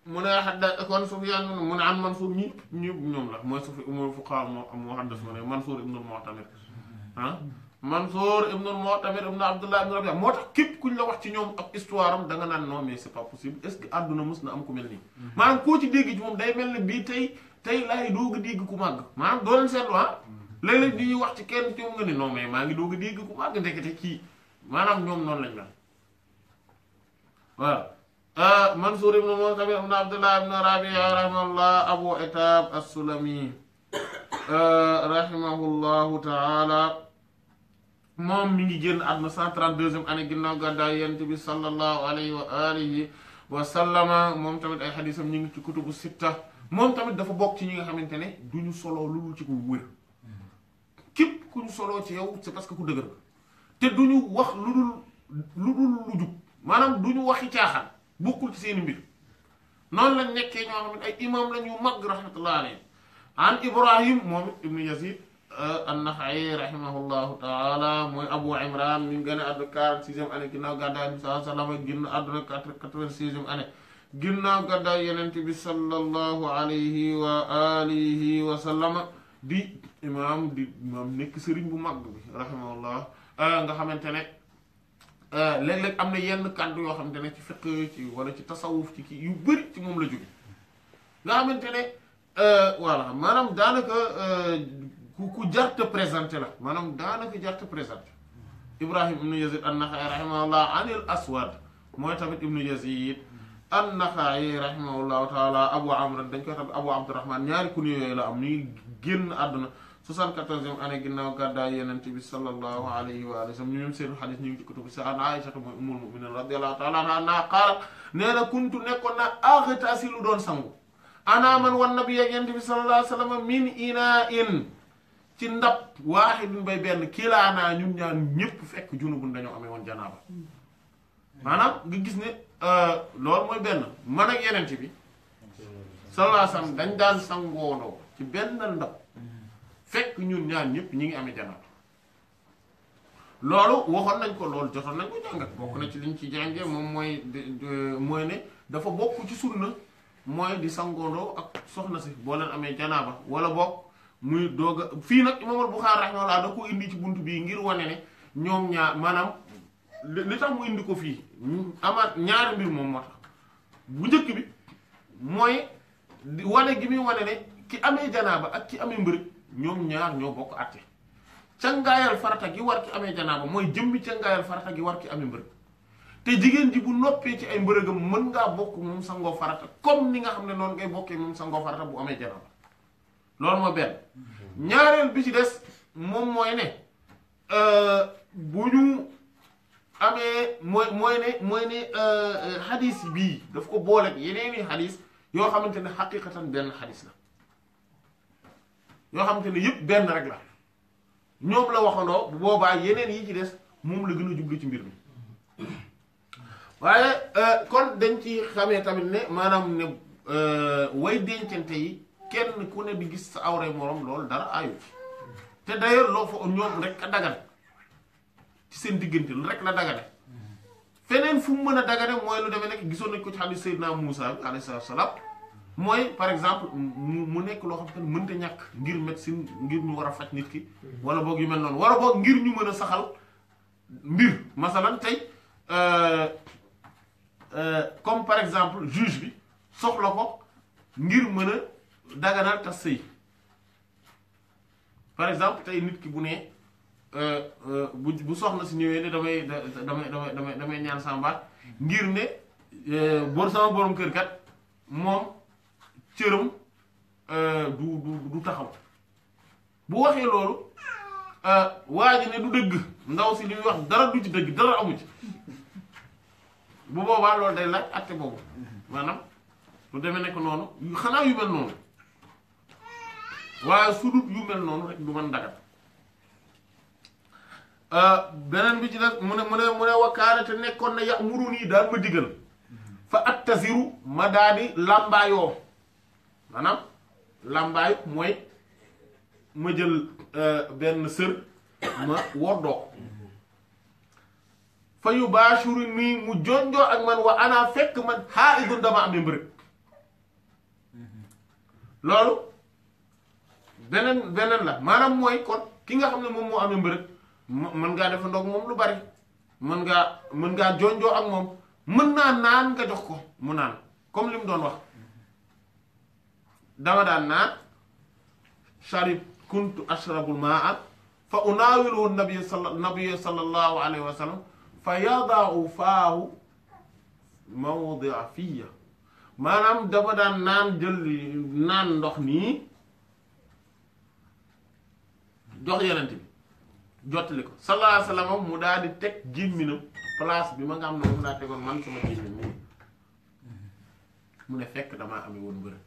mu ne mu ne xadda kon Sufyaan mu ne an Mansuur ñi ñi ñoom la mooy sufi umul fuqaa moo xaddas mu ne Mansuur ibnul Mu'tamir ah Mansuur ibnul Mu'tamir ibnu Abdullah ibnu Rabi'a moo tax képp kuñ la wax ci ñoom ak histoire am da nga naan non mais c'est pas possible est-ce que àdduna mës na am ko mel nii ngi koo ci dégg ci moom day mel ne bii tey tey laay doog a dégg ku màgg maanaam doo leen seetlu ah. wax ci kenn ci nga maa ngi doog a dégg ku màgg ndekete kii maanaam ñoom noonu lañ la voilà Ah, Mansour ibn Mu'tamir ibn Abdullah ibn Rabi'a rahimahullah Abu Itab as-Sulami ah, rahimahullahu taala moom mi ngi génn àdduna 132e année ginnaaw gàddaay yonent bi sallallahu alayhi wa alihi wa sallama moom tamit ay xadisam ñu ngi ci kutubu sitta moom tamit dafa bokk ci ñi nga xamante ne du ñu soloo lu dul ci ku wér képp ku ñu soloo ci yow c'est parce que ku dëgër te du wax lu dul lu dul lu jub maanaam du ñu waxi caaxaan bokkul ci seen mbir noonu lañ nekkee ñoo xam ne ay imam lañ yu mag rahmatullah alayhi an ibrahim moom it ibnu yazid euh, an-Naxa'i rahimahullahu taala mooy Abu Imran mi ngi gën a àdduna quarante-sixième année ginnaaw bi sallallahu alayhi wa sallam wa alihi di imam di imam nekk sëriñ bu mag bi rahimahullah euh, nga xamante ne Euh, léeg-léeg am na yenn kàddu yoo xam ne ci fiqh ci wala ci tasawuf ci kii yu bëri ci moom la jóge nga xamante ne euh, voilà maanaam daanaka euh, ku ku jarte présenté la maanaam daanaka jarte présenté ibrahim ibnu yazid an-naxa'i rahimahullah anil aswad mooy tamit ibnu yazid an-naxa'i rahimahullahu taala abu amr dañ koy tamit abu abdurrahman ñaari kuni yooyu la am ñuy génn àdduna 74e année ginnaaw gàddaay yonent bi sallallahu alayhi wa sallam ñoom seen xadis ñu ngi ci kutubu si an Aysata mooy ummul muminin radiyallahu taala anha naa xaarat nee kuntu nekkoon na axita si doon sangu ana man wan nabi yonent bi sallallahu wa sallam min ina in ci ndab waahidin bay benn kilaanaa ñun ñaan ñëpp fekk junubun dañoo amee woon janaaba maanaam nga gis ne euh, loolu mooy benn man ak bi sallallahu alayhi wa sallam dañ benn ndab fekk ñun ñaan ñëpp ñi ngi amee janaaba loolu waxoon nañ ko loolu jotoon nañ ko jàngat bokk na ci liñ ci jàngee moom mooy mooy dafa bokk ci sunna mooy di sangoondoo ak soxna si boo leen amee janaaba wala bokk muy doog a fii nag imaamul Buxaari rahimahullah da ko indi ci bunt bi ngir wane ne ñoom ñaar maanaam li tax mu indi ko fii amaat ñaari mbir moom moo tax bu njëkk bi mooy wane gi muy wane ne ki amee janaaba ak ki amee mbërëg ñoom ñaar ñoo bokk àtte cangaayal farata gi war ki amee janaaba mooy jëmmi cangaayal farata gi war ki amee mbërëg te jigéen ji bu noppee ci ay mbërëgam mën ngaa bokk moom sangoo farata comme ni nga xam ne noonu ngay bokkee moom sangoo farata bu amee janaaba loolu moo benn ñaareel bi ci des moom mooy ne euh, bu ñu amee mooy ne mooy euh, bii daf ko boole ak yeneeni xadis yoo xamante ne xaqiqatan benn xadis la yoo xamante ne yëpp benn rek la ñoom la waxandoo boobaa yeneen yi ci des moom la gën a jublu ci mbir mi waaye euh, kon dañ ci xamee tamit ne maanaam ne euh, way dencante yi kenn ku ne di gis sa awray morom loolu dara ayu te d'ailleurs loo fa ñoom rek a dagane ci seen diggante lu rek la dagane feneen fu mu mën a dagane mooy lu demee nekk gisoo nañ ko ci xadiis Seydina Muusa bi alayhi salaam mooy par exemple mu nekk loo xam te mënta ñàkk ngir médecine ngir ñu war a faj nit ki. wala boog yu mel noonu wala boog ngir ñu mën a saxal mbir masalan tey euh, euh, comme par exemple juge bi soxla ko ngir mën a daganal sëy par exemple tey nit ki bu ne euh, bu bu soxna si ñëwee ne damay damay damay damay ñaan sama baat ngir ne bor sama borom kër kat moom. cëram euh, du du du taxaw bu waxee loolu euh, waa ji ne du dëgg ndaw si li wax dara du ci dëgg dara amu bu boobaa loolu day laaj atte boobu maanaam lu demee nekk noonu xanaa yu mel noonu waaye su dut yu mel noonu rek du mën dagat euh, beneen bi ci des mu ne mu ne mu ne wakkaane te nekkoon na yàq muru nii daal ma digal fa attaziru ma daal làmbaayoo maanaam làmbaay mooy ma jël euh, benn sër ma wordoo fa yu baasuru nii mu jonjoo ak man wa ana fekk man xaa idun dama amee mbërëg loolu beneen beneen la maanaam mooy kon ki nga xam ne moom moo amee mbërëg mën ngaa defa ndoog moom lu bari mën ngaa mën ngaa jonjoo ak moom mën naa naan nga jox ko mu naan comme li doon wax dama daan naan sharib kuntu ashrabul maa fa unaawilu nabiy sal nabiy sallallahu alayhi wa sallam fa yadau faahu mawdia fiya maanaam dama daan naan jël naan ndox nii jox yenent bi jottali ko sallallahu alayhi wa sallam mu daal di teg gémminam place bi ma nga am ne moom laa tegoon man sama gémmin mu ne fekk damaa amee woon mbërë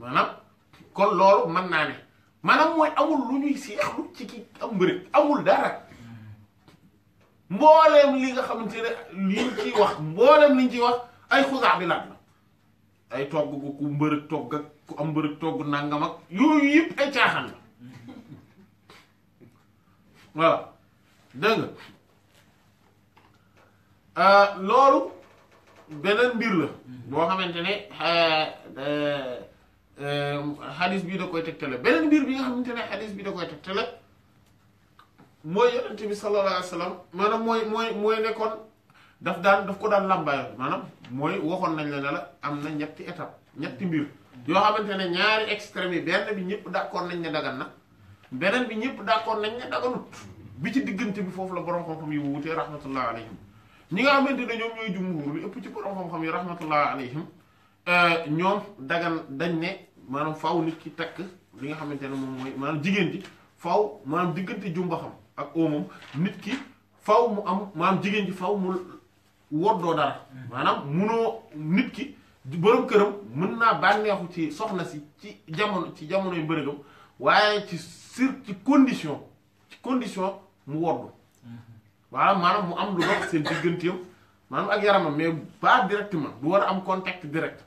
maanaam kon loolu mën naa ne maanaam mooy amul lu ñuy seexlu ci ki am mbërëg amul dara mbooleem li nga xamante ne liñ ciy wax mbooleem liñ ciy wax ay xusaa bi laaj la ay togg gu ku mbërëg togg ak ku mbërëg togg nangam ak yooyu yëpp ay caaxaan la voilà dégg euh, loolu beneen mbir la boo xamante ne euh, euh, Euh, xadis bi da koy tegtale beneen mbir bi nga xamante ne xadis bi da koy tegtale mooy yonent bi sallallahu alayhi maanaam mooy mooy mooy nekkoon daf daal daf ko daan làmbaayoo maanaam mooy waxoon nañ la ne am na ñetti étape ñetti mbir yoo xamante ne ñaari extrêmes yi benn bi ñëpp d'accord nañ ne dagan na beneen bi ñëpp d'accord nañ ne daganut bi ci diggante bi foofu la borom xam-xam yi wuutee rahmatullah alayhim ñi nga xamante na ñoom ñooy jumhur ëpp ci yi rahmatullah alayhim Euh, ñoom dagan dañ ne maanaam faw nit ki takk li nga xamante ne moom mooy maanaam jigéen ji faw maanaam diggante jumbaxam ak oomam nit ki faw mu am maanaam jigéen ji faw mu woddoo dara maanaam munoo nit ki boroom këram mën naa bànneexu ci soxna si ci jamono ci jamono jamonoy mbërëgam waaye ci sur ci condition ci condition mu woddu waaw maanaam mu am lu dox seen digganteem maanaam ak yaramam mais direct ma du war a am contact direct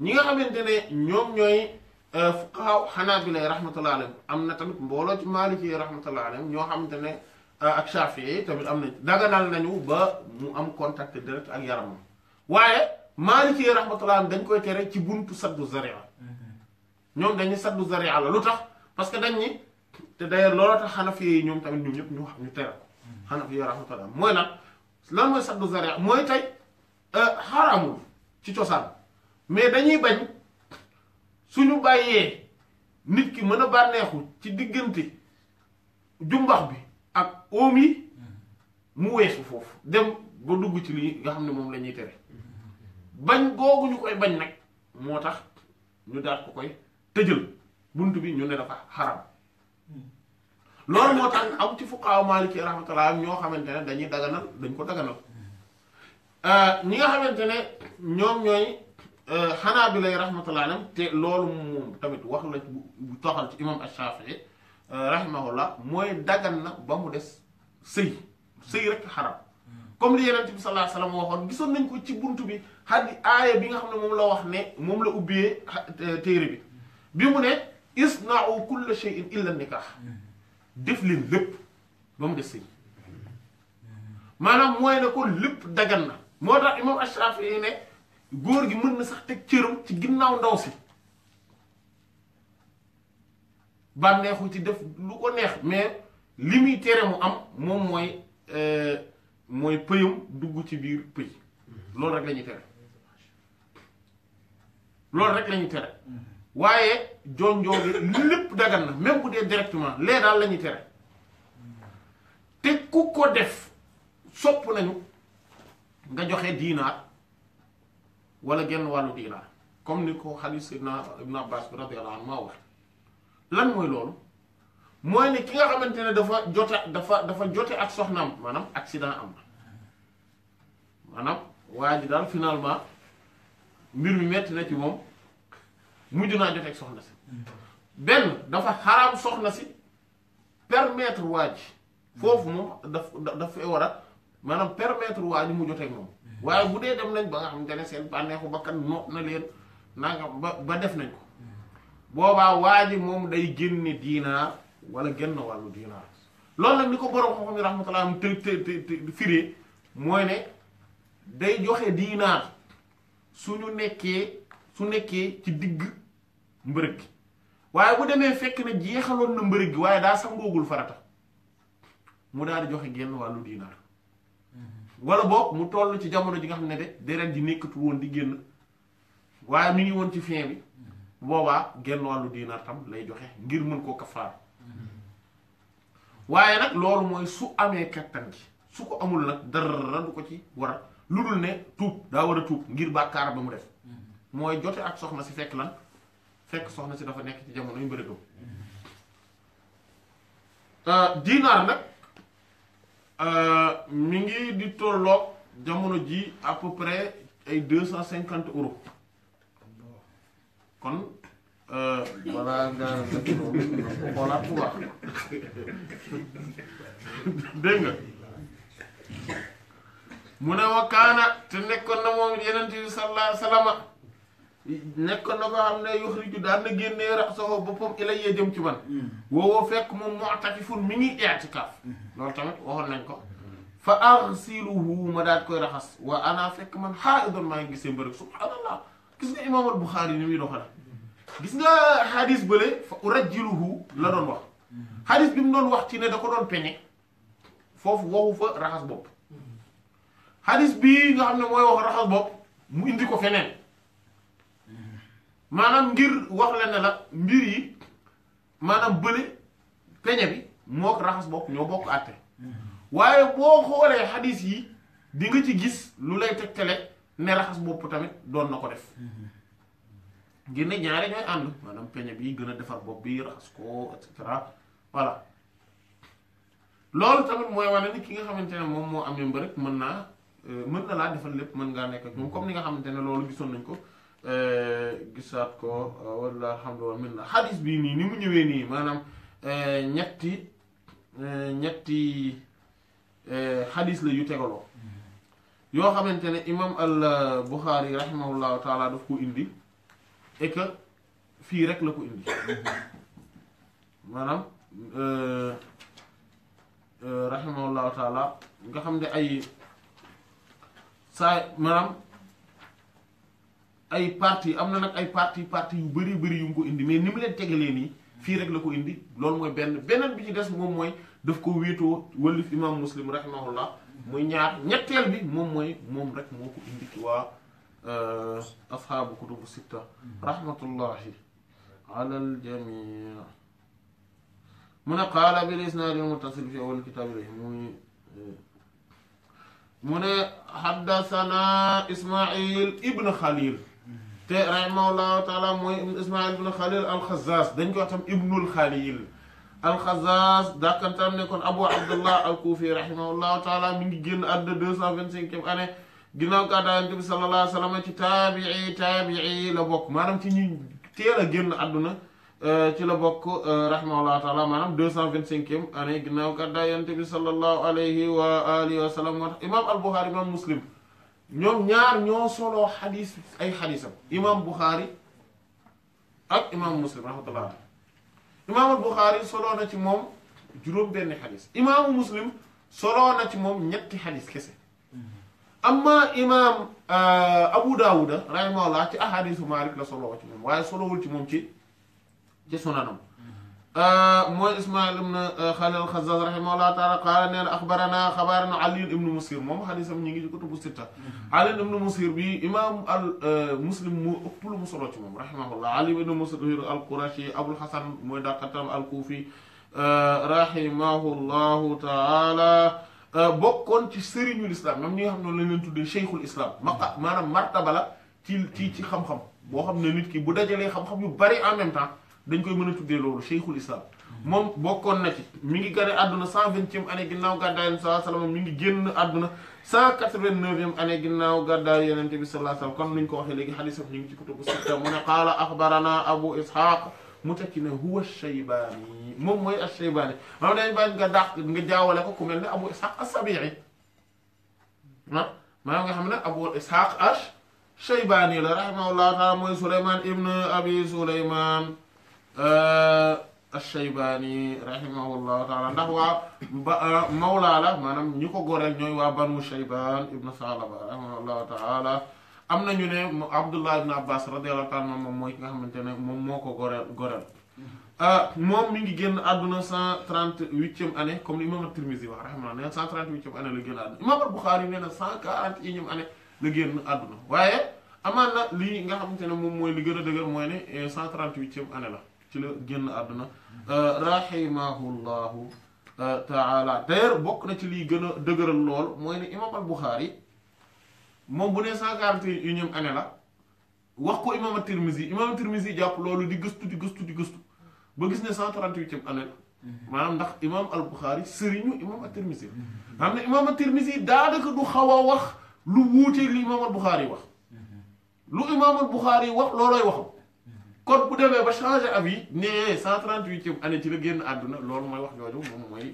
ñi nga xamantene ñom ñoy fuqaha hanabila rahmatullah alayhim amna tamit mbolo ci maliki rahmatullah alayhim ño xamantene ak shafii tamit amna daganal nañu ba mu am contact direct ak yaram waye maliki rahmatullah dañ koy tere ci buntu saddu zaria ñoom dañu saddu zaria la lutax parce que dañ ñi te d'ailleurs looloo tax hanafi ñom tamit ñoom ñep ñu wax ñu tere hanafi xanafi yi rahmatullah lan lan saddu zaria mooy tey haramu ci ciosan mais dañuy bañ suñu bàyyee nit ki mën a bànneexul ci diggante jumbax bi ak oom yi mu weesu foofu dem ba dugg ci lii nga xam ne moom lañuy ñuy tere bañ googu koy bañ nag moo tax ñu daal ko koy tëjal bunt bi ñu ne dafa xaram loolu moo tax am ci fuqaaw maaliki rahmatullah ñoo xamante ne dañuy daganal dañ ko daganal euh, ñi nga xamante ne ñoom ñooy xanaa bi lay rahmatullah alayhim te loolu tamit wax la bu toxal ci imam Ash-Shafi'i rahimahullah mooy dagan na ba mu des sëy sëy rek xaram comme li yeneen bi sallallahu alayhi wasallam waxoon gisoon nañ ko ci bunt bi xaddi aaya bi nga xam ne moom la wax ne moom la ubbee téere bi bi mu ne isna'u kulla shay'in illa nikah def leen lépp ba mu sëy maanaam mooy ne ko lépp dagan na moo imam Ash-Shafi'i ne góor gi mën na sax teg cëram ci ginnaaw ndaw si bànneexu ci def lu ko neex mais li muy tere mu am moom mooy euh, mooy pëyam dugg ci biir pëy loolu rek la tere loolu rek la ñuy tere waaye jonjoo bi lépp dagan na même ku dee directement lee daal la ñuy tere te ku ko def sopp nañu nga joxe diinaat wala genn wàllu diinaar comme ni ko xadiis Seydina Ibn Abbas bi radiyallahu anhu maa wax lan mooy loolu mooy ne ki nga xamante ne dafa jote dafa dafa jote ak soxnaam maanaam accident am na maanaam waa ji daal finalement mbir mi metti na ci moom mujj naa jote ak soxna si benn dafa xaram soxna si permettre waa foofu moom daf daf fee war a maanaam permettre waa ji mu jotee moom waaye bu dee dem nañ ba nga xamante ne seen bànneexu bakkan noot na leen nanga ba ba def nañ ko boobaa waa ji moom day génne diinaar walla génn wàllu diinaar lool nag ni ko borom xam-xam yi rahmatullah am te te te firee mooy ne day joxe diinaar suñu nekkee su nekkee ci digg mbërëg gi waaye bu demee fekk na jeexaloon na mbërëg gi waaye daa sangoogul farata mu daal di joxe génn wàllu diinaar wala boog mu toll ci jamono ji nga xam ne de deret ji nekkatu woon di génn waaye mi ngi woon ci fin bi boobaa genn wàllu diinaar tam lay joxe ngir mën koo kafaar waaye nag loolu mooy su amee kattan gi su ko amul nag dara du ko ci war lu dul ne tuub daa war a tuub ngir bàkkaar ba mu def mooy jote ak soxna si fekk lan fekk soxna si dafa nekk ci jamono yu mbërëgam euh, diinaar nag Euh, mi ngi di tolloog jamono ji à peu près ay deux cent cinquante euros kon voilà euh, nga nga ko xoolaat mu ne wa te nekkoon na moom yeneen bi sallallahu nekk na ko xam ne yuxriju daan na génnee raxsahu boppam ilayya jëm ci man woowoo fekk moom mu'takifun mi ngi i'tikaaf loolu tamit waxoon nañ ko fa arsiluhu ma daat koy raxas wa ana fekk man xaaidon maa ngi gisee mbërëg subhaanallah gis nga imaam al Buxaari ni muy doxale gis nga xadis bële fa urajjiluhu la doon wax xadis bi mu doon wax ci ne da ko doon peñe foofu waxu fa raxas bopp xadis bii nga xam ne mooy wax raxas bopp mu indi ko feneen maanaam ngir wax la ne la mbir yi maanaam bële peñe bi mook raxas bokk ñoo bokk àtte waaye boo xoolee xadis yi di nga ci gis lu lay tegtale ne raxas bopp tamit doon na ko def ngir ne ñaari ñooy ànd maanaam peñe bi gën a defar bopp bi raxas ko et cetera voilà loolu tamit mooy wane ni ki nga xamante ne moom moo amee mbërëg mën naa mën na laa defal lépp mën ngaa nekk moom comme ni nga xamante ne loolu gisoon nañ ko Eh, gisaat ko eh, walla alhamdulilah min na xadis bii nii ni mu ñëwee nii maanaam eh, ñetti ñetti xadis la yu yoo xamante ne imam al Buxaari rahimahullahu taala daf ko indi et fii rek la ko indi maanaam rahimahullahu taala nga xam ne ay saa maanaam ay parti am na nag ay parti parti yu bëri bëri yu mu ko indi mais ni mu leen tegalee nii fii rek la ko indi loolu mooy benn beneen bi ci des moom mooy daf ko wéetoo wëllif imam muslim rahimahullah muy ñaar ñetteel bi moom mooy moom rek moo ko indi ci waa euh, asxaabu kutubu sitta rahmatullahi ala aljami mu euh, ibn xalil te rahimahullahu taala mooy ismail ibnu xalil alxazaz dañ koy wax tam ibnul xalil alxazaz dàkkantam ne kon abu abdullah alkuufi rahimahullahu taala mi ngi génn àdduna deux cent vingt cinquième année ginnaaw gàddaay yonent bi sallallahu alayhi wa sallam ci taabii taabii la bokk maanaam ci ñu teel a génn àdduna ci la bokk rahimahullahu taala maanaam deux cent vingt cinquième année ginnaaw gàddaay yonent bi sallallahu alayhi wa alihi wa sallam moo tax imam al buxaari imam muslim ñoom ñaar ñoo solo xadis ay xadisam imam Bukhari ak imam Muslim rahmatullah imaamu Bukhari soloo na ci moom juróom benn xadis imaamu Muslim soloo na ci moom ñetti xadis kese amma imam euh, Abu Dawuda rahimahullah ci ahadisu Malik la solo ci moom waaye solowul ci moom ci ci sunanam آه، موي اسماعيل بن آه، خالد الخزاز رحمه الله تعالى قال لنا اخبرنا خبرنا علي بن مسير مو حديثه نيغي كتب سته علي بن مسير بي امام المسلم آه، مو اوبل مسلو تي رحمه الله علي بن مسير القرشي ابو الحسن مو داكتم الكوفي رحمه الله تعالى بوكون تي سيرين الاسلام ميم نيغي خنم لا نين تودي شيخ الاسلام مقا مانام مرتبه لا تي تي خم خم بو خم نيت كي بو دجالي خم خم يو بري ان ميم temps dañ koy mën a tuddee loolu cheikhul islam moom bokkoon na ci mi ngi gane àdduna cent vingtième année ginnaaw gàddaay yonent sallallahu alayhi wasallam mi ngi génn àdduna cent quatre-vingt-neuvième bi sallallahu alayhi kon nuñ ko waxee léegi xadis ñu ngi ci kutubu sitta mu ne qaala axbarana abu ishaq mu tekki ne huwa a moom mooy ashaybaani maanaam dañ bàyyi nga ko ku mel ne abu ishaq as-sabi'i ah maanaam nga xam ne abu ishaq a shaybaani la rahimahullahu taala mooy suleyman ibn abi Euh, Ash-Shaybaani rahimahullahu taala ndax waa ba euh, mawlaa la maanaam ñi ko góor rek ñooy waa banu Shaybaan ibnu Salaba rahimahullahu taala am na ñu ne Abdullah ibn Abbas radiyallahu taala moom mooy ki nga xamante ne moom moo ko goreel goreel euh, moom mi ngi génn àdduna cent trente huitième année comme li imaam Tirmisi wax rahimahullah na cent trente huitième année la génn cent quarante et unième année la génn àdduna waaye amaan na lii nga xamante ne moom mooy li gën a dëgër mooy ne cent trente huitième année la ci la génn àdduna euh, rahimahullahu euh, taala d'ailleurs bokk na ci liy gën a dëgëral lool mooy ne imam al Buxaari moom bu ne cent quarante et unième année la wax ko imam at-Tirmizi imam at-Tirmizi jàpp loolu di gëstu di gëstu di gëstu ba gis ne cent trente-huitième année la ndax imam al Buxaari sëriñu imam at-Tirmizi la xam ne daanaka du xaw a wax lu wuutee li imam al Buxaari wax lu imam al Buxaari wax loolooy waxam kon bu demee ba changé avis nee 138e année ci la génn àdduna loolu mooy wax jooju moom mooy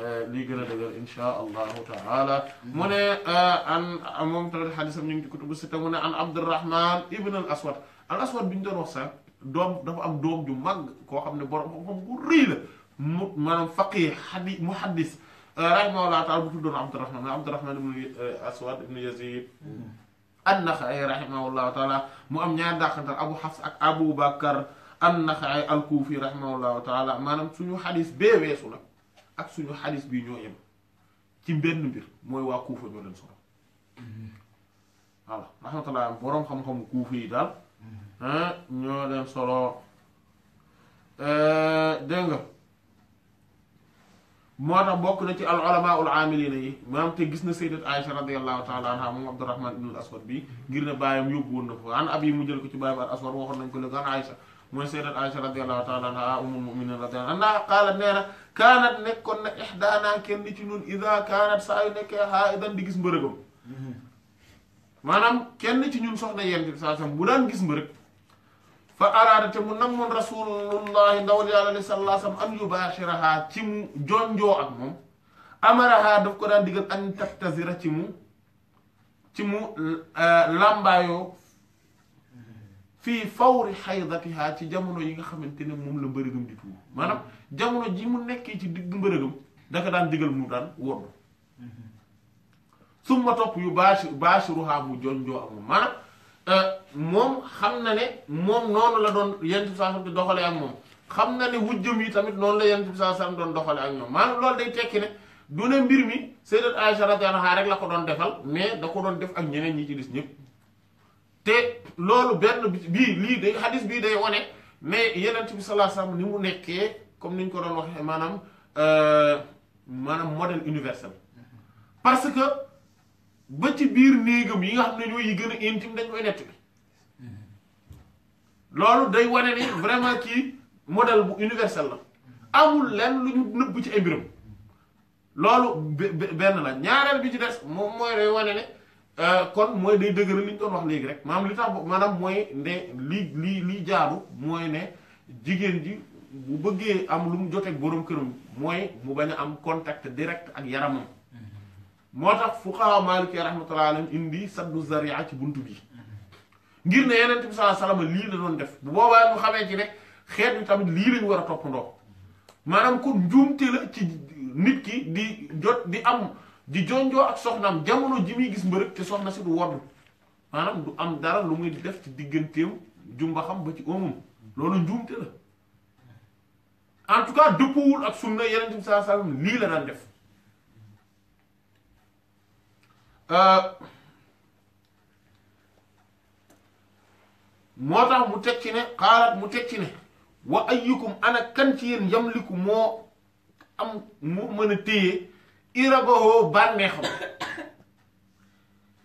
euh, lii gën a dëgër insha allahu taala mm-hmm. mu ne euh, an moom tamit xadisam ñu ngi ci kutubu sitta mu ne an abdurrahman ibn al aswad al aswad bi ñu doon wax sax doom dafa am doom ju màgg koo xam ne borom xam-xam bu rëy la mu maanaam faqih xadi muhaddis euh, rahimahullah taala bu tuddoon abdurrahman abdurrahman ibn aswad ibn yazid mm-hmm. annaxaay rahimahullahu taala mu am ñaar dàqantal abu xafs ak abu bakar annaxaay alkuufi rahimahullahu taala maanaam suñu xalis bee weesu la ak suñu xadis bi ñoo yem ci benn mbir mooy waa kuufa ñoo leen solo voilà rahmatullah boroom xam-xamu kuufa yi daal mm-hmm. ah, ñoo leen solo eh, dégg moo tax bokk na ci al ulama ul amilina yi maanaam te gis na sayyidat Aïcha radiyallahu taala anha moom Abdurrahman ibn al aswad bi ngir ne bàyyam yóbbu woon na an abi mu jël ko ci bàyyam al aswad waxoon nañ ko léegi an Aïcha mooy sayyidat Aïcha radiyallahu taala anha ah, umul muminin radiyallahu anha qaalat nee na kaanat nekkoon na ihdaana kenn ci ñun ida kaanat saa yu nekkee haidan di gis mbërëgam mm-hmm. maanaam kenn ci ñun soxna yent bi saa bu daan gis mbërëg fa araada te mu namoon rasulullahi ndawal yàlla li sallallahu alayhi wa sallam an yubaashiraha ci mu jonjoo ak moom amaraha daf ko daan digal an taftazira ci mu ci mu eh, làmbaayoo fii fawri xaydatiha ci jamono yi nga xamante ne moom la mbërëgam di tuur maanaam jamono ji mu nekkee ci digg mbërëgam daka daan digal mu daan wóor mm-hmm. summa topp yu baashi baashiruha mu jonjoo ak moom Euh, moom xam na ne moom noonu la doon yonent bi sallallahu di doxale ak moom xam na ne wujjam yi tamit noonu la yonent bi sallallahu doon doxale ak ñoom maanaam loolu day tekki ne du ne mbir mi sayyidat Aïcha radiyallahu anha rek la ko doon defal mais da ko doon def ak ñeneen ñi ci des ñëpp te loolu benn bii lii day xadis bii day wane mais yonent bi sallallahu alayhi wasallam ni mu nekkee comme ni ñu ko doon waxee maanaam euh, maanaam modèle universel parce que ba ci biir néegam yi nga xam ne ñooy yi gën a intime dañ koy nett bi loolu day wane ne vraiment kii modèle bu universel la amul lenn lu ñu nëbb ci ay mbiram loolu benn la ñaareel bi ci des moom mooy day wane ne euh, kon mooy day dëgëral li ñu doon wax léegi rek maanaam li tax maanaam mooy ne lii lii lii jaaru mooy ne jigéen ji bu bëggee am lu mu joteeg boroom këram mooy mu bañ a am contact direct ak yaramam moo tax fuqahaa maalikee rahmatullahi alayhim indi saddu zaria ci bunt bi ngir ne yeneen bi sallallahu alayhi lii la doon def bu boobaa ñu xamee ci ne xeet bi tamit lii lañu war a toppandoo maanaam kon njuumte la ci nit ki di jot di am di jonjoo ak soxnaam jamono ji muy gis mbërëg ci soxna si du wodd maanaam du am dara lu muy def ci digganteem jumba xam ba ci omum loolu njuumte la en tout cas dëppuwul ak sunna yeneen bi sallallahu lii la daan def Euh, moo tax mu teg ci ne xaalaat mu teg ci ne wa ayyukum ana kan ci yéen moo am mu mën a téye irabahoo bànneexam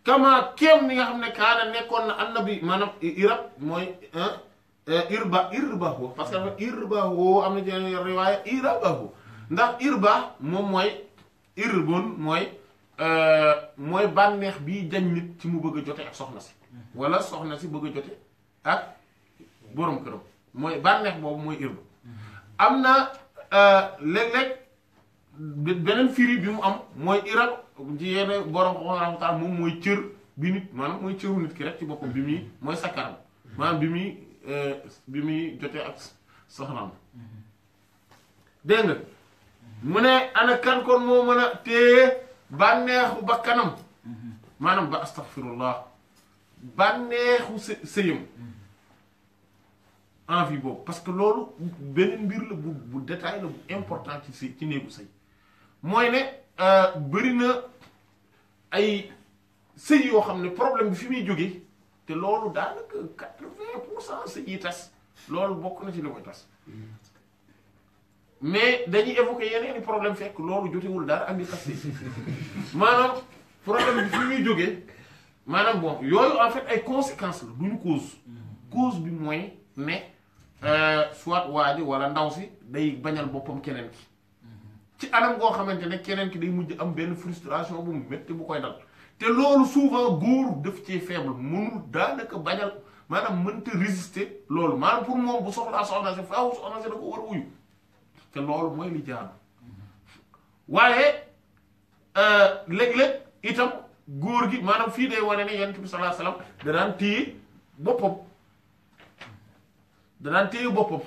kama kéem ni nga xam ne kaana nekkoon na annabi maanaam irab mooy euh, irba irbaho parce que dafa irbaho am na jeneen riwaaya irabaho ndax irba moom mooy irbun mooy Euh, mooy bànneex bii jañ nit ci mu bëgg a jote ak soxna si wala soxna si bëgg a jote ak boroom këram mooy bànneex boobu mooy irbu am na euh, léeg-léeg beneen firi bi mu am mooy irab ci yenn boroom xooxam taal moom mooy cër bi nit maanaam mooy cëru nit ki rek ci boppam bi muy mooy sakkaram maanaam bi muy euh, bi muy jotee ak soxnaam dégg nga mu ne ana kan kon moo mën a téye banexu bakanam manam ba astaghfirullah banexu parce que lolu benen bir bu détail important ci si ci ne euh ay problème bi fi C'est jógee de quatre mais dañuy évoquer yeneeni problème fekk loolu jotewul dara ak di xas maanaam problème bi fi ñuy jógee maanaam bon yooyu en fait ay conséquences la duñu cause cause bi mooy ne euh, soit waa ji wala ndaw si day bañal boppam keneen ki ci anam goo xamante ne keneen ki day mujj am benn frustration bu métti bu koy dal te loolu souvent góor def ci faible mënul daanaka bañal maanaam mënta résister loolu maanaam pour moom bu soxlaa soxna si faaw soxna si da ko war a wuyu te loolu mooy li jaadu waaye euh, léeg-léeg itam góor gi maanaam fii day wane ne yonent bi sallallahu alayhi wasallam danaan téye boppam danaan téye boppam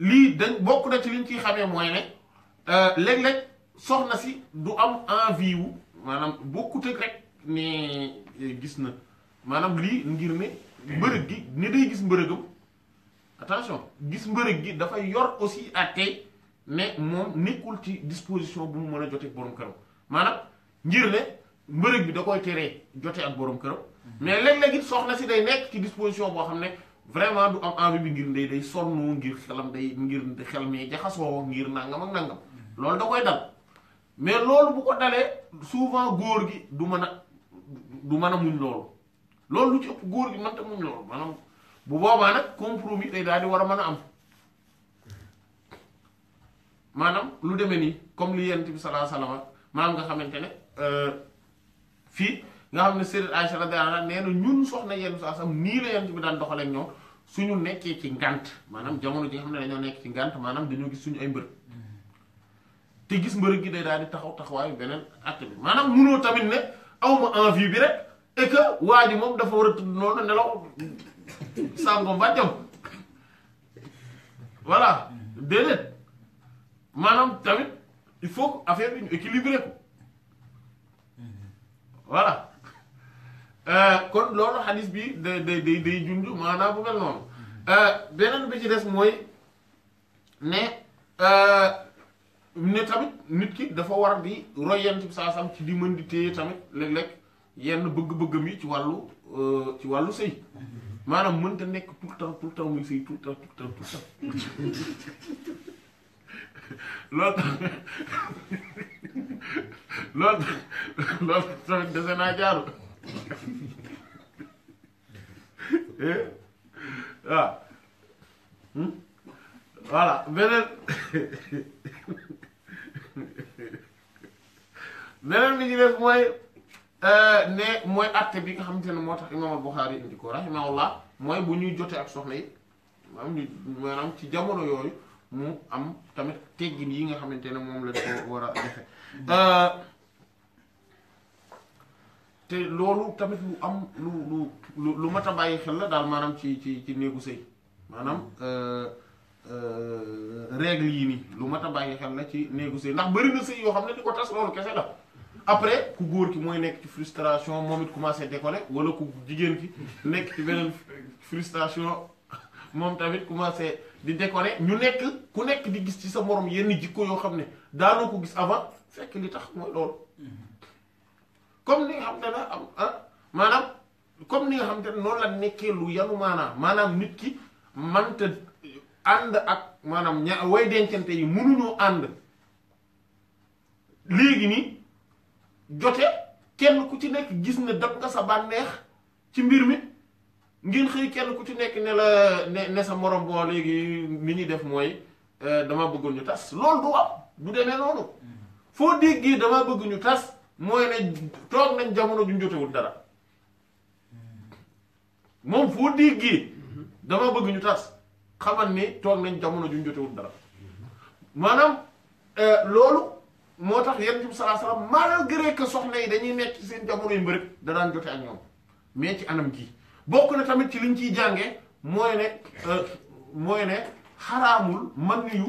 lii dañ bokk na ci liñ ci xamee mooy ne euh, léeg-léeg soxna si du am envie maanaam bokkut ak rek ne gis na maanaam lii ngir ne mbërëg gi ni day gis mbërëgam attention gis mbërëg gi dafay yor aussi à tey mais moom nekkul ci disposition bu mu mën a jotee borom këram maanaam ngir ne mbërëg bi da koy teree jote ak borom këram mhm. mais léeg-léeg it soxna si day nekk ci disposition boo xam ne vraiment du am envie bi ngir ndey day sonn ngir xelam day ngir xel mi jaxasoo ngir nangam ak nangam mhm. loolu da koy dal mais loolu bu ko dalee souvent góor gi du mën a du mën a muñ loolu loolu lu ci ëpp góor gi mënta muñ loolu bu boobaa nag compromis day daal di war a mën a am maanaam lu demee nii comme li yonent bi sallallahu alayhi maanaam nga xamante ne euh, fii nga xam ne Sayyidat Aïcha radiyallahu nee na ñun soxna yenn saa sam nii la yonent bi daan doxalee ak ñoom suñu nekkee ci ngant maanaam jamono ji nga xam ne dañoo nekk ci ngant maanaam dañoo gis suñu ay mbër te gis mbër gi day daal di taxaw taxawaayu beneen acte bi maanaam munoo tamit ne awma envie bi rek et que waa ji moom dafa war a tudd noonu nelaw ça me jom voilà déedéet Madame tamit il faut que affaire voilà euh, kon loolu a bi dit de de de bi ci des les ne euh, ne tamit nit ki dafa war di sam ci di les di tamit yenn ci euh, ci maanaam mënta nekk tout le temps tout le temps muy sëy tout le temps tout le temps tout le temps loolu tax loolu tax loolu tax dese naa jaaru waaw eh? ah. hmm? voilà beneen beneen bi ñu def Euh, ne mooy atte bi nga xamante ne moo tax imaam al-Buxaari indi ko rahimahullah mooy bu ñuy jotee ak soxna yi maanaam ñu ci jamono yooyu mu am tamit teggin yi nga xamante ne moom la ko war a defe euh, te loolu tamit lu am lu lu lu mat a bàyyi xel la daal maanaam ci ci ci néegu sëy maanaam euh, règle yi nii lu mat a bàyyi xel la ci néegu sëy ndax bëri na sëy yoo xam ne di ko tas loolu kese la après ku goor ki moy nek ci frustration momit décoller wala ku jigéen ki nek ci benen frustration mom tamit commencé di décoller ñu nek ku nek di gis ci sa morom yenn jikko yo xam ne daanoo ko gis avant fekk li tax mooy comme ni nga xam te am ah comme ni nga xam te que la nekkee lu yanu manam manam nit ki manta and ak manam way dencante yi ñu and légui jote kenn ku ci nekk gis ne dab nga sa bànneex ci mbir mi ngeen xëy kenn ku ci nekk ne la ne sa morom boo léegi li ñuy def mooy euh, dama bëggoon ñu tas loolu du am du demee noonu foo déggee dama bëgg ñu tas mooy toog nañ jamono ju ñu jotewul moom foo déggee dama bëgg ñu tas xamal ni toog nañ jamono ju ñu dara maanaam euh, loolu. moo tax yonent bi sallallahu maa wasallam malgré que soxna yi dañuy nekk seen jamono yu mbërëb da daan jote ak ñoom mais ci anam ji bokk na tamit ci liñ ciy jànge mooy ne euh, mooy ne xaraamul man yu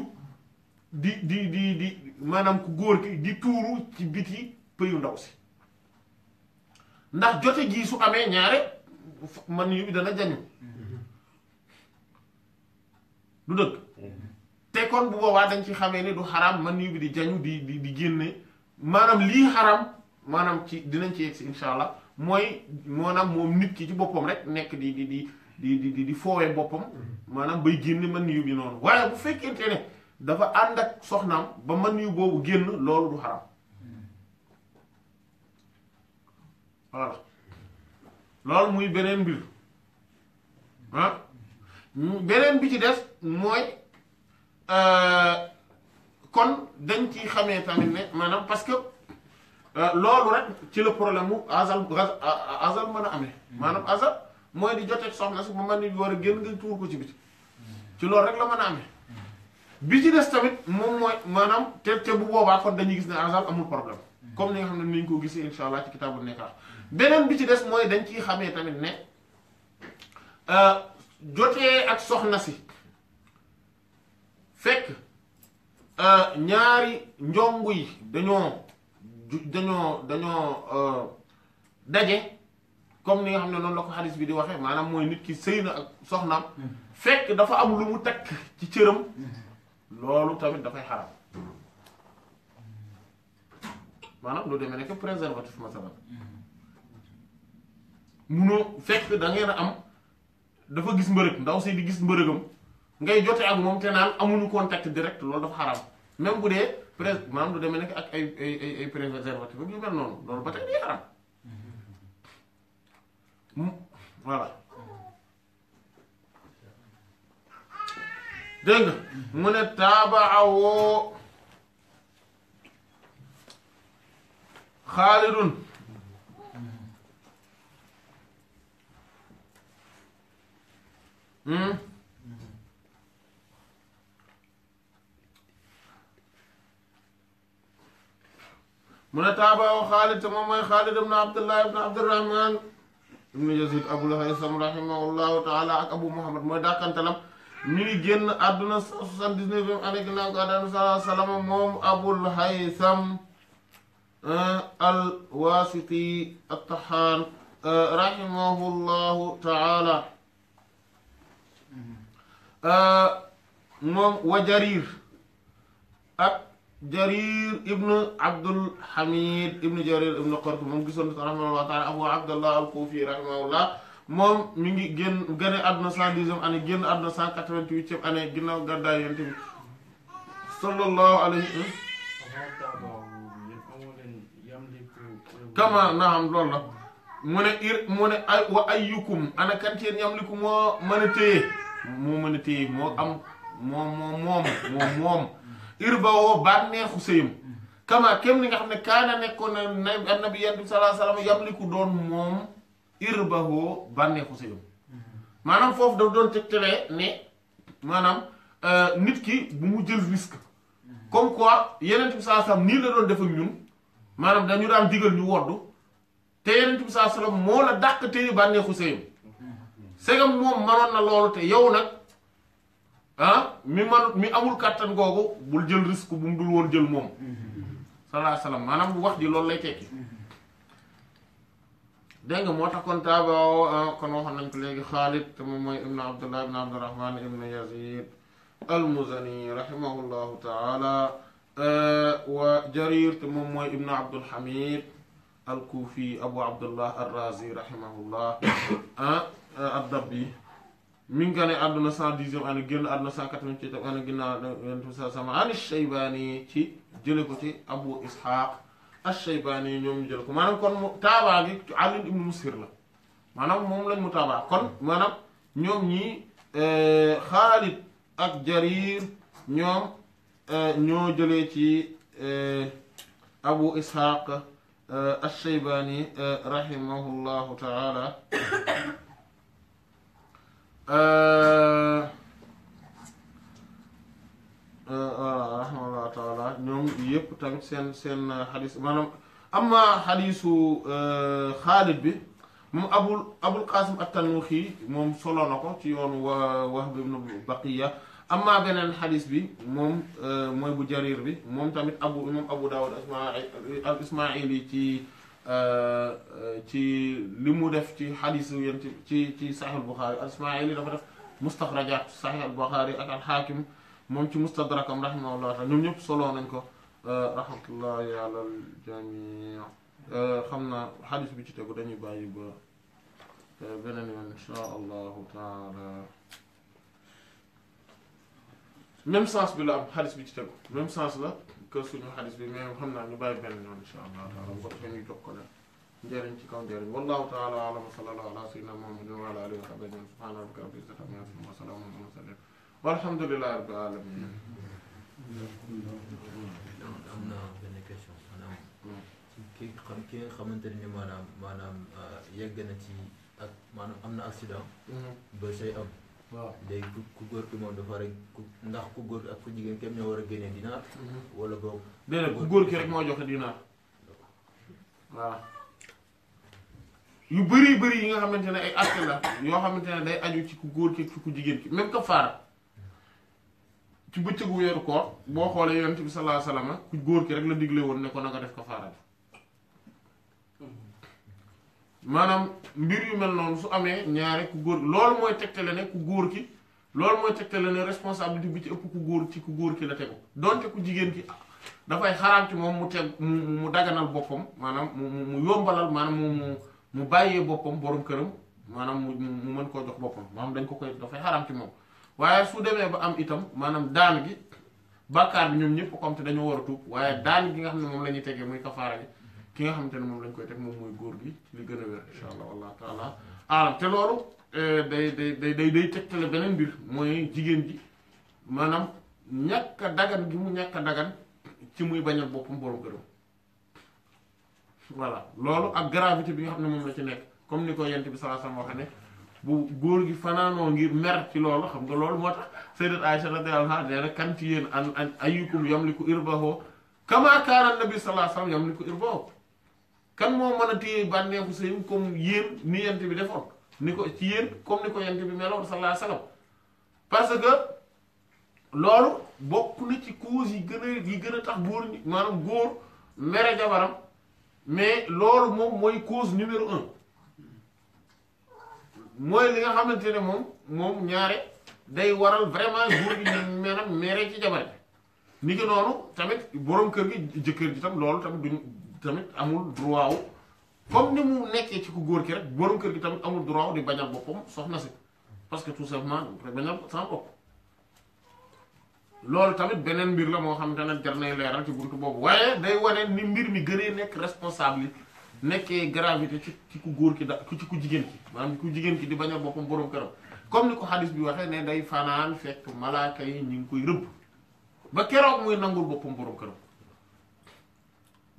di di di di maanaam ku góor gi di tuuru ci biti pëyu ndaw si ndax jote jii su amee ñaare man yu bi dana jañu mm-hmm. du dëgg te kon bu boobaa dañ ci xamee ni du xaraam man yu bi di jañu di di di génne maanaam lii xaraam maanaam ci dinañ ci yegsi incha allah mooy maanaam moom nit ki ci boppam rek nekk di di di di di di foowee boppam maanaam bay génne man yu bi noonu waaye bu fekkente ne dafa ànd ak soxnaam ba man yu boobu génn loolu du xaraam voilà loolu muy beneen mbir ah beneen bi ci des mooy. Euh, kon dañ ci xamee tamit ne maanaam parce que euh, loolu rek ci la problème mu azal azal mën a amee maanaam azal mooy di joteeg soxna si ba man ni war a génn nga ko ci biti ci loolu rek la mën a amee bi ci des tamit moom maanaam te te bu boobaa kon dañuy gis ne azal amul problème comme ni nga xam ne ni ko gisee insha allah ci kitaabu nekkaa beneen bi ci des mooy dañ ciy xamee tamit ne euh, jotee ak soxna si fekk euh, ñaari njongu yi dañoo dañoo dañoo euh, daje comme ni nga xam ne noonu la ko xadis bi di waxee maanaam mooy nit ki sëy na ak soxnaam mm-hmm. fekk dafa am lu mu teg ci cëram mm-hmm. loolu tamit dafay xaram maanaam lu demee nekk préservatif masalan mm-hmm. munoo fekk da am dafa gis mbërëg ndaw si di gis mbërëgam ngay jote ak moom te naan amuñu contact direct loolu dafa xaraam même bu dee prés maanaam du demee nekk ak ay ay ay préservatif ak yu mel noonu loolu ba tey day xaraam mm-hmm. voilà dégg nga mu ne taabaawoo xaalidun hmm mu ne taabaawu xaalid te moom mooy xaalid ibnu abdullah ibnu abdurahman ibnu yazid abul haysam rahimahullahu taala ak abu muhammad mooy dàkkantalam mi ngi génn àdduna soixante-dix-neuvième année ginnaaw gàddaay sallallahu alayhi wa sallam moom abul haysam eh, al wasiti attahaan eh, rahimahullahu taala eh, moom wa jarir ak jarir ibnu abdul hamid ibnu jarir ibnu qurt moom gisoon rahimahullah taala abu abdallah al kufi rahimahullah moom mi ngi génn gane àdduna cent dixième année génn àdduna cent quatre-vingt-huitième année ginnaaw gàddaay yonent bi sallallahu alayhi kama naam loolu la mu ne ir mu ne ay wa ayyukum ana kan ci yéen yamliku moo mën a téye moo mën a téye moo am moom moom moom moom moom irbawoo bànneexu sëyam kama kem ni nga xam ne kaana nekkoon na annabi yent bi salaa salaam yamliku doon moom irbawoo bànneexu sëyam maanaam foofu daf doon tegtalee ne maanaam euh, nit ki bu mu jël risque comme quoi yenent bi salaa salaam nii la doon def ak ñun maanaam dañu daan digal ñu wodd te yenent bi salaa salaam moo la dàq téye bànneexu sëyam segam moom manoon na loolu te yow nag ah mi manut mi amul kàttan googu bul jël risque bu mu dul woon jël moom salaa salaam maanaam bu wax ji loolu lay tekki dégg nga moo tax kon taabaa ah, kon waxoon nañ ko léegi Xaalid te moom mooy ibnu Abdullah ibnu Abdurahman ibnu Yazid al-Muzani rahimahullahu taala ah, wa Jarir te moom mooy ibnu Abdulhamid al-Kufi Abu Abdullah ar-Razi rahimahullah ah, ad-Dabbi mi ngi gane àdduna cent dixième année génn àdduna cent quatre-vingt-septième année ginnaaw yonent bi saa sama an Shaybaani ci jële ko ci Abu Ishaq Ash-Shaybaani ñoom ñu jële ko maanaam kon mu taabaa gi Ali ibnu Musir la maanaam moom lañ mu taabaa kon maanaam ñoom ñii eh, Xaalid ak Jarir ñoom eh, ñoo jëlee ci eh, Abu Ishaq Ash-Shaybaani rahimahullahu taala rahmatullahi taala ñoom yëpp tamit seen seen xadis maanaam amma xadisu xaalid bi moom abul abul qasim at-tanuuxi moom solo na ko ci yoonu wa wahb baqiya amma beneen xadis bi moom mooy bu jarir bi moom tamit abu moom abu daawud al ci li mu def ci xadisu yent ci ci saxiixul Buxaari al Ismaayili dafa def mustaxrajaat saxiixul Buxaari ak al xaakim moom ci mustadrakam rahimahullah taala ñoom ñëpp soloo nañ ko rahmatullahi alal jamii xam naa xadis bi ci tegu dañuy bàyyi ba beneen yoon insha allahu taala même sens bi la am xadis bi ci tegu même sens la que suñu xadis bi mais xam naa ñu bàyyi benn yoon insha allah taala bu ko defee ñuy jokkale njëriñ ci kaw njëriñ wallahu taala alam wa sallallahu ala sayyidina muhammadin wa ala alihi wa sahbihi ajmain subhana rabbika rabbil izzati amma yasifun wa salamun ala mursalin walhamdulillahi rabbil alamin am na benn question maanaam ki xam ki nga xamante ne maanaam maanaam yegg na ci ak maanaam am na accident ba say am waaw léegi ku ku góor ki moom dafa rek ndax ku góor ki ak ku jigéen kenn ñoo war a génne dinaar. Mhm. wala boobu. déedéet ku góor ki rek moo joxe dinaar waaw. yu bëri bëri yi nga xamante ne ay actes la yoo xamante ne day aju ci ku góor ki ci ku jigéen ki même kafaara ci bëccëgu weeru koor boo xoolee yonent bi sallallahu alayhi wasallam ku góor ki rek la digle woon ne ko na nga def kafaara bi maanaam mbir yu mel noonu su amee ñaare ku góor loolu mooy tegtale ne ku góor ki loolu mooy tegtale ne responsabilité bi ci ëpp ku góor ci ku góor ki la tegu donte ku jigéen ki dafay xaraam ci moom mu teg mu mu daganal boppam maanaam mu mu yombalal maanaam mu mu bàyyee boppam borom këram maanaam mu mu mën koo jox boppam maanaam dañ ko koy dafay xaraam ci moom. waaye su demee ba am itam maanaam daan gi bàkkaar bi ñoom ñëpp comme te dañoo war a tuub waaye daan gi nga xam ne moom la tegee muy kafaara gi ki nga xamante ne moom lañ koy teg moom mooy góor gi ci li gën a wér incha allah wallahu taala alam te loolu eh, day day day day tegtale beneen mbir mooy jigéen ji maanaam ñakka a dagan gi mu ñàkk dagan ci muy bañal boppam borom këram voilà loolu ak gravité bi nga xam ne moom la ci nekk comme ni ko yent bi sallallahu alayhi wasallam waxe ne bu góor gi fanaanoo ngir mer ci loolu xam nga loolu moo tax sayyidat Aisha radiyallahu anha nee na kan ci yéen an an ayyukum yamliku ko kama kaana nabi sallallahu alayhi kan moo mën a téye bànneexu sëyam comme yéen ni yent bi defoon ni ko ci yéen comme ni ko yent bi meloon sallallahu alayhi wa parce que loolu bokk na ci cause yi gën a yi gën a tax góor ñi maanaam góor mere jabaram mais loolu moom mooy cause numéro un mooy li nga xamante ne moom moom ñaare day waral vraiment góor gi ñu maanaam mere ci jabar ni ki noonu tamit borom kër gi jëkkër ji tam loolu tamit tamit amul droit wu comme ni mu nekkee ci ku góor ki rek borom kër gi tamit amul droit di bañal boppam soxna si parce que tout simplement loolu tamit beneen mbir la moo xamante ne jar nañ leeral ci buntu boobu waaye day wane ni mbir mi gënee nekk responsable nekkee gravité ci ku góor ki da ci jigéen maanaam ku jigéen ki di bañal boppam borom këram comme ni ko xadis bi waxee ne day fanaan fekk malaaka yi ñu ngi koy rëbb ba keroog muy nangul boppam borom këram.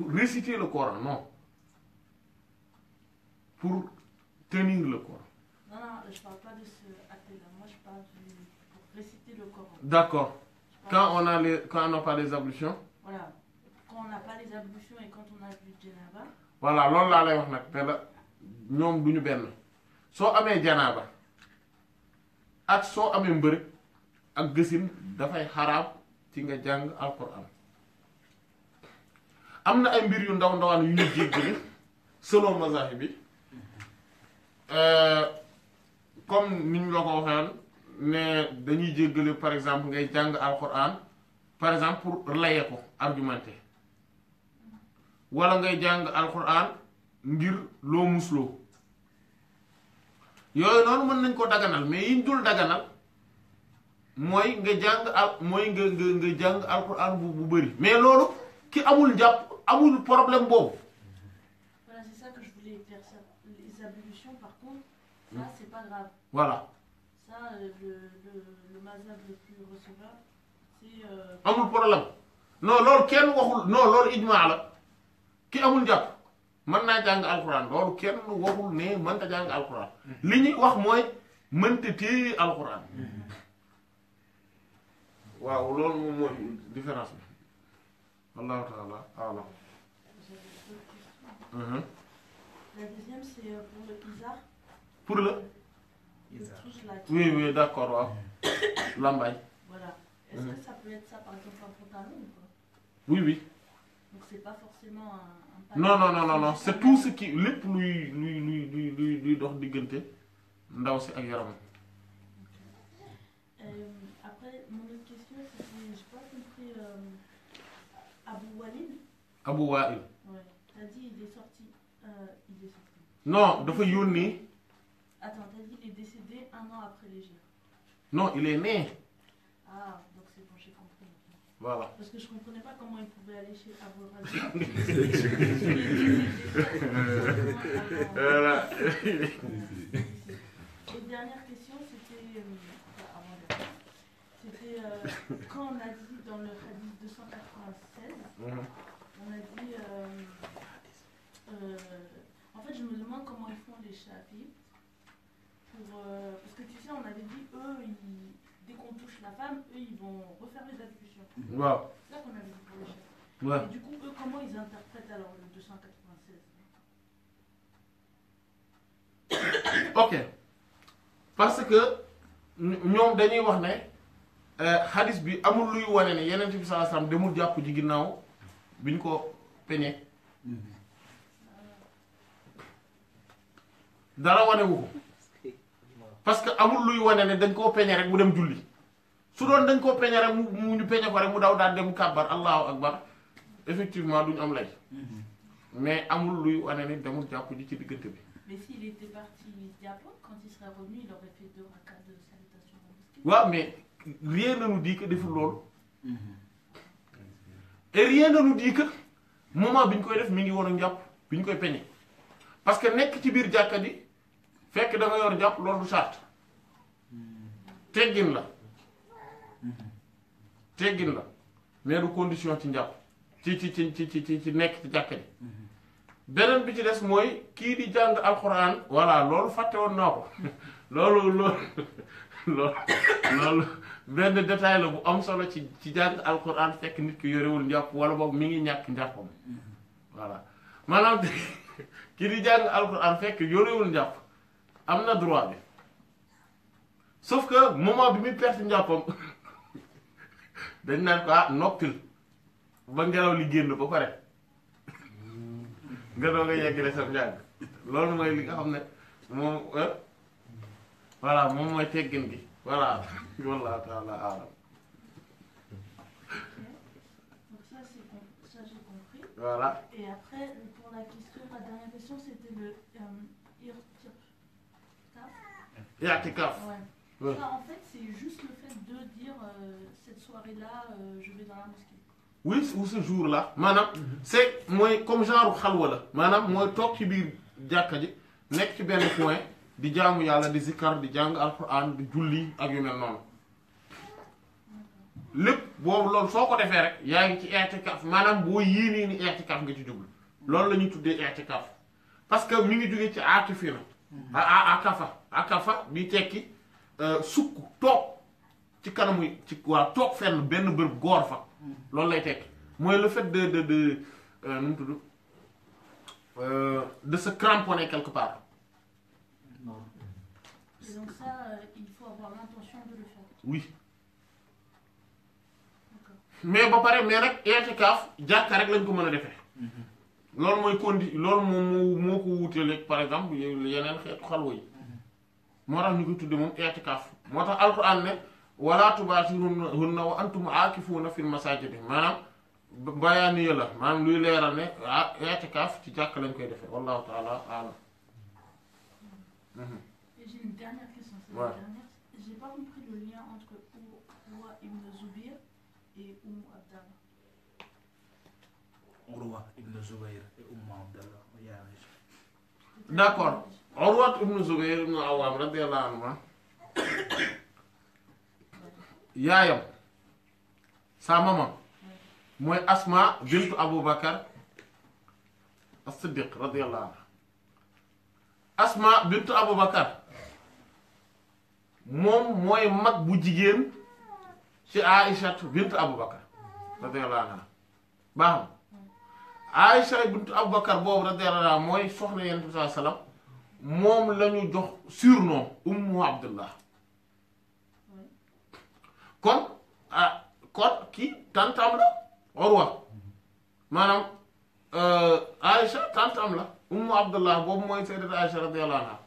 pour réciter le Coran, non. Pour tenir le Coran. Non, non, je ne parle pas de ce athée là Moi, je parle de pour réciter le Coran. D'accord. Quand, on a les, quand on n'a pas les ablutions Voilà. Quand on n'a pas les ablutions et quand on a du djanaba. Voilà, là. laa lay wax nag te la ñoom du ñu benn So amee janaaba ak so amee mbërëg ak ci nga am na ay mbir yu ndaw ndawaan yu ñu jéggi selon mazahib bi euh, comme niñ la ko waxee ne dañuy jéggale par exemple ngay jàng alquran par exemple pour laye ko argumenté wala ngay jàng alquran ngir loo musloo yooyu noonu mën nañ koo daganal mais yiñ dul daganal mooy nga jàng al mooy nga nga jàng alquran bu bu bëri mais loolu ki amul njàpp problème voilà c'est ça que je voulais dire. les ablutions par contre ça hmm. c'est pas grave. voilà. ça euh, le le le le plus recevable c'est. Euh, amul problème non loolu kenn waxul non loolu ijmaa qui ki amul jàpp man na jàng alxuraan lool kenn waxul ne mënta jàng alxuraan hmm. li wax hmm. waaw lool différence ah, mhm. La deuxième, c'est euh, pour le Isar. Pour le euh, Oui, oui, d'accord. Voilà. Est-ce mhm. que ça peut être ça, par exemple, un pantalon Oui, oui. Donc, c'est pas forcément un, Non, non, non, non, non. C'est tout ce qui. lui, lui lui lui lui lui lui Abou Walid Abou Walid. Ouais. T'as dit il est sorti. Euh, il est sorti. Non, dafa Yoni. Attends, t'as dit il est décédé un an après l'Égypte. Non, il est né. Ah, donc c'est bon, j'ai compris. Voilà. Parce que je ne comprenais pas comment il pouvait aller chez Abou Walid. Et dernière question, c'était. Euh, ah, c'était euh, quand on a dit dans le hadith 280. On a dit. Euh, euh, en fait, je me demande comment ils font les chapitres. Pour, euh, parce que tu sais, on avait dit, eux, ils, dès qu'on touche la femme, eux, ils vont refaire les ablutions. Mhm. C'est ça qu'on avait dit pour les chapitres. du coup, eux, comment ils interprètent alors le 296 Ok. Parce que ñoom dañuy wax ne xadis bi amul luy wane ne yeneen bi ça alayhi wasallam demul buñ ko peñe dara wanewu wu parce que amul luy wane né dañ ko peñe rek mu dem julli su doon dañ ko peñe rek mu ñu peñe ko rek mu daw daal dem kàbbar allahu akbar effectivement duñ am lay mais amul luy wane né demul jàpp ji ci digënté bi. mais s'il était parti diapo quand il serait revenu il aurait fait deux rakat de salutation. wa mais rien ne nous dit que deful loolu. Mm-hmm. et rien ne nous dit que moment bi ñu koy def mi ngi woon ak njàpp bi ñu koy peñe parce que nekk ci biir jàkka fekk da nga yor njàpp loolu du charte teggin la teggin la mais du condition ci njàpp ci ci ci ci ci ci nekk ci jàkka beneen bi ci des mooy kii di jàng alxuraan voilà loolu fàtte woon naa ko loolu loolu loolu benn détail la bu am solo ci ci jàng alquran fekk nit ki yorewul njàpp wala boobu mi ngi ñàkk njàppam voilà maanaam ki di jàng alquran fekk yorewul njàpp am na droit bi sauf que moment bi muy perte njàppam dañ naan ko ah noppil ba ngelaw li génn ba pare nga doo nga yeggale sa njàng loolu mooy li nga xam ne moom eh? voilà moom mooy teggin gi voilà voilà voilà donc ça ça j'ai compris. voilà. et après pour la question la dernière question c'était le euh, i'tikaf. Ouais. Ça, en fait c'est juste le fait de dire euh, cette soirée là euh, je vais dans la mosquée. oui ou ce jour là manam, c'est moi comme genre khalwa la Manam, Moi, tok ci tu jàkka ji nekk ci ben point. di jaamu yàlla di zikkar di jàng alquran di julli ak yu mel noonu lépp boobu loolu soo ko defee rek yaa ngi ci i'tikaf maanaam boo yéenee ni i'tikaf nga ci jublu loolu la ñuy tuddee i'tikaf parce que mi ngi jógee ci aatifi na akafa akafa bi tekki euh, sukk toog ci kanamu ci waa toog fenn benn bërëb goor fa loolu lay tekki mooy le fait de de de euh, nu mu euh, de se cramponner quelque part Et donc ça, euh, il faut avoir l'intention de le faire. oui mais ba pare mais nak i'tikaaf jàkka rek lañ ko mëna défé mhm. lool moy mooy condi loolu moom moo ko par exemple yenen xétu xalwa yi mhm. moo ñu ko tudde mom i'tikaaf motax tax alquran ne wala tubatirun wa antum aakifuuna fil manam maanaam bayaani la manam luy leeral né ah ci jàkk lañ koy défé wallahu taala alam mhm une dernière question. C'est ouais. la J'ai pas compris le lien entre Ourwa ibn et Oum Abdallah. Ourwa ibn Zubair et Oum Abdallah. D'accord. Urwa ibn Zubair ibn Awam, radiyallahu anhu. Hein. Sa maman. Moi Asma bint Abu Bakar as-Siddiq radiyallahu Asma bint Abu Bakar moom mooy mag bu jigéen ci Aïchatu bintu Aboubacar radiyallahu anha baax na Aïcha bintu Aboubacar boobu radiyallahu anha mooy soxna Yonent bi sallallahu alayhi wasallam moom la ñu jox surnom Ummu Abdullah kon ah kon kii tantam la Urwa maanaam euh, Aïcha tantam la Ummu Abdullah boobu mooy sayyidat Aïcha radiyallahu anha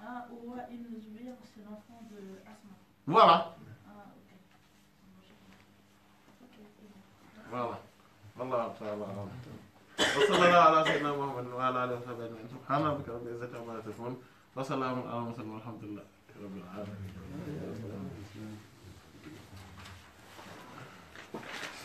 ah, Ah, voilà. Voilà. والله تعالى وصلى الله على سيدنا محمد وعلى اله وصحبه اجمعين سبحان ربك رب العزه عما يصفون وسلام على المرسلين والحمد لله رب العالمين